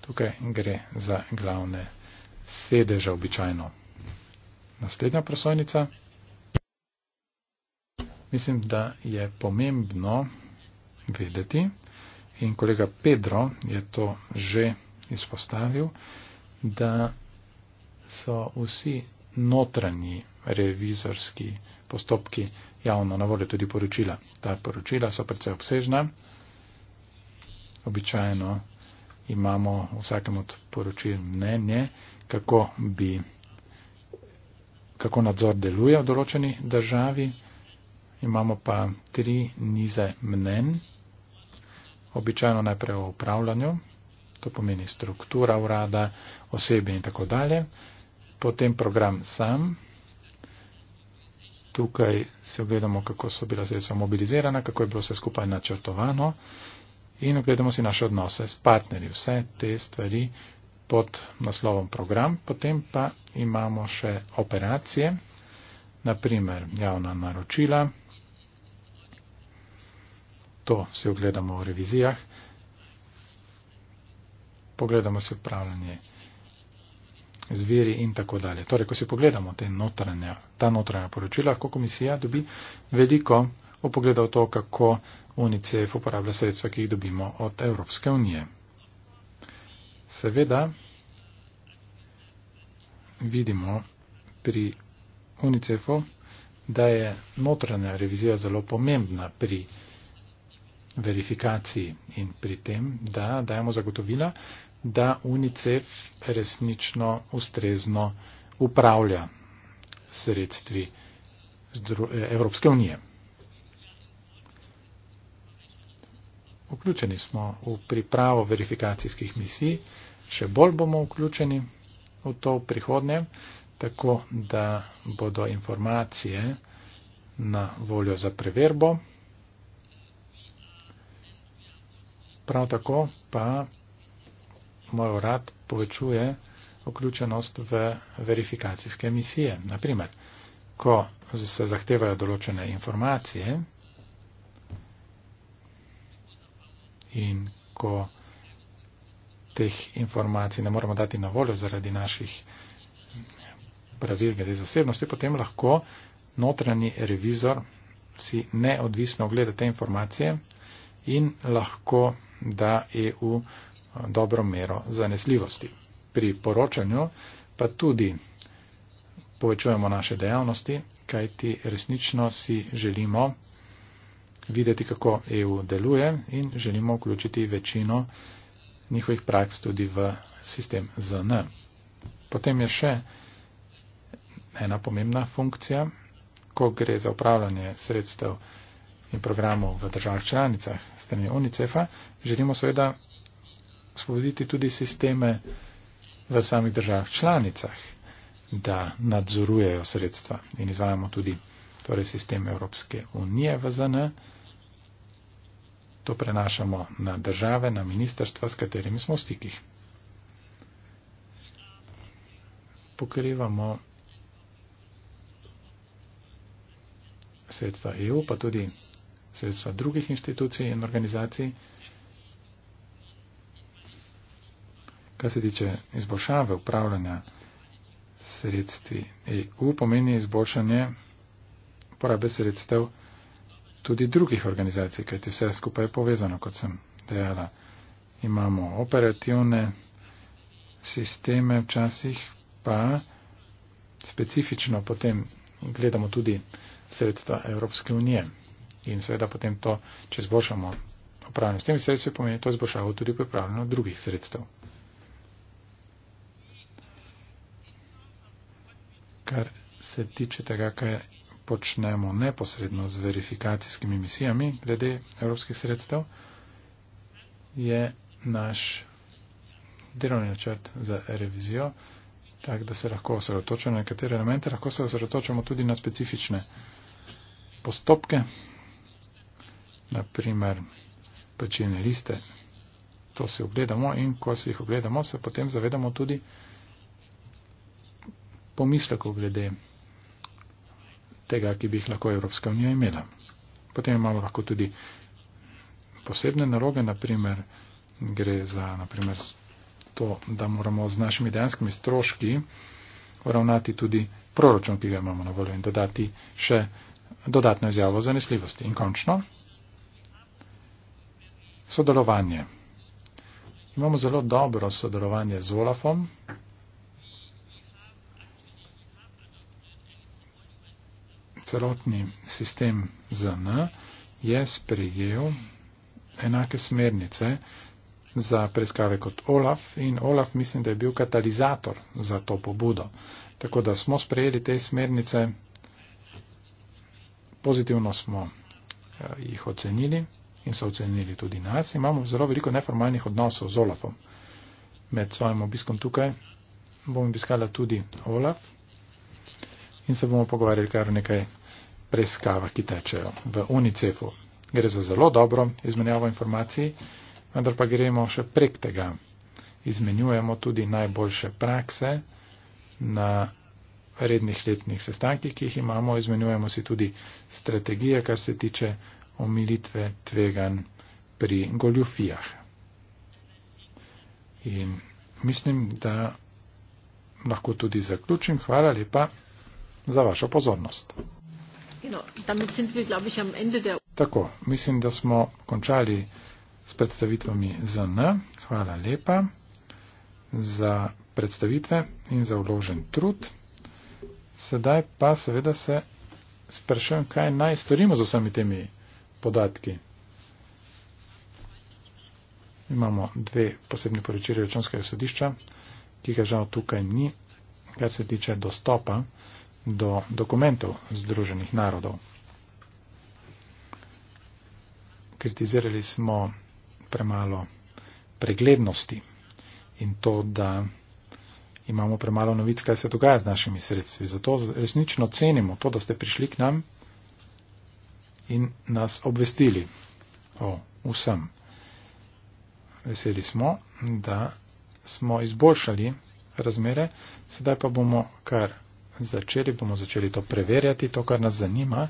Tukaj gre za glavne sedeže običajno. Naslednja prosojnica. Mislim, da je pomembno vedeti in kolega Pedro je to že izpostavil, da so vsi notranji revizorski postopki javno na voljo tudi poročila. Ta poročila so predvsej obsežna običajno imamo v vsakem od poročil mnenje, kako, bi, kako nadzor deluje v določeni državi. Imamo pa tri nize mnen. Običajno najprej o upravljanju, to pomeni struktura urada, osebe in tako dalje. Potem program sam. Tukaj se ogledamo, kako so bila sredstva mobilizirana, kako je bilo vse skupaj načrtovano in ogledamo si naše odnose s partnerji. Vse te stvari pod naslovom program, potem pa imamo še operacije, naprimer javna naročila, to si ogledamo v revizijah, pogledamo si upravljanje zviri in tako dalje. Torej, ko si pogledamo te notranja, ta notranja poročila, lahko komisija dobi veliko opogledal to, kako UNICEF uporablja sredstva, ki jih dobimo od Evropske unije. Seveda vidimo pri UNICEF-u, da je notranja revizija zelo pomembna pri verifikaciji in pri tem, da dajemo zagotovila, da UNICEF resnično ustrezno upravlja sredstvi eh, Evropske unije. Vključeni smo v pripravo verifikacijskih misij, še bolj bomo vključeni v to v prihodnje, tako da bodo informacije na voljo za preverbo. Prav tako pa moj urad povečuje vključenost v verifikacijske misije. Naprimer, ko se zahtevajo določene informacije, in ko teh informacij ne moremo dati na voljo zaradi naših pravil glede zasebnosti, potem lahko notranji revizor si neodvisno ogleda te informacije in lahko da EU eh, dobro mero zanesljivosti. Pri poročanju pa tudi povečujemo naše dejavnosti, kajti resnično si želimo, videti, kako EU deluje in želimo vključiti večino njihovih praks tudi v sistem ZN. Potem je še ena pomembna funkcija, ko gre za upravljanje sredstev in programov v državah članicah strani UNICEF-a, želimo seveda spoboditi tudi sisteme v samih državah članicah, da nadzorujejo sredstva in izvajamo tudi torej sistem Evropske unije v ZN. To prenašamo na države, na ministerstva, s katerimi smo v stikih. Pokrivamo sredstva EU, pa tudi sredstva drugih institucij in organizacij. Kar se tiče izboljšave upravljanja sredstvi EU, pomeni izboljšanje uporabe sredstev tudi drugih organizacij, kajti vse skupaj je povezano, kot sem dejala. Imamo operativne sisteme včasih, pa specifično potem gledamo tudi sredstva Evropske unije. In seveda potem to, če zboljšamo upravljanje s temi sredstvi, pomeni to zboljšavo tudi pripravljeno drugih sredstev. Kar se tiče tega, kaj počnemo neposredno z verifikacijskimi misijami glede evropskih sredstev, je naš delovni načrt za revizijo, tako da se lahko osredotočimo na nekatere elemente, lahko se osredotočimo tudi na specifične postopke, naprimer plačilne liste. To si ogledamo in ko si jih ogledamo, se potem zavedamo tudi pomislekov glede tega, ki bi jih lahko Evropska unija imela. Potem imamo lahko tudi posebne naloge, naprimer gre za naprimer, to, da moramo z našimi dejanskimi stroški uravnati tudi proračun, ki ga imamo na voljo in dodati še dodatno izjavo o zanesljivosti. In končno, sodelovanje. Imamo zelo dobro sodelovanje z Olafom. celotni sistem ZN je sprejel enake smernice za preiskave kot OLAF in OLAF mislim, da je bil katalizator za to pobudo. Tako da smo sprejeli te smernice, pozitivno smo eh, jih ocenili in so ocenili tudi nas. Imamo zelo veliko neformalnih odnosov z OLAFom. Med svojim obiskom tukaj bom obiskala tudi OLAF in se bomo pogovarjali kar nekaj preiskavah, ki tečejo v UNICEF-u. Gre za zelo dobro izmenjavo informacij, vendar pa gremo še prek tega. Izmenjujemo tudi najboljše prakse na rednih letnih sestankih, ki jih imamo. Izmenjujemo si tudi strategije, kar se tiče omilitve tvegan pri goljufijah. In mislim, da lahko tudi zaključim. Hvala lepa za vašo pozornost. Damit sind wir, glaube ich, am Ende der. Tako, mislim, da smo končali s predstavitvami ZN. Hvala lepa za predstavitve in za vložen trud. Sedaj pa seveda se sprašujem, kaj naj storimo z vsemi temi podatki. Imamo dve posebni poročili računskega sodišča, ki ga žal tukaj ni, kar se tiče dostopa do dokumentov Združenih narodov. Kritizirali smo premalo preglednosti in to, da imamo premalo novic, kaj se dogaja z našimi sredstvi. Zato resnično cenimo to, da ste prišli k nam in nas obvestili o vsem. Veseli smo, da smo izboljšali razmere, sedaj pa bomo kar začeli, bomo začeli to preverjati, to, kar nas zanima,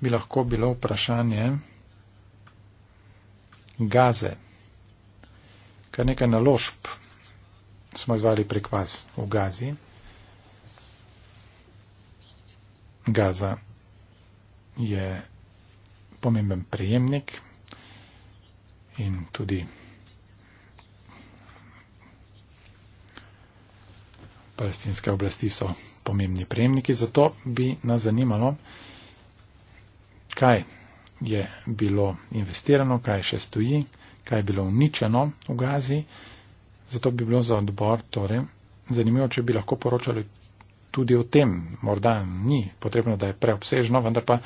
bi lahko bilo vprašanje gaze. Kar nekaj naložb smo izvali prek vas v gazi. Gaza je pomemben prejemnik in tudi palestinske oblasti so pomembni prejemniki, zato bi nas zanimalo, kaj je bilo investirano, kaj še stoji, kaj je bilo uničeno v gazi. Zato bi bilo za odbor torej, zanimivo, če bi lahko poročali tudi o tem. Morda ni potrebno, da je preobsežno, vendar pa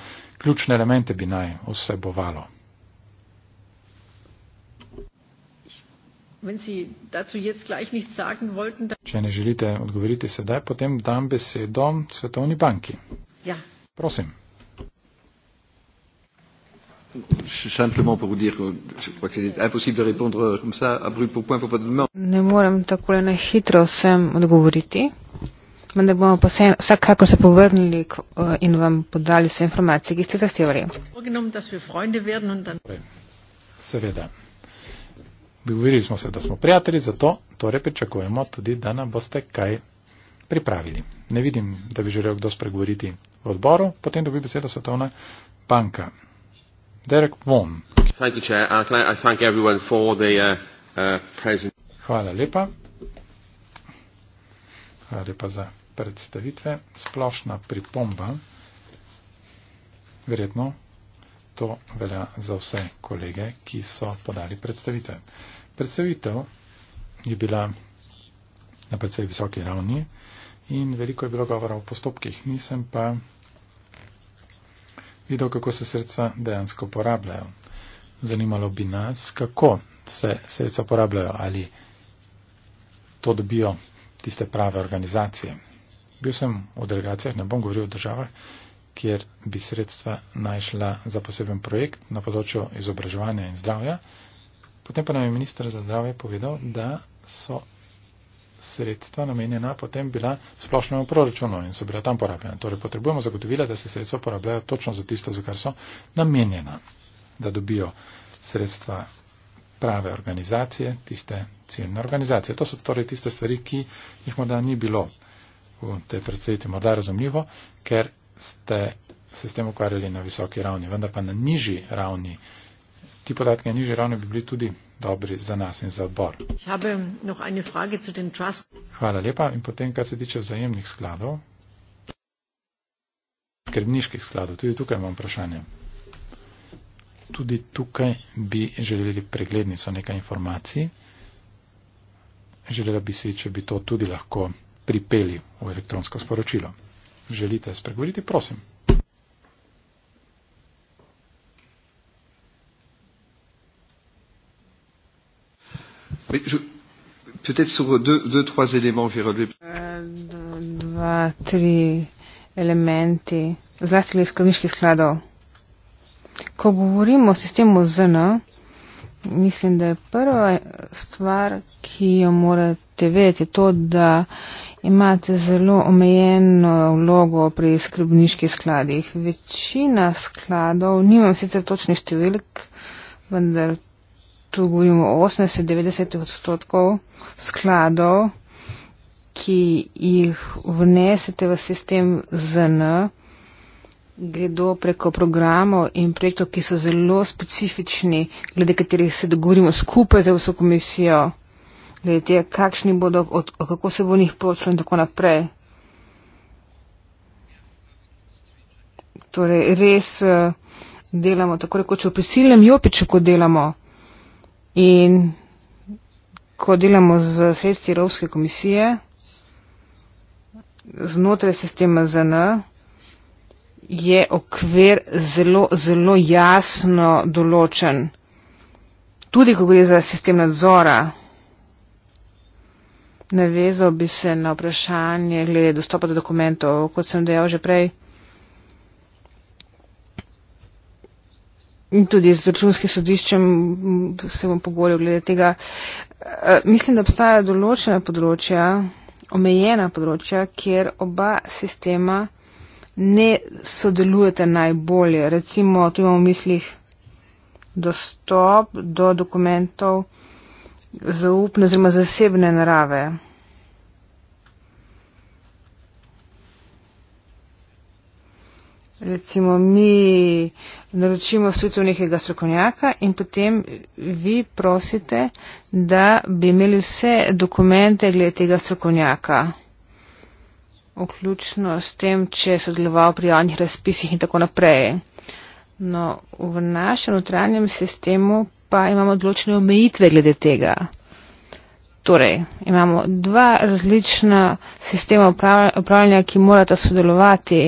ključne elemente bi naj osebovalo. Wollten, Če ne želite odgovoriti sedaj, potem dam besedo Svetovni banki. Ja. Prosim. Ne morem tako na hitro vsem odgovoriti, vendar bomo pa se vsakako se povrnili eh, in vam podali vse informacije, ki ste zahtevali. Torej, seveda. Dogovorili smo se, da smo prijatelji, zato torej pričakujemo tudi, da nam boste kaj pripravili. Ne vidim, da bi želel kdo spregovoriti v odboru, potem dobi beseda Svetovna banka. Derek Vom. Uh, uh, uh, Hvala lepa. Hvala lepa za predstavitve. Splošna pripomba. Verjetno to velja za vse kolege, ki so podali predstavitev predstavitev je bila na precej visoki ravni in veliko je bilo govora o postopkih. Nisem pa videl, kako se srca dejansko porabljajo. Zanimalo bi nas, kako se sredstva porabljajo, ali to dobijo tiste prave organizacije. Bil sem v delegacijah, ne bom govoril o državah, kjer bi sredstva najšla za poseben projekt na področju izobraževanja in zdravja. Potem pa nam je ministr za zdravje povedal, da so sredstva namenjena potem bila splošnemu proračunu in so bila tam porabljena. Torej potrebujemo zagotovila, da se sredstva porabljajo točno za tisto, za kar so namenjena, da dobijo sredstva prave organizacije, tiste ciljne organizacije. To so torej tiste stvari, ki jih morda ni bilo v tej predsedniki morda razumljivo, ker ste se s tem ukvarjali na visoki ravni, vendar pa na nižji ravni ti podatki na nižji ravni bi bili tudi dobri za nas in za odbor. Hvala lepa. In potem, kar se tiče vzajemnih skladov, skrbniških skladov, tudi tukaj imam vprašanje. Tudi tukaj bi želeli preglednico nekaj informacij. Želela bi si, če bi to tudi lahko pripeli v elektronsko sporočilo. Želite spregovoriti, prosim. Oui, je... Peut-être sur deux, deux, trois éléments, j'ai relevé. Euh, deux, trois éléments. Zlasti glede skrbniških skladov. Ko govorimo o sistemu ZN, mislim, da je prva stvar, ki jo morate vedeti, to, da imate zelo omejeno vlogo pri skrbniških skladih. Večina skladov, nimam sicer točnih številk, vendar tu govorimo o 80-90 odstotkov skladov, ki jih vnesete v sistem ZN, gredo preko programov in projektov, ki so zelo specifični, glede katerih se dogovorimo skupaj z vso komisijo, glede tega, kakšni bodo, od, kako se bo njih počlo in tako naprej. Torej, res eh, delamo tako rekoč v prisilnem jopiču, ko delamo. In ko delamo z sredstvi Evropske komisije, znotraj sistema ZN, je okvir zelo, zelo jasno določen. Tudi, ko gre za sistem nadzora, navezal bi se na vprašanje glede dostopa do dokumentov, kot sem dejal že prej. in tudi z računskim sodiščem se bom pogovoril glede tega. Eh, mislim, da obstajajo določena področja, omejena področja, kjer oba sistema ne sodelujete najbolje. Recimo, tu imamo v mislih dostop do dokumentov zaupne oziroma zasebne narave. recimo mi naročimo svetu nekega strokovnjaka in potem vi prosite, da bi imeli vse dokumente glede tega strokovnjaka. Vključno s tem, če je sodeloval pri javnih razpisih in tako naprej. No, v našem notranjem sistemu pa imamo odločne omejitve glede tega. Torej, imamo dva različna sistema upravljanja, ki morata sodelovati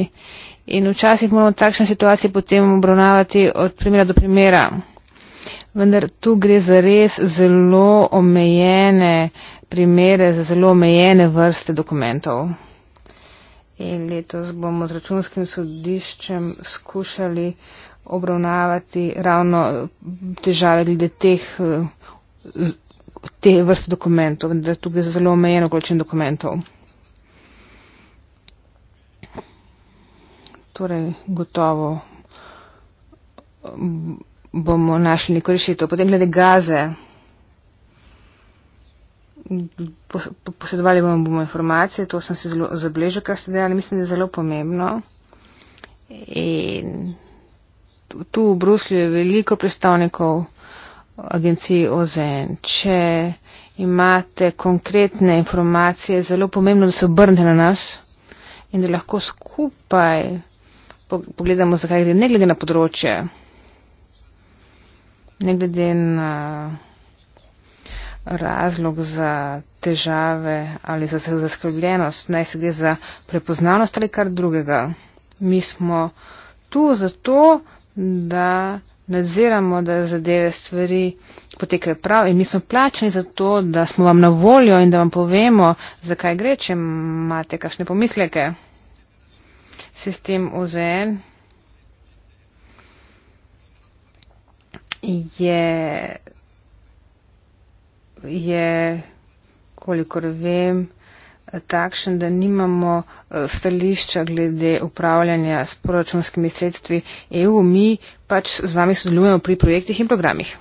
in včasih moramo takšne situacije potem obravnavati od primera do primera. Vendar tu gre za res zelo omejene primere, za zelo omejene vrste dokumentov. In letos bomo z računskim sodiščem skušali obravnavati ravno mm, težave glede teh, eh, te vrste dokumentov, vendar tu gre za zelo omejeno količino dokumentov. torej gotovo mm, bomo našli neko rešitev. Potem glede gaze, posedovali bomo, bomo informacije, to sem se zelo zabležil, kar ste dejali, mislim, da je zelo pomembno. In tu v Bruslju je veliko predstavnikov eh, agenciji OZN. Če imate konkretne informacije, je zelo pomembno, da se obrnete na nas in da lahko skupaj pogledamo, zakaj gre, ne glede na področje, ne glede na razlog za težave ali za zaskrbljenost, naj se gre za prepoznanost ali kar drugega. Mi smo tu zato, da nadziramo, da zadeve stvari potekajo prav in mi smo plačeni za to, da smo vam na voljo in da vam povemo, zakaj gre, če imate kakšne pomisleke sistem OZN je, je kolikor vem, takšen, da nimamo eh, stališča glede upravljanja s proračunskimi sredstvi EU. Mi pač z vami sodelujemo pri projektih in programih.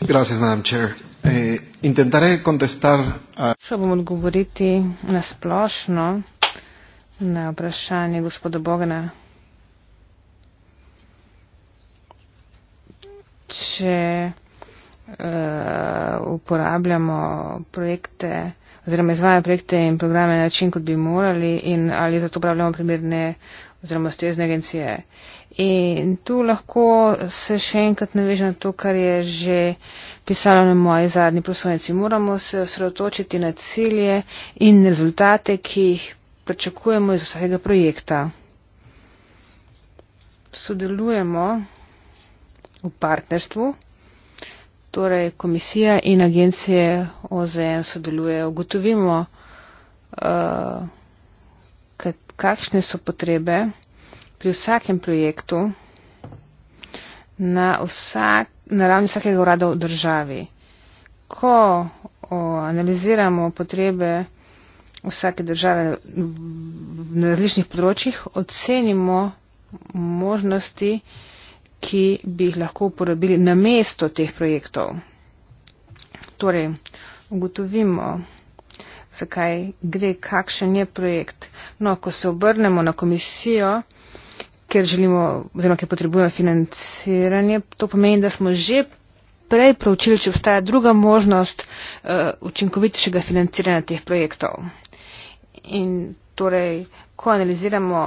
Gracias, Madam Chair. Eh, Še bom odgovoriti na splošno na vprašanje gospoda Bogana. Če uh, uporabljamo projekte oziroma izvajamo projekte in programe na način, kot bi morali in ali zato uporabljamo primerne oziroma ustrezne agencije. Uh, In tu lahko se še enkrat navežem na to, kar je že pisalo na moji zadnji poslovnici. Moramo se osredotočiti na cilje in rezultate, ki jih pričakujemo iz vsakega projekta. Sodelujemo v partnerstvu, torej komisija in agencije OZN sodelujejo. Ugotovimo, uh, kakšne so potrebe pri vsakem projektu na, vsak, na ravni vsakega urada v državi. Ko o, analiziramo potrebe vsake države na različnih področjih, ocenimo možnosti, ki bi jih lahko uporabili na mesto teh projektov. Torej, ugotovimo, zakaj gre, kakšen je projekt. No, ko se obrnemo na komisijo, ker želimo oziroma ker potrebujemo financiranje. To pomeni, da smo že prej proučili, če obstaja druga možnost uh, učinkovitejšega financiranja teh projektov. In torej, ko analiziramo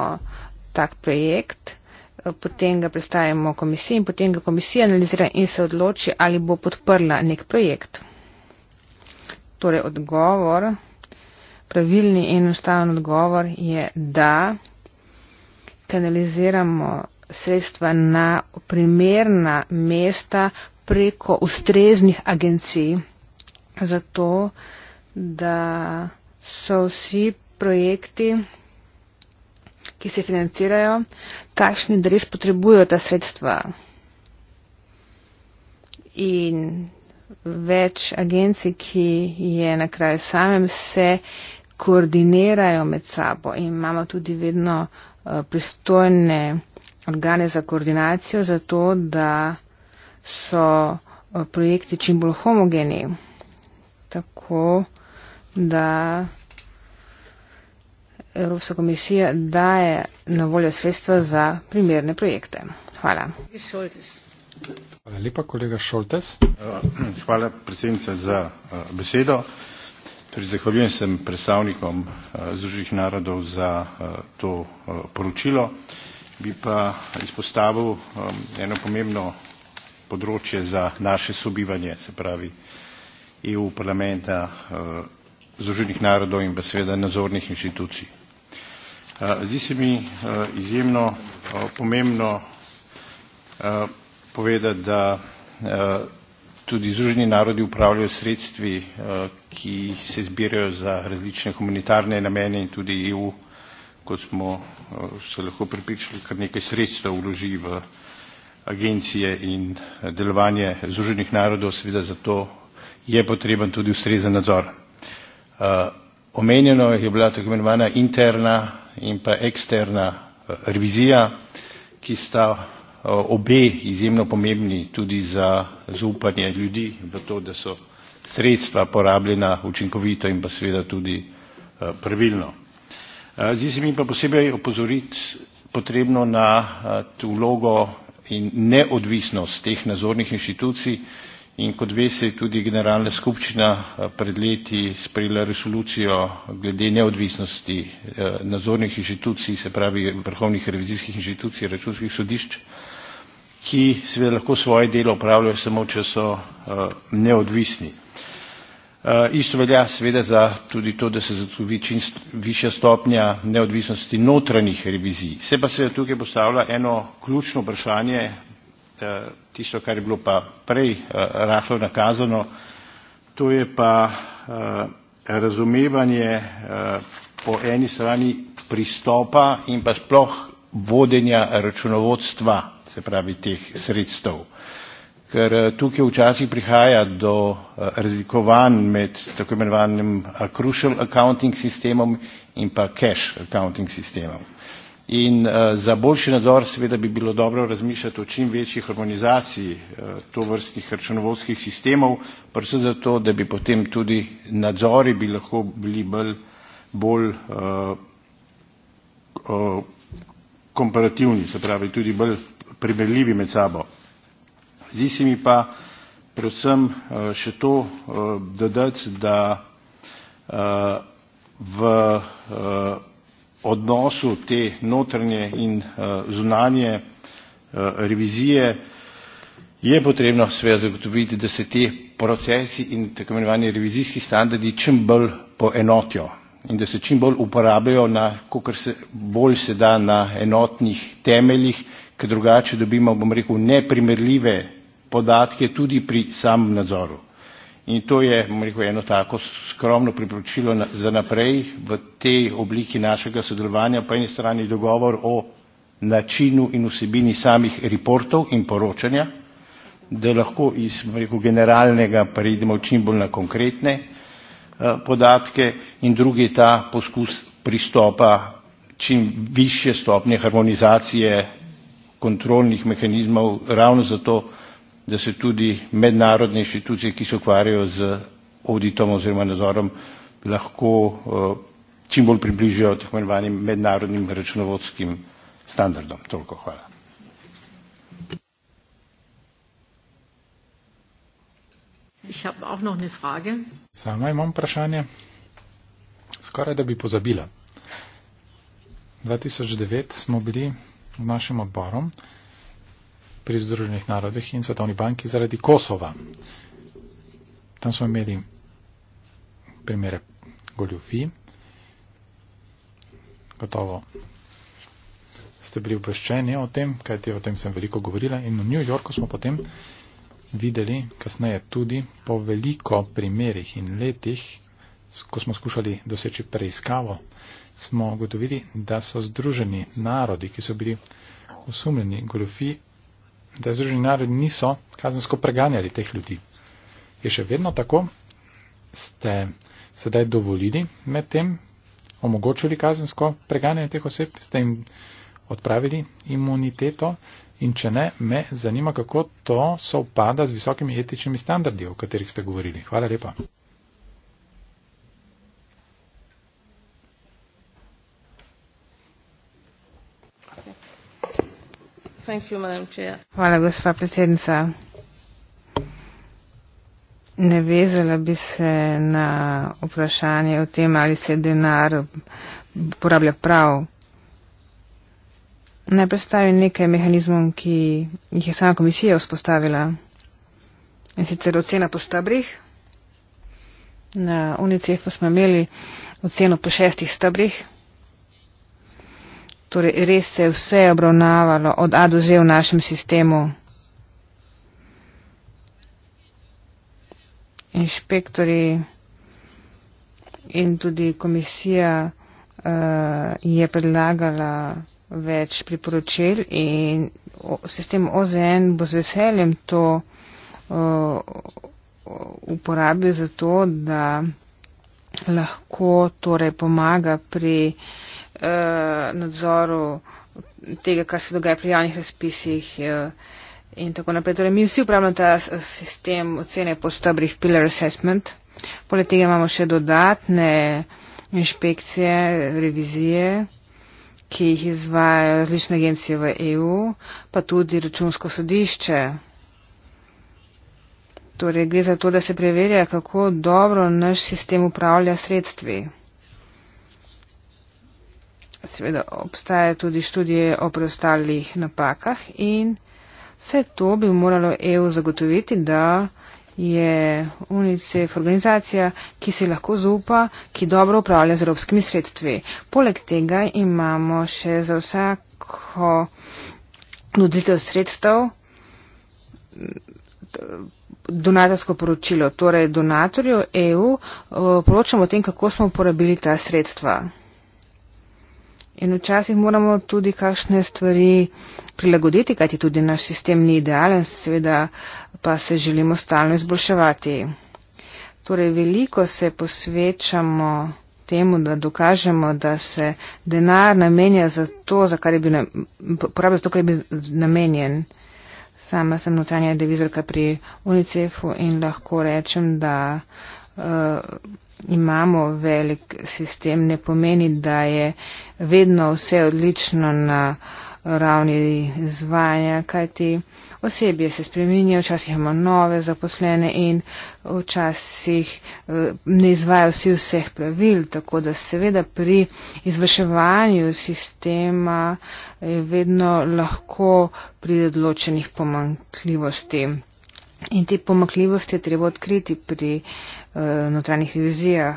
tak projekt, eh, potem ga predstavimo komisiji in potem ga komisija analizira in se odloči, ali bo podprla nek projekt. Torej, odgovor, pravilni in enostaven odgovor je da kanaliziramo sredstva na primerna mesta preko ustreznih agencij, zato da so vsi projekti, ki se financirajo, takšni, da res potrebujo ta sredstva. In več agencij, ki je na kraju samem, se koordinirajo med sabo in imamo tudi vedno uh, Eh, pristojne organe za koordinacijo, zato da so eh, projekti čim bolj homogeni. Tako da Evropska komisija daje na voljo sredstva za primerne projekte. Hvala. Hvala lepa, kolega Šoltes. Eh, hvala predsednica za besedo. Torej, zahvaljujem se predstavnikom eh, Združenih narodov za eh, to eh, poročilo. Bi pa izpostavil eno pomembno področje za naše sobivanje, se pravi EU parlamenta, Združenih narodov in pa seveda nadzornih inštitucij. Zdi se mi izjemno pomembno povedati, da tudi Združeni narodi upravljajo sredstvi, eh, ki se zbirajo za različne humanitarne namene in tudi EU, kot smo eh, se lahko pripričali, kar nekaj sredstev vloži v agencije in eh, delovanje Združenih narodov, seveda zato je potreben tudi ustrezen nadzor. Omenjeno je bila tako imenovana interna in pa eksterna revizija, ki sta Eh, obe izjemno pomembni tudi za zaupanje ljudi v to, da so sredstva porabljena učinkovito in pa seveda tudi eh, pravilno. Eh, zdi se mi pa posebej opozoriti potrebno na tu vlogo in neodvisnost teh nazornih inštitucij in kot ve se je tudi generalna skupščina pred leti sprejela resolucijo glede neodvisnosti nazornih inštitucij, se pravi vrhovnih revizijskih inštitucij, računskih sodišč ki seveda lahko svoje delo opravljajo samo, če so uh, neodvisni. Uh, isto velja seveda za tudi to, da se zagotovi čim višja stopnja neodvisnosti notranjih revizij. Se pa seveda tukaj postavlja eno ključno vprašanje, uh, tisto, kar je bilo pa prej uh, rahlo nakazano, to je pa uh, razumevanje uh, po eni strani pristopa in pa sploh vodenja računovodstva se pravi teh sredstev. Ker eh, tukaj včasih prihaja do eh, razlikovanj med tako imenovanim eh, crucial accounting sistemom in pa cash accounting sistemom. In za boljši nadzor seveda bi bilo dobro razmišljati o čim večji harmonizaciji tovrstnih računovodskih sistemov, predvsem zato, da bi potem tudi nadzori bi lahko bili bolj, bolj uh, uh, komparativni, se pravi tudi bolj primerljivi med sabo. Zdi se mi pa predvsem eh, še to eh, dodati, da eh, v odnosu te notranje in zunanje revizije je potrebno sve zagotoviti, da se te procesi in tako imenovani revizijski standardi čim bolj poenotijo in da se čim bolj uporabljajo na, kako se bolj se da na enotnih temeljih ker drugače dobimo, bom rekel, neprimerljive podatke tudi pri samem nadzoru. In to je, bom rekel, eno tako skromno priporočilo za naprej v tej obliki našega sodelovanja, po eni strani dogovor o načinu in vsebini samih reportov in poročanja, da lahko iz bom rekel, generalnega preidemo čim bolj na konkretne eh, podatke in drugi je ta poskus pristopa čim više stopnje harmonizacije kontrolnih mehanizmov ravno zato, da se tudi mednarodne inštitucije, ki se ukvarjajo z auditom oziroma nadzorom, lahko eh, čim bolj približajo tako imenovanim mednarodnim računovodskim standardom. Toliko hvala. Sama imam vprašanje. Skoraj da bi pozabila. 2009 smo bili z našim odborom pri Združenih narodih in Svetovni banki zaradi Kosova. Tam smo imeli primere goljufi. Gotovo ste bili obveščeni o tem, kajti o tem sem veliko govorila in v New Yorku smo potem videli kasneje tudi po veliko primerih in letih ko smo skušali doseči preiskavo, smo ugotovili, da so združeni narodi, ki so bili osumljeni goljofi, da združeni narodi niso kazensko preganjali teh ljudi. Je še vedno tako? Ste sedaj dovolili med tem, omogočili kazensko preganjanje teh oseb, ste jim odpravili imuniteto in če ne, me zanima, kako to sovpada z visokimi etičnimi standardi, o katerih ste govorili. Hvala lepa. Hvala, gospa predsednica. Ne vezala bi se na vprašanje o tem, ali se denar porablja prav. Naj predstavim nekaj mehanizmov, ki jih je sama komisija vzpostavila. In sicer ocena po stabrih. Na UNICEF-u smo imeli oceno po šestih stabrih. Torej, res se je vse obravnavalo od A do Z v našem sistemu. Inšpektori in tudi komisija uh, je predlagala več priporočil in sistem OZN bo z veseljem to uh, uporabil za to, da lahko torej pomaga pri uh, Eh, nadzoru tega, kar se dogaja pri javnih razpisih eh, in tako naprej. Torej, mi vsi upravljamo ta sistem ocene po stabrih pillar assessment. Poleg tega imamo še dodatne inšpekcije, revizije, ki jih izvajajo različne agencije v EU, pa tudi računsko sodišče. Torej, gre za to, da se preverja, kako dobro naš sistem upravlja sredstvi seveda obstajajo tudi študije o preostalih napakah in vse to bi moralo EU zagotoviti, da je UNICEF organizacija, ki si lahko zupa, ki dobro upravlja z evropskimi sredstvi. Poleg tega imamo še za vsako nuditev sredstev donatorsko poročilo, torej donatorju EU eh, poročamo o tem, kako smo uporabili ta sredstva. In včasih moramo tudi kakšne stvari prilagoditi, kajti tudi naš sistem ni idealen, seveda pa se želimo stalno izboljševati. Torej, veliko se posvečamo temu, da dokažemo, da se denar namenja za to, za kar je bil, porabi za to, kar je bil namenjen. Sama sem notranja devizorka pri UNICEF-u in lahko rečem, da. Uh, imamo velik sistem, ne pomeni, da je vedno vse odlično na ravni izvajanja, kajti osebje se spreminja, včasih imamo nove zaposlene in včasih eh, ne izvajo vsi vseh pravil, tako da seveda pri izvrševanju sistema vedno lahko pri odločenih pomankljivosti. In te pomakljivosti je treba odkriti pri uh, notranjih revizijah.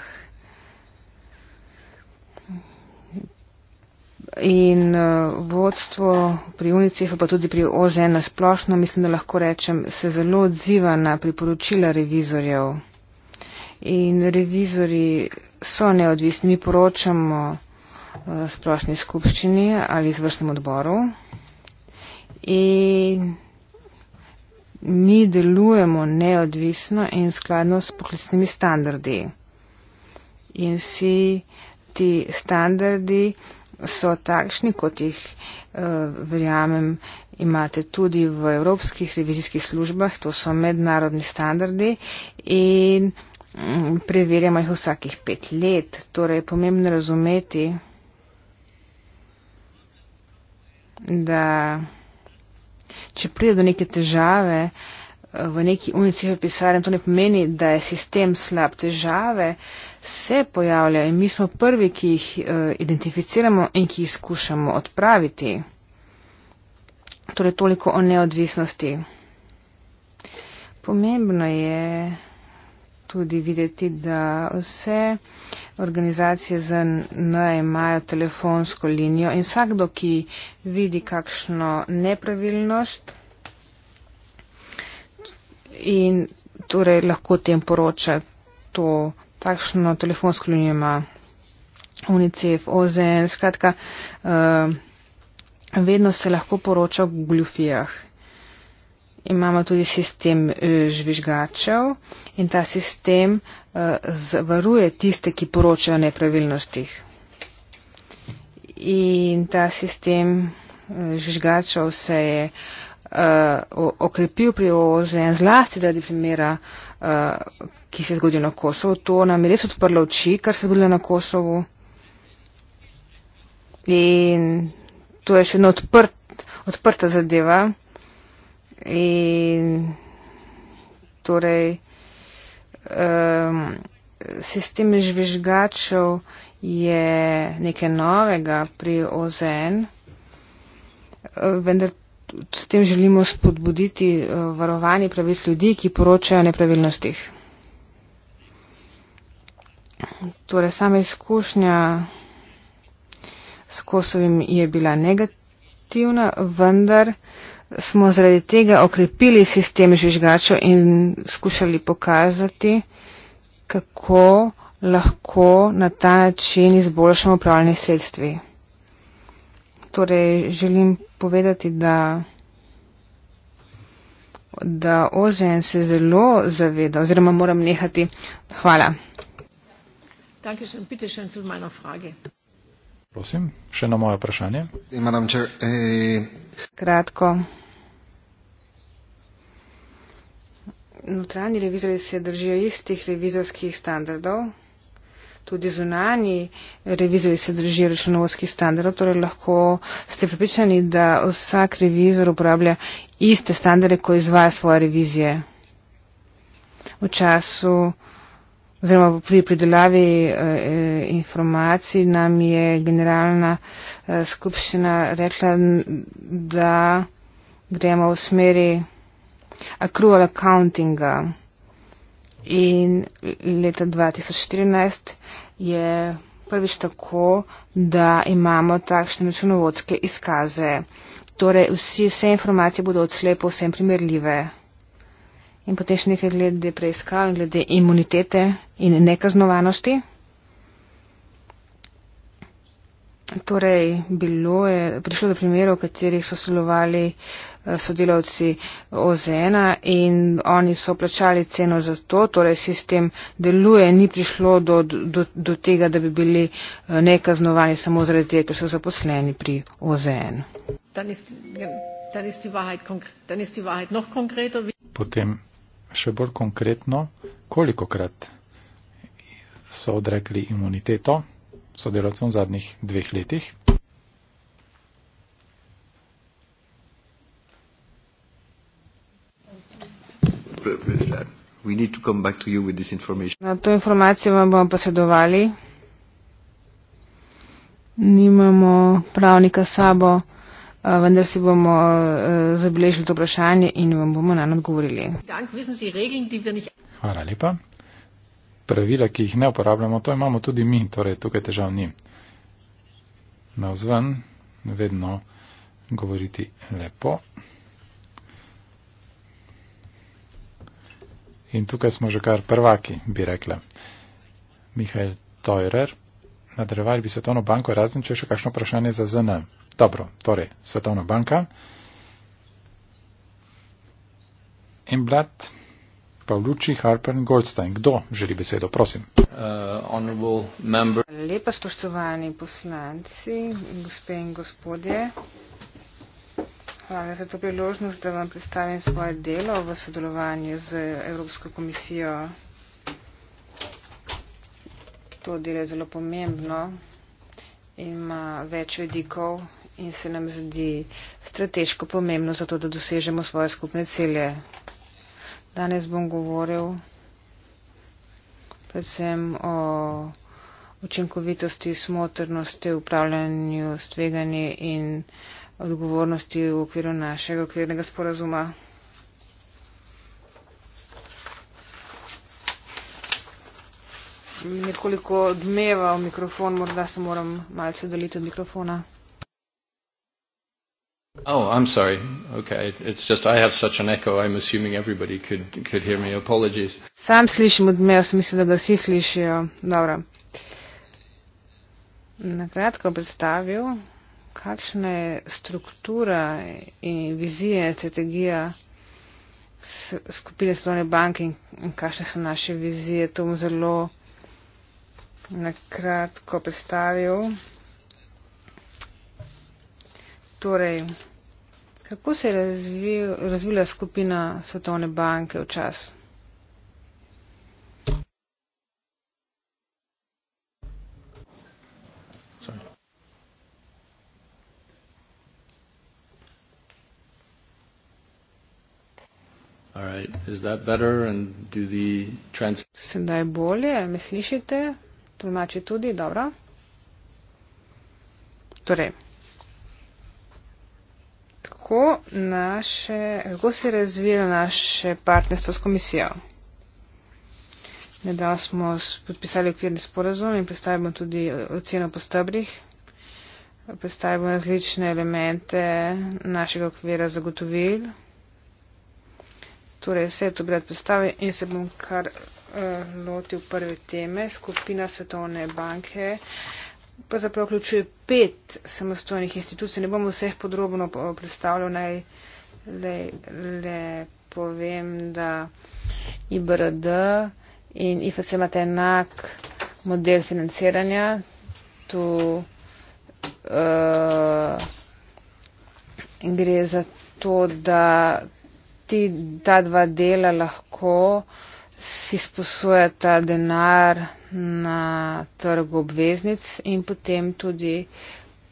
In uh, vodstvo pri UNICEF, pa tudi pri OZN splošno, mislim, da lahko rečem, se zelo odziva na priporočila revizorjev. In revizori so neodvisni, mi poročamo uh, splošni skupščini ali izvršnem odboru. In mi delujemo neodvisno in skladno s poklicnimi standardi. In vsi ti standardi so takšni, kot jih, eh, verjamem, imate tudi v evropskih revizijskih službah, to so mednarodni standardi in mm, preverjamo jih vsakih pet let. Torej, pomembno razumeti, da če pride do neke težave eh, v neki unicef pisarni, to ne pomeni, da je sistem slab. Težave se pojavljajo in mi smo prvi, ki jih eh, identificiramo in ki jih skušamo odpraviti. Torej, toliko o neodvisnosti. Pomembno je tudi videti, da vse. Uh, organizacije za naj imajo telefonsko linijo in vsakdo, ki vidi kakšno nepravilnost in torej lahko tem poroča to, takšno telefonsko linijo ima UNICEF, OZN, skratka, uh, vedno se lahko poroča v goljufijah imamo tudi sistem eh, žvižgačev in ta sistem eh, zavaruje tiste, ki poročajo o nepravilnostih. In ta sistem eh, žvižgačev se je okrepil pri OZN zlasti zaradi primera, ki se je zgodil na Kosovu. To nam je res odprlo oči, kar se je zgodilo na Kosovu. In to je še ena odprt, odprta zadeva in torej um, sistem žvižgačev je nekaj novega pri OZN, vendar s tem želimo spodbuditi eh, varovanje pravic ljudi, ki poročajo o nepravilnostih. Torej, sama izkušnja s Kosovim je bila negativna, vendar uh, smo zaradi tega okrepili sistem žvižgačev in skušali pokazati, kako lahko na ta način izboljšamo upravljanje sredstvi. Torej, želim povedati, da, da OZN se zelo zaveda oziroma moram nehati. Hvala. Danke schön, bitte schön zu meiner Frage. Prosim, še na moje vprašanje. Chair, eh... Kratko. Notranji revizori se držijo istih revizorskih standardov, tudi zunani revizori se držijo računovodskih standardov, torej lahko ste pripričani, da vsak revizor uporablja iste standarde, ko izvaja svoje revizije. V času oziroma pri pridelavi eh, informacij nam je generalna eh, skupščina rekla, da gremo v smeri accrual accountinga. In leta 2014 je prvič tako, da imamo takšne računovodske izkaze. Torej, vsi, vse informacije bodo odslej povsem primerljive in potem še nekaj glede preiskav in glede imunitete in nekaznovanosti. Torej, bilo je, prišlo do primerov, v katerih so sodelovali eh, sodelavci OZN in oni so plačali ceno za to, torej sistem deluje, ni prišlo do, do, do tega, da bi bili eh, nekaznovani samo zaradi tega, ker so zaposleni pri OZN. Ja, potem še bolj konkretno, kolikokrat so odrekli imuniteto sodelavcem v zadnjih dveh letih. To, Na to informacijo vam bomo posredovali. Nimamo pravnika sabo. Eh, vendar si bomo eh, zabeležili to vprašanje in vam bomo na odgovorili. Hvala lepa. Pravila, ki jih ne uporabljamo, to imamo tudi mi, torej tukaj težav ni. Na vzven vedno govoriti lepo. In tukaj smo že kar prvaki, bi rekla. Mihajl Teurer, nadrevali bi Svetovno banko, razen če še kakšno vprašanje za ZN. Dobro, torej, Svetovna banka. En blad, Pavluči, Harper in Goldstein. Kdo želi besedo? Prosim. Uh, Lepa spoštovani poslanci, gospe in gospodje. Hvala za to priložnost, da vam predstavim svoje delo v sodelovanju z Evropsko komisijo. To delo je zelo pomembno in ima več vedikov in se nam zdi strateško pomembno za to, da dosežemo svoje skupne cilje. Danes bom govoril predvsem o učinkovitosti, smotrnosti, upravljanju s tveganji in odgovornosti v okviru našega okvirnega sporazuma. Nekoliko odmeva v mikrofon, morda se moram malce oddaljiti od mikrofona. Oh, I'm sorry. Okay, it's just I have such an echo. I'm assuming everybody could could hear me. Apologies. Sam slišim od mene, mislim da ga svi slišijo. Dobro. Na kratko predstavil, kakšna je struktura in vizija, strategija skupine Slovenske banke in kakšne so naše vizije. To bom zelo na kratko predstavil torej, kako se je razvil, razvila skupina Svetovne banke v času? Sedaj bolje, me slišite? Tolmači tudi, dobro. Torej, kako, naše, kako se je razvijalo naše partnerstvo s komisijo. Nedavno smo podpisali okvirni sporazum in predstavimo tudi oceno po stebrih. Predstavimo različne elemente našega okvira zagotovil. Torej, vse to bi rad predstavil in se bom kar uh, lotil prve teme, skupina Svetovne banke. Uh, pravzaprav vključuje pet samostojnih institucij. Ne bom vseh podrobno predstavljal, naj le, le povem, da IBRD in IFC imate enak model financiranja. Tu uh, gre za to, da ti, ta dva dela lahko uh, si sposoja ta denar na trgu obveznic in potem tudi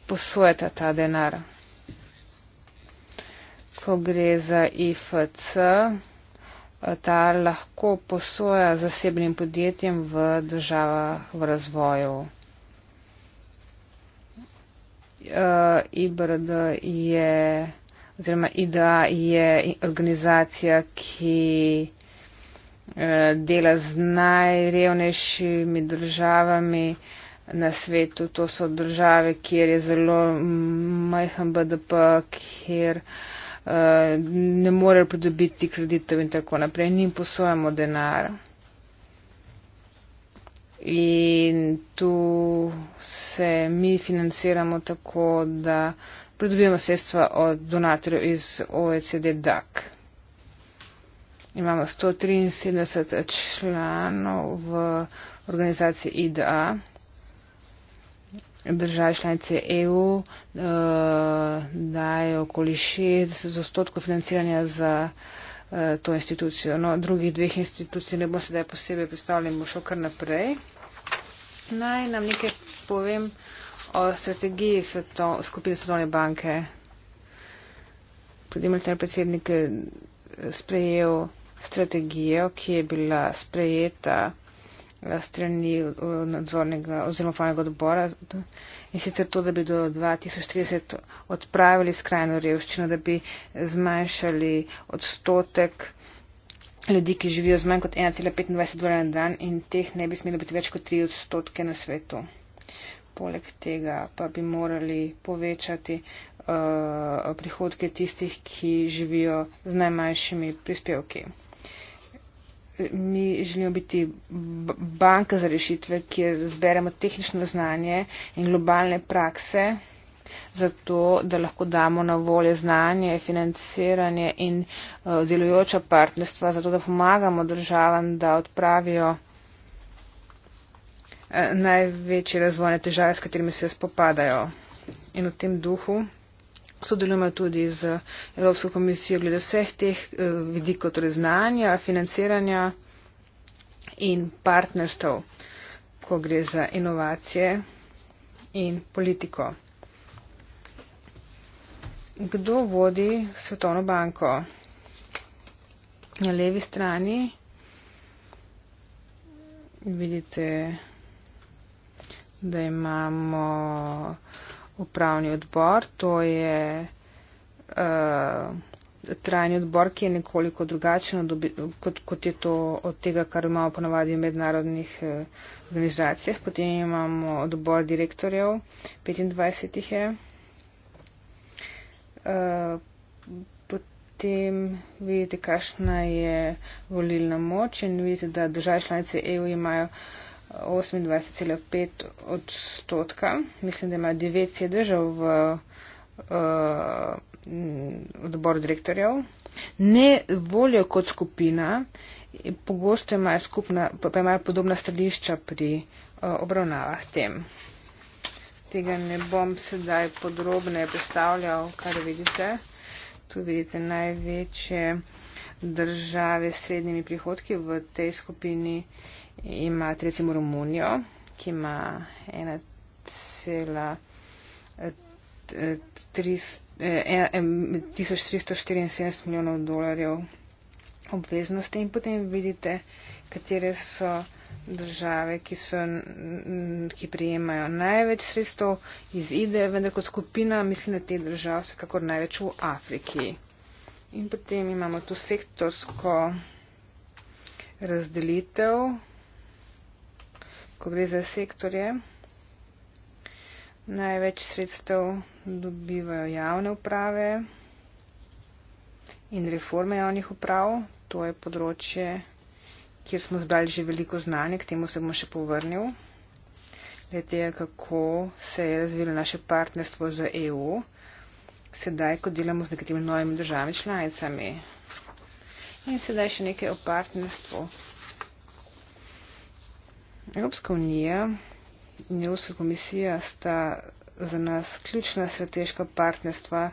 posojata ta denar. Ko gre za IFC, ta lahko posoja zasebnim podjetjem v državah v razvoju. Uh, e, IBRD je, oziroma IDA je organizacija, ki Eh, dela z najrevnejšimi državami na svetu. To so države, kjer je zelo majhen BDP, kjer eh, ne morejo pridobiti kreditov in tako naprej. Nim posojamo denar. In tu se mi financiramo tako, da pridobimo sredstva od donatorjev iz OECD DAC imamo 173 članov v organizaciji IDA, države članice EU uh, eh, daje okoli 60 odstotkov financiranja za uh, to institucijo. No, drugih dveh institucij ne bom sedaj posebej predstavljal, bom šel kar naprej. Naj nam nekaj povem o strategiji sveto, skupine Svetovne banke. Tudi imate predsednik eh, sprejel strategijo, ki je bila sprejeta eh, strani eh, nadzornega oziroma upravnega odbora in sicer to, da bi do 2030 odpravili skrajno revščino, da bi zmanjšali odstotek ljudi, ki živijo z manj kot 1,25 dolarja na dan in teh ne bi smelo biti več kot 3 odstotke na svetu. Poleg tega pa bi morali povečati uh, prihodke tistih, ki živijo z najmanjšimi prispevki mi želimo biti banka za rešitve, kjer zberemo tehnično znanje in globalne prakse, zato da lahko damo na volje znanje, financiranje in uh, delujoča partnerstva, zato da pomagamo državam, da odpravijo uh, največje razvojne težave, s katerimi se spopadajo. In v tem duhu sodelujemo tudi z Evropsko komisijo glede vseh teh eh, vidikov, torej znanja, financiranja in partnerstv, ko gre za inovacije in politiko. Kdo vodi Svetovno banko? Na levi strani vidite, da imamo upravni odbor, to je uh, trajni odbor, ki je nekoliko drugačen od, kot, kot je to od tega, kar imamo ponavadi v mednarodnih uh, organizacijah. Potem imamo odbor direktorjev, 25 jih je. Uh, potem vidite, kakšna je volilna moč in vidite, da države članice EU imajo 28,5 odstotka. Mislim, da ima 9 sedežev v uh, eh, odbor direktorjev. Ne voljo kot skupina, pogosto imajo, skupna, pa imajo podobna stališča pri uh, obravnavah tem. Tega ne bom sedaj podrobno predstavljal, kar vidite. Tu vidite največje države s srednjimi prihodki v tej skupini. Uh, imate recimo Romunijo, ki ima 1,374 eh, eh, milijonov dolarjev obveznosti in potem vidite, katere so države, ki, so, ki prijemajo največ sredstev iz IDE, vendar kot skupina mislim na te države, vsekakor največ v Afriki. In potem imamo tu sektorsko razdelitev ko gre za sektorje, največ sredstev dobivajo javne uprave in reforme javnih uprav. To je področje, kjer smo zbrali že veliko znanja, k temu se bomo še povrnil. Glede je, kako se je razvilo naše partnerstvo z EU, sedaj, ko delamo z nekaterimi novimi državami članicami. In sedaj še nekaj o partnerstvu. Evropska unija in Evropska komisija sta za nas ključna strateška partnerstva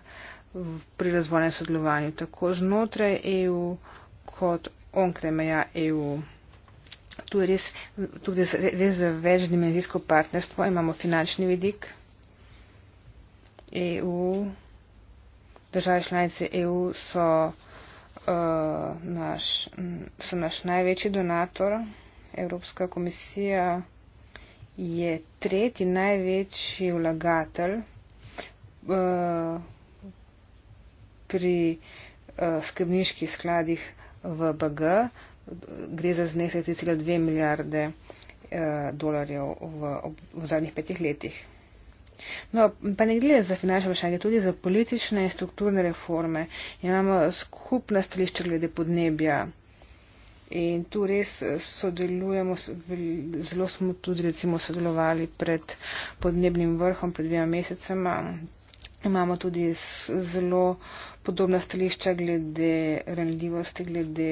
pri razvojnem sodelovanju, tako znotraj EU kot onkraj meja EU. Tu je res, tudi res za večdimenzijsko partnerstvo, imamo finančni vidik EU, države članice EU so, uh, naš, so naš največji donator. Evropska komisija je tretji največji vlagatelj uh, pri uh, skrbniških skladih v BG. Gre za znesek 3,2 milijarde uh, dolarjev v, ob, v zadnjih petih letih. No, pa ne gre za finančne vprašanje, tudi za politične in strukturne reforme. Imamo skupna stališča glede podnebja. In tu res eh, sodelujemo, zelo smo tudi recimo sodelovali pred podnebnim vrhom, pred dvema mesecema. Imamo tudi zelo podobna stališča glede ranljivosti, glede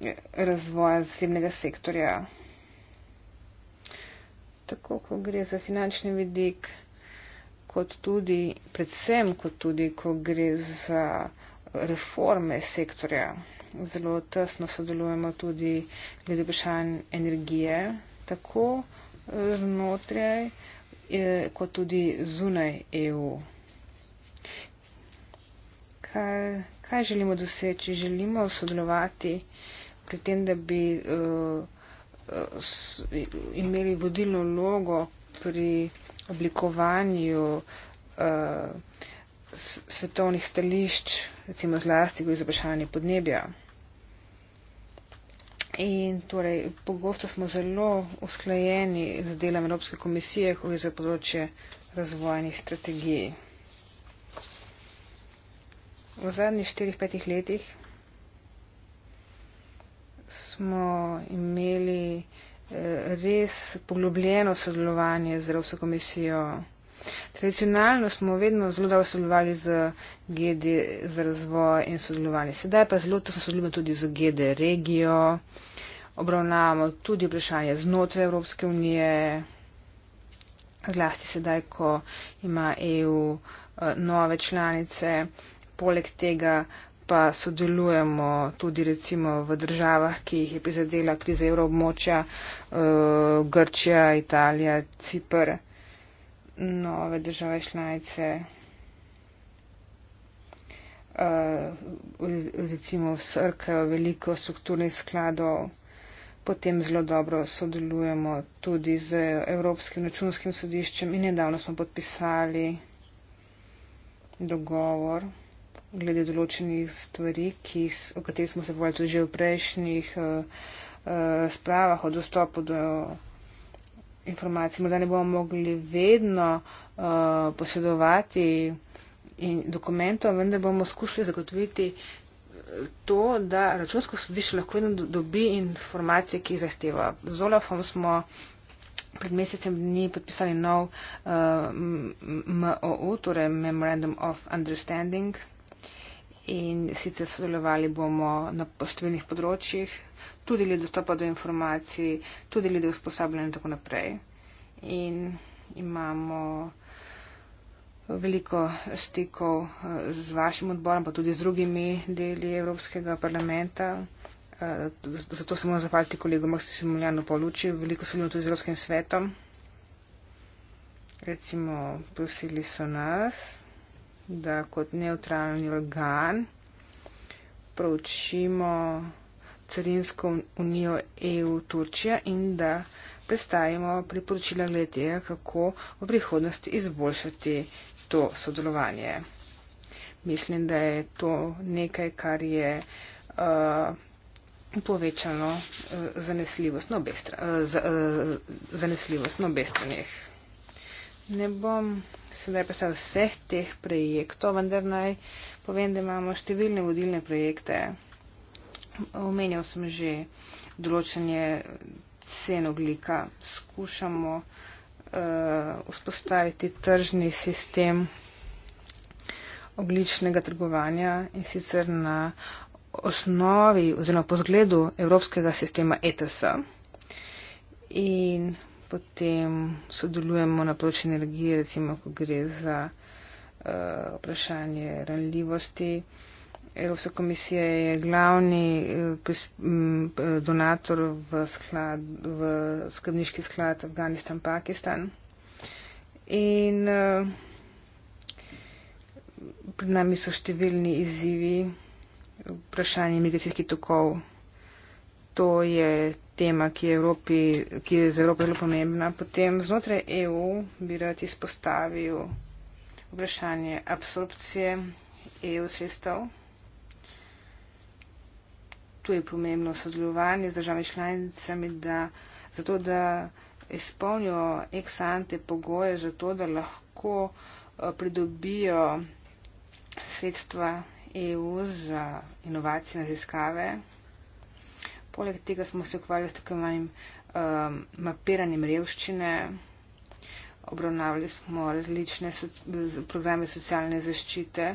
eh, razvoja zasebnega sektorja. Tako, ko gre za finančni vidik, kot tudi, predvsem, kot tudi, ko gre za eh, reforme sektorja zelo tesno sodelujemo tudi glede vprašanj energije, tako eh, znotraj eh, kot tudi zunaj EU. Kaj, kaj želimo doseči? Želimo sodelovati pri tem, da bi uh, uh, imeli vodilno logo pri oblikovanju uh, svetovnih stališč, recimo zlasti v izobraževanju podnebja. In torej, pogosto smo zelo usklajeni z delom Evropske komisije, ko je za področje razvojnih strategij. V zadnjih 4-5 letih smo imeli eh, res poglobljeno sodelovanje z Evropsko komisijo. Tradicionalno smo vedno zelo dobro sodelovali z GD za razvoj in sodelovali. Sedaj pa zelo tesno sodelujemo tudi z GD regijo, obravnavamo tudi vprašanje znotraj Evropske unije, zlasti sedaj, ko ima EU eh, nove članice. Poleg tega pa sodelujemo tudi recimo v državah, ki jih je prizadela kriza evroobmočja, eh, Grčija, Italija, Cipr nove države članice, eh, recimo srkajo veliko strukturnih skladov, potem zelo dobro sodelujemo tudi z Evropskim računskim sodiščem in nedavno smo podpisali dogovor glede določenih stvari, ki, o katerih smo se bojali tudi že v prejšnjih uh, eh, uh, eh, spravah o dostopu do informacij, morda ne bomo mogli vedno uh, posedovati in dokumentov, vendar bomo skušali zagotoviti to, da računsko sodišče lahko vedno dobi informacije, ki jih zahteva. Z Olafom smo pred mesecem dni podpisali nov uh, MOU, torej Memorandum of Understanding, in sicer sodelovali bomo na številnih področjih, tudi glede dostopa do informacij, tudi glede usposabljanja in tako naprej. In imamo veliko stikov eh, z vašim odborom, pa tudi z drugimi deli Evropskega parlamenta. Eh, zato se moram zahvaliti kolegu Maksimiljanu Poluči, veliko se tudi z Evropskim svetom. Recimo, prosili so nas da kot neutralni organ proučimo carinsko unijo EU-Turčija in da predstavimo priporočila glede, kako v prihodnosti izboljšati to sodelovanje. Mislim, da je to nekaj, kar je uh, povečalo uh, zanesljivost na obeh stranih. Uh, uh Ne bom sedaj pisal vseh teh projektov, vendar naj povem, da imamo številne vodilne projekte. Omenjal sem že določanje cen oglika. Skušamo uh, vzpostaviti tržni sistem ogličnega trgovanja in sicer na osnovi oziroma po zgledu evropskega sistema ETS. In potem sodelujemo na področju energije, recimo, ko gre za uh, vprašanje ranljivosti. Evropska komisija je glavni uh, donator v, sklad, v skrbniški sklad Afganistan-Pakistan. In uh, pred nami so številni izzivi, vprašanje migracijskih tokov. To je tema, ki je, Evropi, ki je zelo, zelo pomembna. Potem znotraj EU bi rad izpostavil vprašanje absorpcije EU sredstev. Tu je pomembno sodelovanje z državami članicami, da zato, da izpolnijo ex ante pogoje za to, da lahko eh, pridobijo sredstva EU za inovacije na ziskave, Poleg tega smo se ukvarjali s tako imenim um, mapiranjem revščine, obravnavali smo različne so, z, programe socialne zaščite,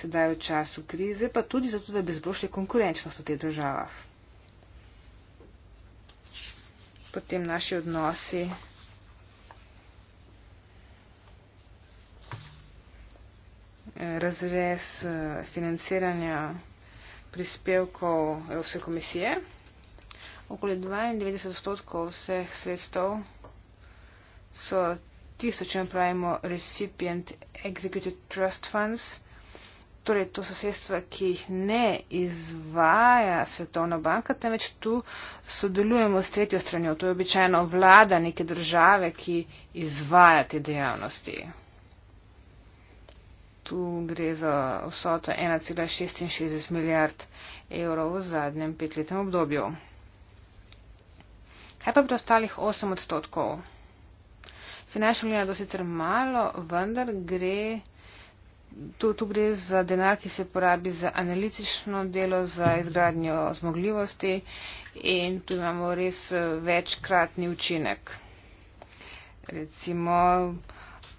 sedaj v času krize, pa tudi zato, da bi zboljšali konkurenčnost v teh državah. Potem naši odnosi. razrez eh, financiranja prispevkov Evropske komisije okoli 92 odstotkov vseh sredstev so tisto, če pravimo recipient executed trust funds, torej to so sredstva, ki jih ne izvaja Svetovna banka, temveč tu sodelujemo s tretjo stranjo, to je običajno vlada neke države, ki izvaja te dejavnosti. Tu gre za vsoto 1,66 milijard evrov v zadnjem petletnem obdobju kaj pa pri ostalih 8 odstotkov? Finančna unija je dosicer malo, vendar gre, tu, tu gre za denar, ki se porabi za analitično delo, za izgradnjo zmogljivosti in tu imamo res eh, večkratni učinek. Recimo,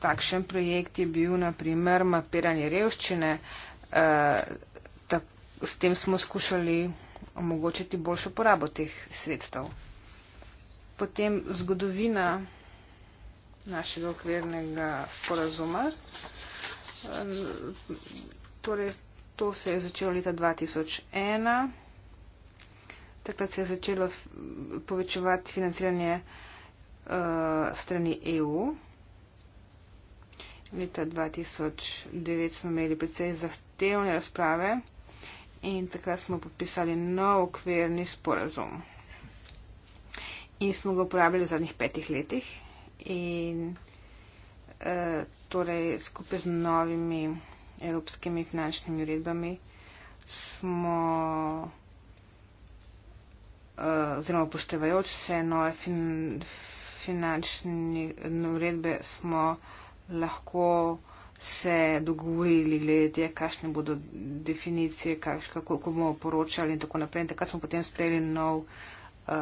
takšen projekt je bil naprimer mapiranje revščine. E, eh, ta, s tem smo skušali omogočiti boljšo porabo teh sredstev potem zgodovina našega okvirnega sporazuma. Ehm, torej, to se je začelo leta 2001. Takrat se je začelo povečevati financiranje uh, strani EU. Leta 2009 smo imeli precej zahtevne razprave in takrat smo podpisali nov okvirni sporazum in smo ga uporabljali v zadnjih petih letih. In e, torej skupaj z novimi evropskimi finančnimi uredbami smo, e, oziroma upoštevajoč vse nove fin, finančne uredbe, smo lahko se dogovorili glede tega, kakšne bodo definicije, kako bomo poročali in tako naprej. In takrat smo potem sprejeli nov. E,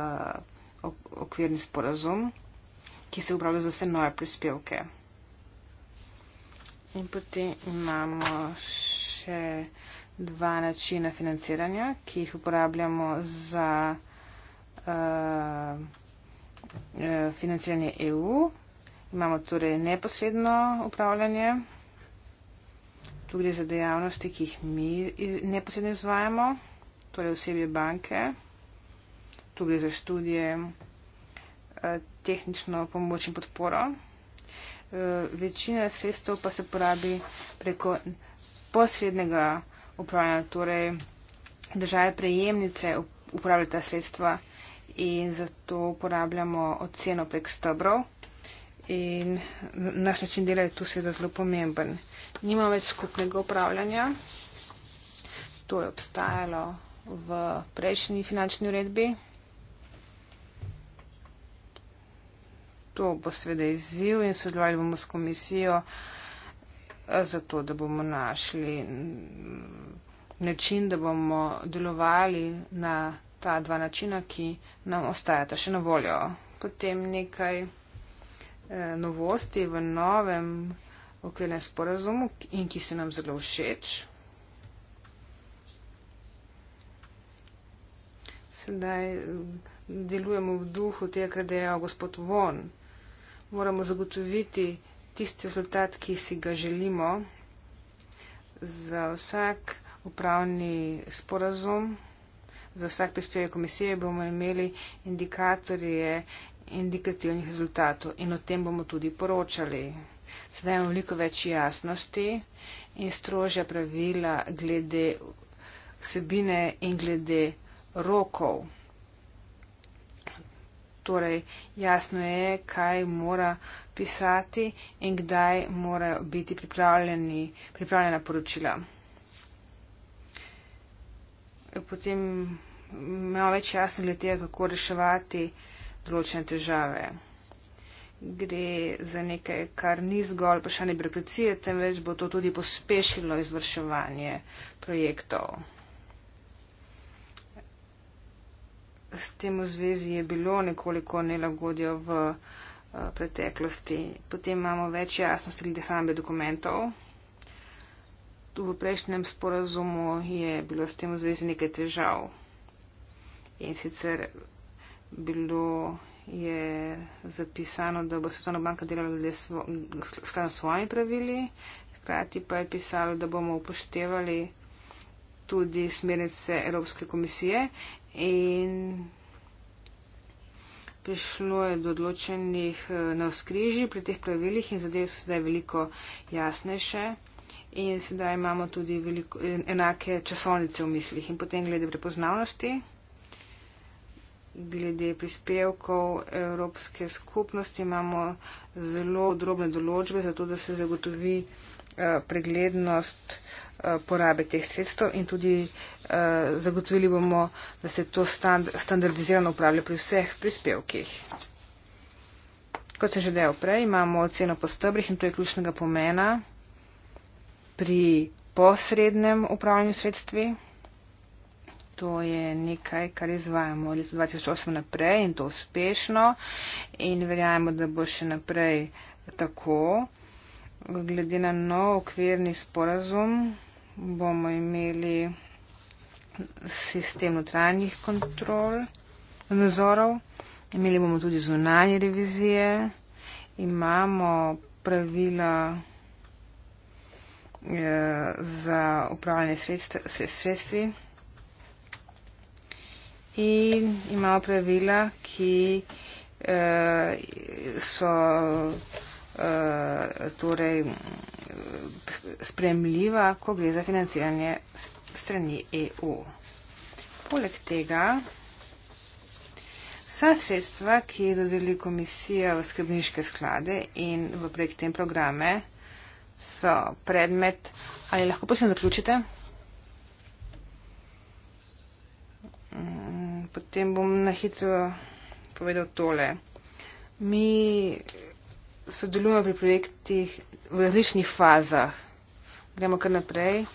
okvirni sporazum, ki se upravlja za vse nove prispevke. In potem imamo še dva načina financiranja, ki jih uporabljamo za uh, financiranje EU. Imamo torej neposredno upravljanje. Tu gre za dejavnosti, ki jih mi neposredno izvajamo, torej osebje banke tu gre za študije, eh, tehnično pomoč in podporo. Eh, večina sredstev pa se porabi preko posrednega upravljanja, torej države prejemnice uporabljajo ta sredstva in zato uporabljamo oceno prek stebrov. In naš način dela je tu seveda zelo pomemben. Nima več skupnega upravljanja, to je obstajalo v prejšnji finančni uredbi. to bo sveda izziv in sodelovali bomo s komisijo eh, za to, da bomo našli mm, način, da bomo delovali na ta dva načina, ki nam ostajata še na voljo. Potem nekaj eh, novosti v novem okvirnem sporazumu in ki se nam zelo všeč. Sedaj mm, delujemo v duhu tega, kar je dejal gospod Von moramo zagotoviti tisti rezultat, ki si ga želimo. Za vsak upravni sporazum, za vsak prispevek komisije bomo imeli indikatorje indikativnih rezultatov in o tem bomo tudi poročali. Sedaj imamo veliko več jasnosti in strožja pravila glede vsebine in glede rokov torej jasno je, kaj mora pisati in kdaj mora biti pripravljena poročila. Potem imamo več jasno glede, kako reševati določene težave. Gre za nekaj, kar ni zgolj vprašanje birokracije, temveč bo to tudi pospešilo izvrševanje projektov. s tem v zvezi je bilo nekoliko nelagodja v eh, preteklosti. Potem imamo več jasnosti glede hrambe dokumentov. Tu v prejšnjem sporazumu je bilo s tem v zvezi nekaj težav. In sicer bilo je zapisano, da bo Svetovna banka delala glede svo, svojimi pravili, hkrati pa je pisalo, da bomo upoštevali tudi smernice Evropske komisije in prišlo je do odločenih eh, navskrižij pri teh pravilih in zadeve so zdaj veliko jasnejše. In sedaj imamo tudi veliko, enake časovnice v mislih. In potem glede prepoznavnosti, glede prispevkov Evropske skupnosti imamo zelo drobne določbe, zato da se zagotovi uh, preglednost uh, Eh, porabe teh sredstev in tudi eh, zagotovili bomo, da se to standardizirano upravlja pri vseh prispevkih. Kot sem že dejal prej, imamo ceno po stebrih in to je ključnega pomena pri posrednem upravljanju sredstvi. To je nekaj, kar izvajamo od leta 2008 naprej in to uspešno in verjamemo, da bo še naprej tako. Glede na nov okvirni sporazum bomo imeli sistem notranjih kontrol, nadzorov, imeli bomo tudi zunanje revizije, imamo pravila eh, za upravljanje sredstv, sredstvi in imamo pravila, ki eh, so torej spremljiva, ko gre za financiranje strani EU. Poleg tega, vsa sredstva, ki jih dodeli komisija v skrbniške sklade in v projekte in programe, so predmet. Ali lahko prosim zaključite? Mm, potem bom na hitro povedal tole. Mi sodelujemo pri projektih v različnih fazah. Gremo kar naprej.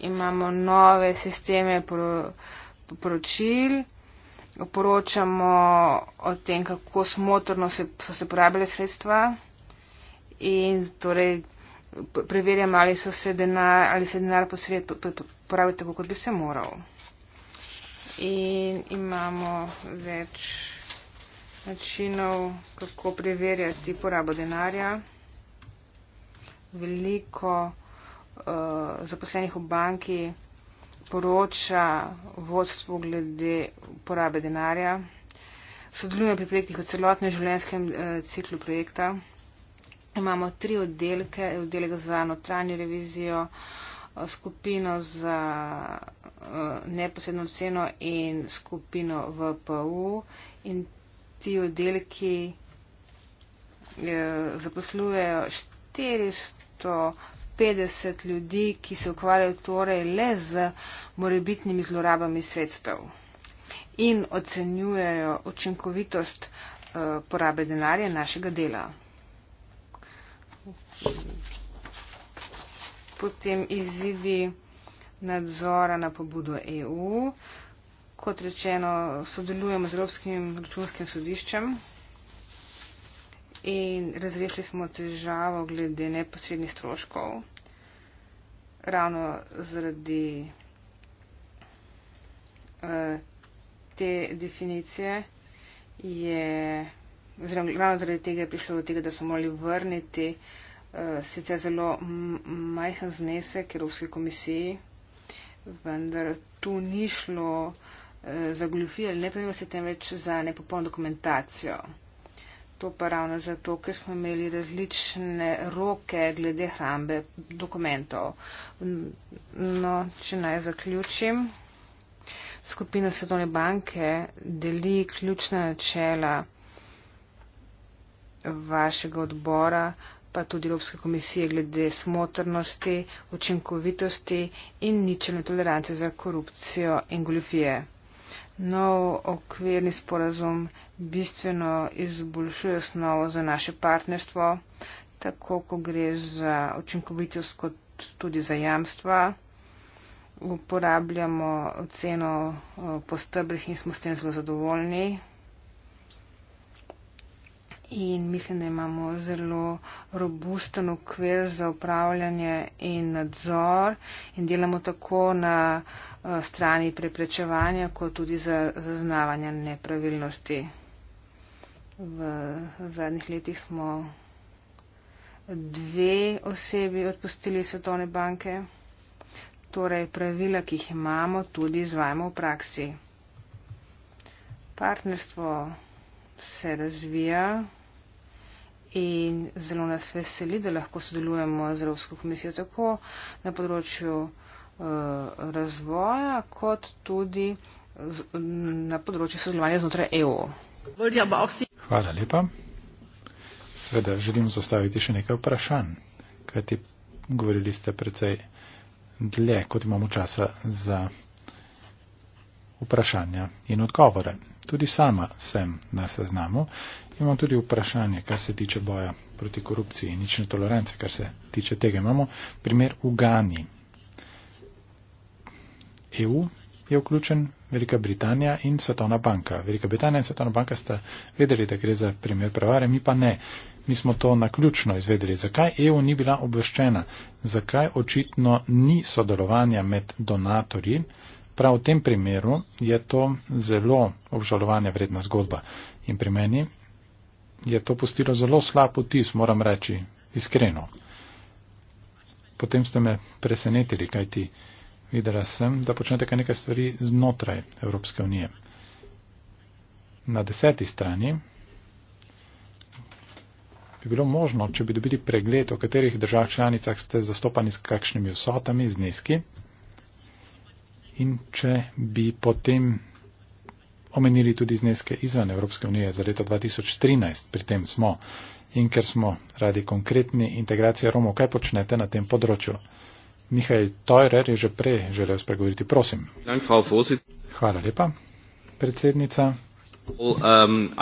Imamo nove sisteme poročil, poročamo o tem, kako smotrno so se porabile sredstva in torej preverjamo, ali, denar, ali se denar posred porabi tako, kot bi se moral. In imamo več načinov, kako preverjati porabo denarja. Veliko uh, zaposlenih v banki poroča vodstvu glede porabe denarja, sodeluje pri projektih v celotnem življenjskem uh, ciklu projekta. Imamo tri oddelke, oddelek za notranjo revizijo, eh, skupino za neposredno ceno in skupino VPU in ti oddelki eh, zaposlujejo 450 ljudi, ki se ukvarjajo torej le z morebitnimi zlorabami sredstev in ocenjujejo učinkovitost eh, porabe denarja našega dela. Potem izidi nadzora na pobudo EU. Uh, kot rečeno, sodelujemo z Evropskim računskim sodiščem in razrešili smo težavo glede neposrednih stroškov, ravno zaradi eh, te definicije je, ravno zaradi tega je prišlo do tega, da smo morali vrniti uh, sicer zelo majhen znesek Evropske komisiji, vendar tu ni šlo uh, za goljofijo ali nepremičnosti, temveč za nepopolno dokumentacijo. To pa ravno zato, ker smo imeli različne roke glede hrambe dokumentov. No, če naj zaključim. Skupina Svetovne banke deli ključna načela vašega odbora, pa tudi Evropske komisije glede smotrnosti, učinkovitosti in ničelne tolerance za korupcijo in goljofije. Nov okvirni sporazum bistveno izboljšuje osnovo za naše partnerstvo, tako ko gre za učinkovitost kot tudi za jamstva. Uporabljamo oceno eh, po stebrih in smo s tem zelo zadovoljni in mislim, da imamo zelo robusten okvir za upravljanje in nadzor in delamo tako na eh, strani preprečevanja, kot tudi za zaznavanje nepravilnosti. V zadnjih letih smo dve osebi odpustili Svetovne banke, torej pravila, ki jih imamo, tudi izvajamo v praksi. Partnerstvo se razvija in zelo nas veseli, da lahko sodelujemo z Evropsko komisijo tako na področju eh, razvoja, kot tudi na področju sodelovanja znotraj EU. Hvala lepa. Sveda želim zastaviti še nekaj vprašanj, kajti govorili ste precej dlje, kot imamo časa za vprašanja in odgovore. Tudi sama sem na seznamu Imamo tudi vprašanje, kar se tiče boja proti korupciji in nične tolerance, kar se tiče tega. Imamo primer v Gani. EU je vključen, Velika Britanija in Svetovna banka. Velika Britanija in Svetovna banka sta vedeli, da gre za primer prevare, mi pa ne. Mi smo to naključno izvedeli. Zakaj EU ni bila obveščena? Zakaj očitno ni sodelovanja med donatorji? Prav v tem primeru je to zelo obžalovanja vredna zgodba. In pri meni je to pustilo zelo slab vtis, moram reči, iskreno. Potem ste me presenetili, kajti videla sem, da počnete kar nekaj stvari znotraj Evropske unije. Na deseti strani bi bilo možno, če bi dobili pregled, o katerih državah članicah ste zastopani s kakšnimi vsotami, zneski. In če bi potem omenili tudi zneske izven Evropske unije za leto 2013. Pri tem smo in ker smo radi konkretni integracije Romov, kaj počnete na tem področju? Mihaj Tojrer je že prej želel spregovoriti. Prosim. Hvala lepa, predsednica. Um,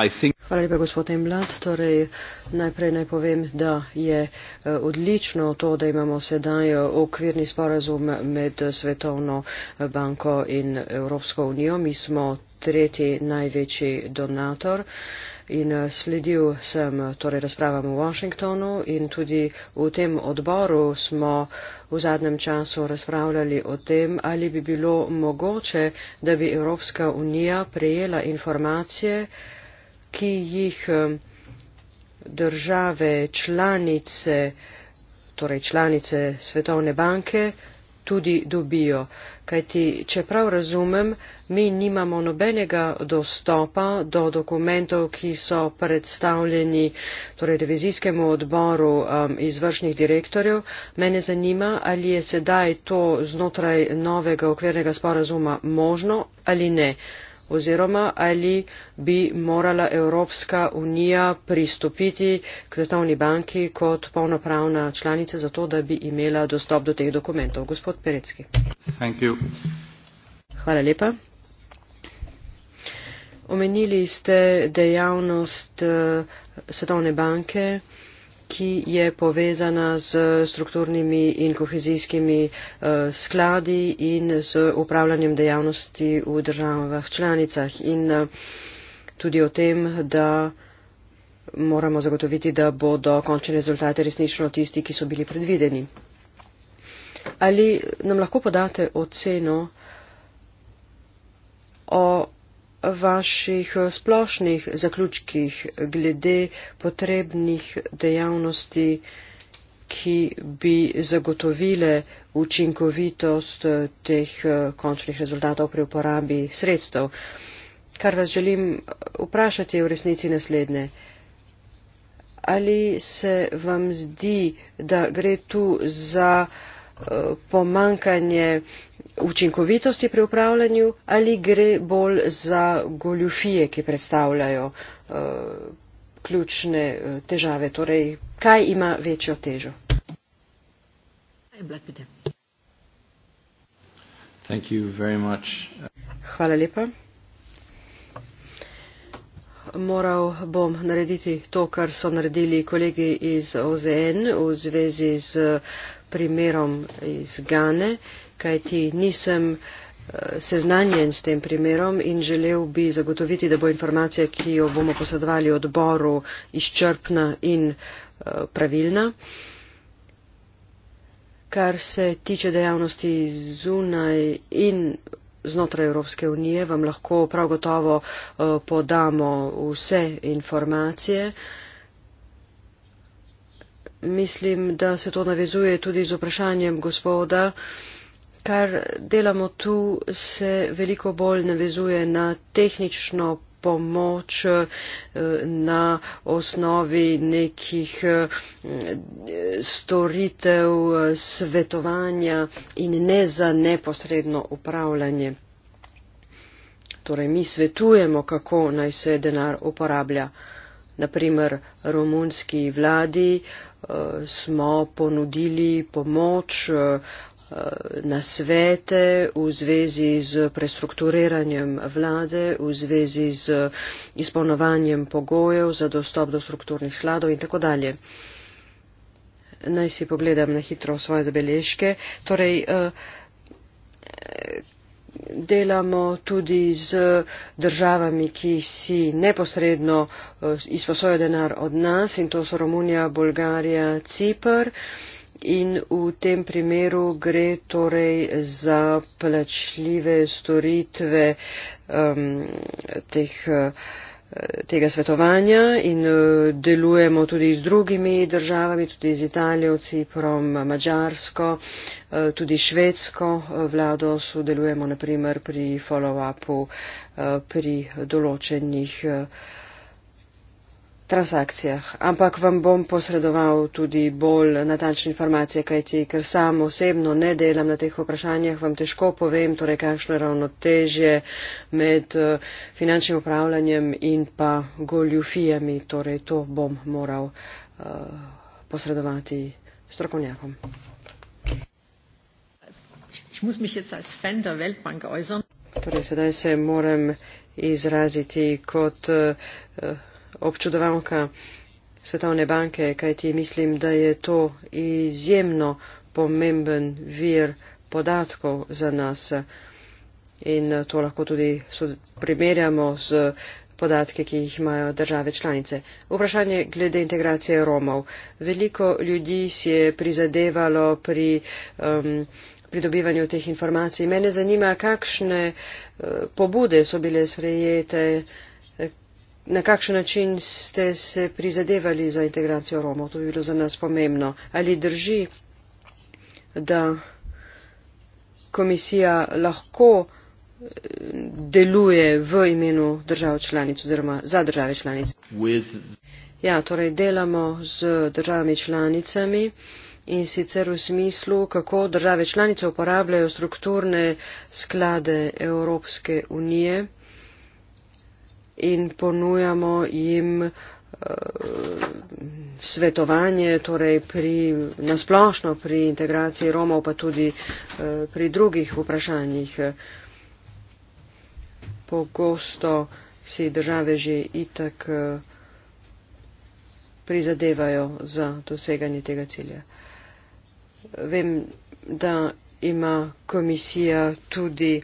Hvala lepa, gospod Emblad. Torej, najprej naj povem, da je eh, odlično to, da imamo sedaj eh, okvirni sporazum med Svetovno eh, banko in Evropsko unijo. Mi smo tretji največji donator. Uh, in eh, sledil sem eh, torej razpravam v Washingtonu in tudi v tem odboru smo v zadnjem času razpravljali o tem, ali bi bilo mogoče, da bi Evropska unija prejela informacije, ki jih eh, države članice, torej članice Svetovne banke, tudi dobijo kajti čeprav razumem, mi nimamo nobenega dostopa do dokumentov, ki so predstavljeni torej revizijskemu odboru um, izvršnih direktorjev. Mene zanima, ali je sedaj to znotraj novega okvirnega sporazuma možno ali ne oziroma ali bi morala Evropska unija pristopiti k Svetovni banki kot polnopravna članica za to, da bi imela dostop do teh dokumentov. Gospod Perecki. Hvala lepa. Omenili ste dejavnost eh, Svetovne banke ki je povezana z strukturnimi in kohezijskimi eh, skladi in z upravljanjem dejavnosti v državah članicah in eh, tudi o tem, da moramo zagotoviti, da bodo končni rezultati resnično tisti, ki so bili predvideni. Ali nam lahko podate oceno o vaših eh, splošnih zaključkih glede potrebnih dejavnosti, ki bi zagotovile učinkovitost eh, teh eh, končnih rezultatov pri uporabi sredstev. Kar vas želim vprašati je v resnici naslednje. Ali se vam zdi, da gre tu za pomankanje učinkovitosti pri upravljanju ali gre bolj za goljufije, ki predstavljajo uh, ključne uh, težave. Torej, kaj ima večjo težo? Hvala lepa. Moral bom narediti to, kar so naredili kolegi iz OZN v zvezi z primerom iz Gane. Uh, kajti nisem eh, seznanjen s tem primerom in želel bi zagotoviti, da bo informacija, ki jo bomo posredovali odboru, izčrpna in eh, pravilna. Kar se tiče dejavnosti zunaj in znotraj Evropske unije, vam lahko prav gotovo eh, podamo vse informacije. Mislim, da se to navezuje tudi z vprašanjem gospoda kar delamo tu, se veliko bolj navezuje na tehnično pomoč eh, na osnovi nekih eh, storitev, eh, svetovanja in ne za neposredno upravljanje. Torej, mi svetujemo, kako naj se denar uporablja. Naprimer, romunski vladi smo ponudili pomoč Eh, na svete v zvezi z prestrukturiranjem vlade, v zvezi z izpolnovanjem pogojev za dostop do strukturnih skladov in tako dalje. Naj si pogledam na hitro svoje zabeležke. Torej, eh, delamo tudi z državami, ki si neposredno eh, izposojo denar od nas in to so Romunija, Bolgarija, Cipr in v tem primeru gre torej za plačljive storitve um, teh, uh, tega svetovanja in uh, delujemo tudi z drugimi državami, tudi z Italijo, Ciprom, Mačarsko, uh, tudi švedsko vlado sodelujemo naprimer pri follow-upu pri določenih transakcijah, ampak vam bom posredoval tudi bolj natančne informacije, kajti ker sam osebno ne delam na teh vprašanjih, vam težko povem, torej kakšno je ravnotežje med eh, finančnim upravljanjem in pa goljufijami, torej to bom moral uh, posredovati strokovnjakom. Torej, sedaj se moram izraziti kot. Uh, občudovanka Svetovne banke, kajti mislim, da je to izjemno pomemben vir podatkov za nas. In eh, to lahko tudi primerjamo z podatke, ki jih imajo države članice. Vprašanje glede integracije Romov. Veliko ljudi si je prizadevalo pri um, pridobivanju teh informacij. Mene zanima, kakšne uh, pobude so bile sprejete uh, Na kakšen način ste se prizadevali za integracijo Romov? To bi bilo za nas pomembno. Ali drži, da komisija lahko eh, deluje v imenu držav članic oziroma za države članic? With... Ja, torej delamo z državami članicami in sicer v smislu, kako države članice uporabljajo strukturne sklade Evropske unije in ponujamo jim eh, svetovanje, torej pri, nasplošno pri integraciji Romov, pa tudi eh, pri drugih vprašanjih. Pogosto si države že itak eh, prizadevajo za doseganje tega cilja. Vem, da ima komisija tudi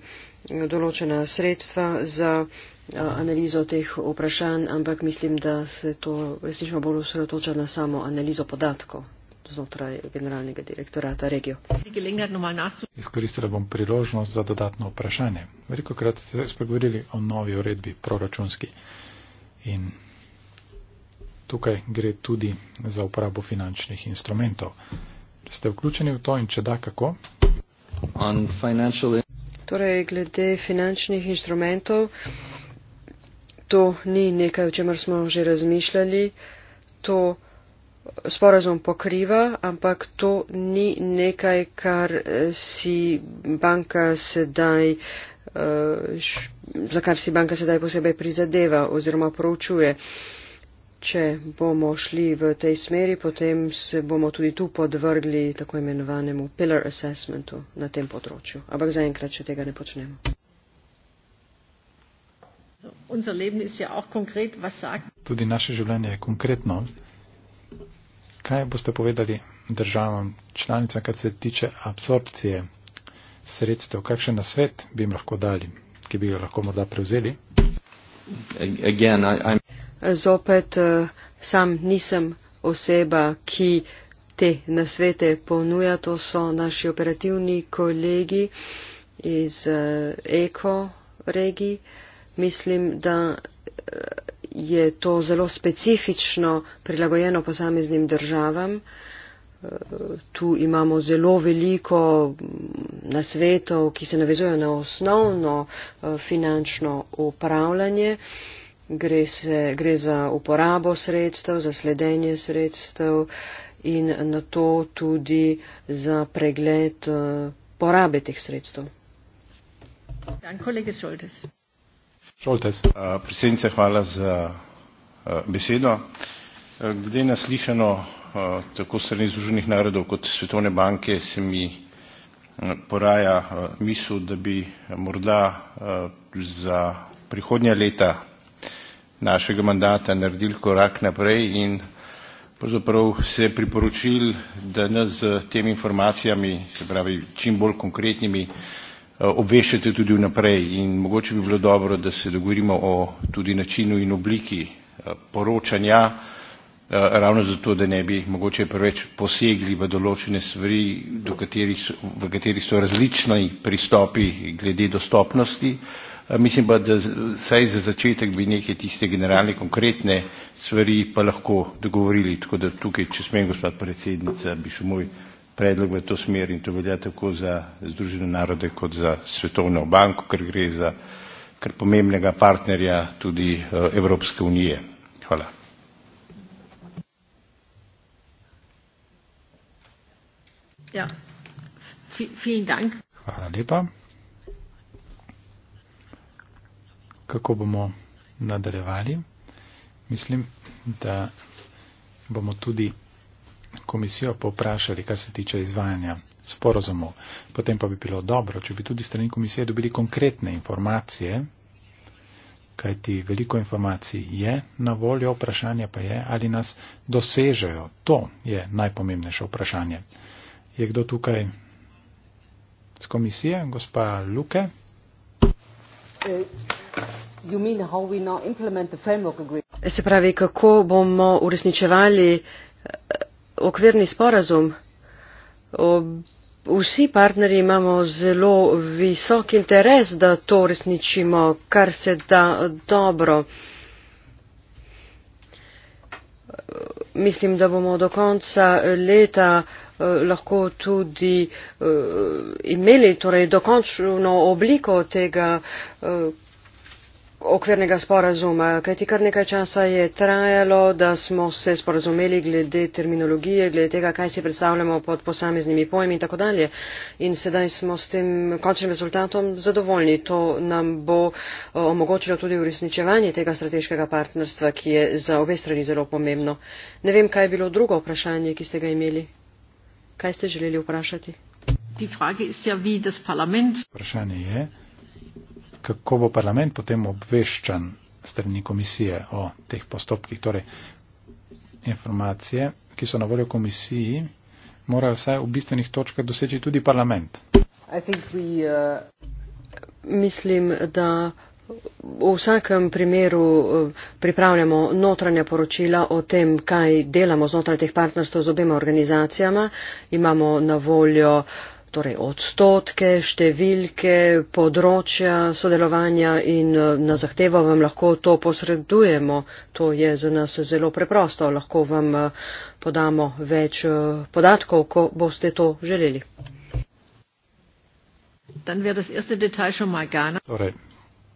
določena sredstva za uh, analizo teh vprašanj, ampak mislim, da se to resnično bolj osredotoča na samo analizo podatkov znotraj generalnega direktorata regijo. Izkoristila bom priložnost za dodatno vprašanje. Veliko krat ste spregovorili o novi uredbi proračunski in tukaj gre tudi za uporabo finančnih instrumentov. Ste vključeni v to in če da, kako? Financially... Torej, glede finančnih instrumentov to ni nekaj, o čemer smo že razmišljali, to sporazum pokriva, ampak to ni nekaj, kar eh, si banka sedaj, eh, za kar si banka sedaj posebej prizadeva oziroma proučuje. Če bomo šli v tej smeri, potem se bomo tudi tu podvrgli tako imenovanemu pillar assessmentu na tem področju. Ampak zaenkrat še tega ne počnemo. Ja Tudi naše življenje je konkretno. Kaj boste povedali državam članicam, kar se tiče absorpcije sredstev? Kakšen nasvet bi jim lahko dali, ki bi ga lahko morda prevzeli? Again, I, Zopet eh, sam nisem oseba, ki te nasvete ponuja. To so naši operativni kolegi iz uh, eh, ekoregij mislim, da eh, je to zelo specifično prilagojeno posameznim državam. Eh, tu imamo zelo veliko mm, nasvetov, ki se navezujejo na osnovno eh, finančno upravljanje. Gre, se, gre za uporabo sredstev, za sledenje sredstev in na to tudi za pregled porabe teh sredstev. Dan, kolega Šoltes. Eh, eh, eh, glede na slišano tako s strani združenih narodov kot svetovne banke se mi poraja misel da bi morda za prihodnja leta našega mandata naredili korak naprej in pravzaprav se priporočil da nas s temi informacijami se pravi čim bolj konkretnimi Eh, obveščate tudi vnaprej in mogoče bi bilo dobro, da se dogovorimo o tudi načinu in obliki eh, poročanja, eh, ravno zato, da ne bi mogoče preveč posegli v določene stvari, katerih so, v katerih so različni pristopi glede dostopnosti. Mislim pa, da saj za začetek bi neke tiste generalne konkretne stvari pa lahko dogovorili, tako da tukaj, če smem, gospod predsednica, bi šel moj predlog v to smer in to velja tako za Združene narode kot za Svetovno banko, ker gre za kar pomembnega partnerja tudi eh, Evropske unije. Hvala. Ja. Vielen Dank. Hvala lepa. Kako bomo nadaljevali? Mislim, da bomo tudi komisijo poprašali, kar se tiče izvajanja sporozumov. Potem pa bi bilo dobro, če bi tudi strani komisije dobili konkretne informacije, kajti veliko informacij je na voljo, vprašanje pa je, ali nas dosežejo. To je najpomembnejše vprašanje. Je kdo tukaj z komisije? Gospa Luke? Uh, mean, se pravi, kako bomo uresničevali uh, okvirni sporazum. Vsi partnerji imamo zelo visok interes, da to resničimo, kar se da dobro. Mislim, da bomo do konca leta eh, lahko tudi eh, imeli torej, dokončno obliko tega eh, okvirnega sporazuma, kajti kar nekaj časa je trajalo, da smo se sporazumeli glede terminologije, glede tega, kaj si predstavljamo pod posameznimi pojmi in tako dalje. In sedaj smo s tem končnim rezultatom zadovoljni. To nam bo eh, omogočilo tudi uresničevanje tega strateškega partnerstva, ki je za obe strani zelo pomembno. Ne vem, kaj je bilo drugo vprašanje, ki ste ga imeli. Kaj ste želeli vprašati? Ja, vprašanje je kako bo parlament potem obveščan strani komisije o teh postopkih. Torej, informacije, ki so na voljo komisiji, morajo vsaj v bistvenih točkah doseči tudi parlament. We, uh... Mislim, da v vsakem primeru uh, pripravljamo notranja poročila o tem, kaj delamo znotraj teh partnerstv z obema organizacijama. Imamo na voljo uh, torej odstotke, številke, področja sodelovanja in eh, na zahtevo vam lahko to posredujemo. To je za nas zelo preprosto. Lahko vam eh, podamo več eh, podatkov, ko boste to želeli. Torej,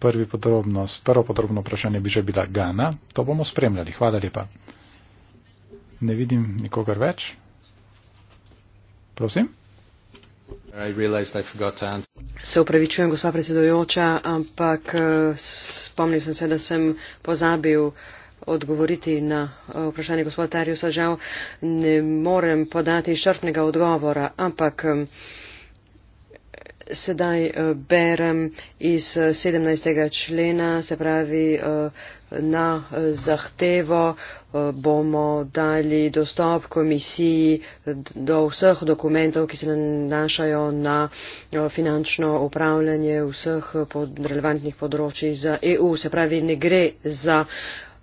prvi podrobnost, prvo podrobno vprašanje bi že bila Gana. To bomo spremljali. Hvala lepa. Ne vidim nikogar več. Prosim. Se upravičujem, gospa predsedojoča, ampak eh, spomnil sem se, da sem pozabil odgovoriti na eh, vprašanje gospoda Tarjusa. Žal ne morem podati šrpnega odgovora, ampak. Eh, sedaj eh, berem iz 17. Eh, člena, se pravi eh, na zahtevo bomo dali dostop komisiji do vseh dokumentov, ki se nanašajo na finančno upravljanje vseh pod relevantnih področji za EU. Se pravi, ne gre za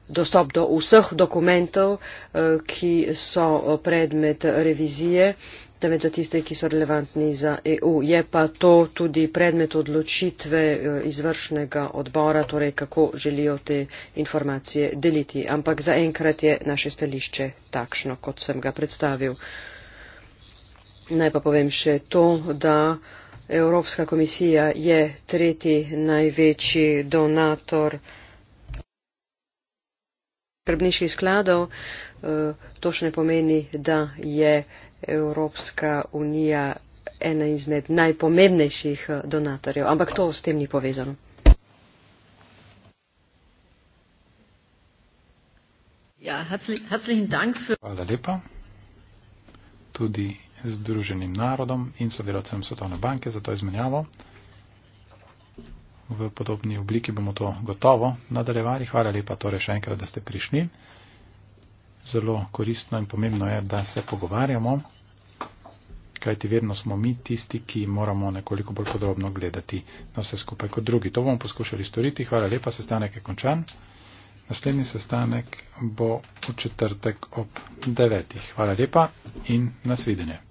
dostop do vseh dokumentov, ki so predmet revizije, temveč za tiste, ki so relevantni za EU. Je pa to tudi predmet odločitve eh, izvršnega odbora, torej kako želijo te informacije deliti. Ampak zaenkrat je naše stališče takšno, kot sem ga predstavil. Naj pa povem še to, da. Evropska komisija je tretji največji donator skrbniških skladov. Eh, to še ne pomeni, da je Evropska unija ena izmed najpomembnejših eh, donatorjev, ampak to s tem ni povezano. Ja, herzli, dank für... Hvala lepa tudi Združenim narodom in sodelavcem Svetovne banke za to izmenjavo. V podobni obliki bomo to gotovo nadaljevali. Hvala lepa torej še enkrat, da ste prišli zelo koristno in pomembno je, da se pogovarjamo, kajti vedno smo mi tisti, ki moramo nekoliko bolj podrobno gledati na vse skupaj kot drugi. To bomo poskušali storiti. Hvala lepa, sestanek je končan. Naslednji sestanek bo v četrtek ob devetih. Hvala lepa in nasvidenje.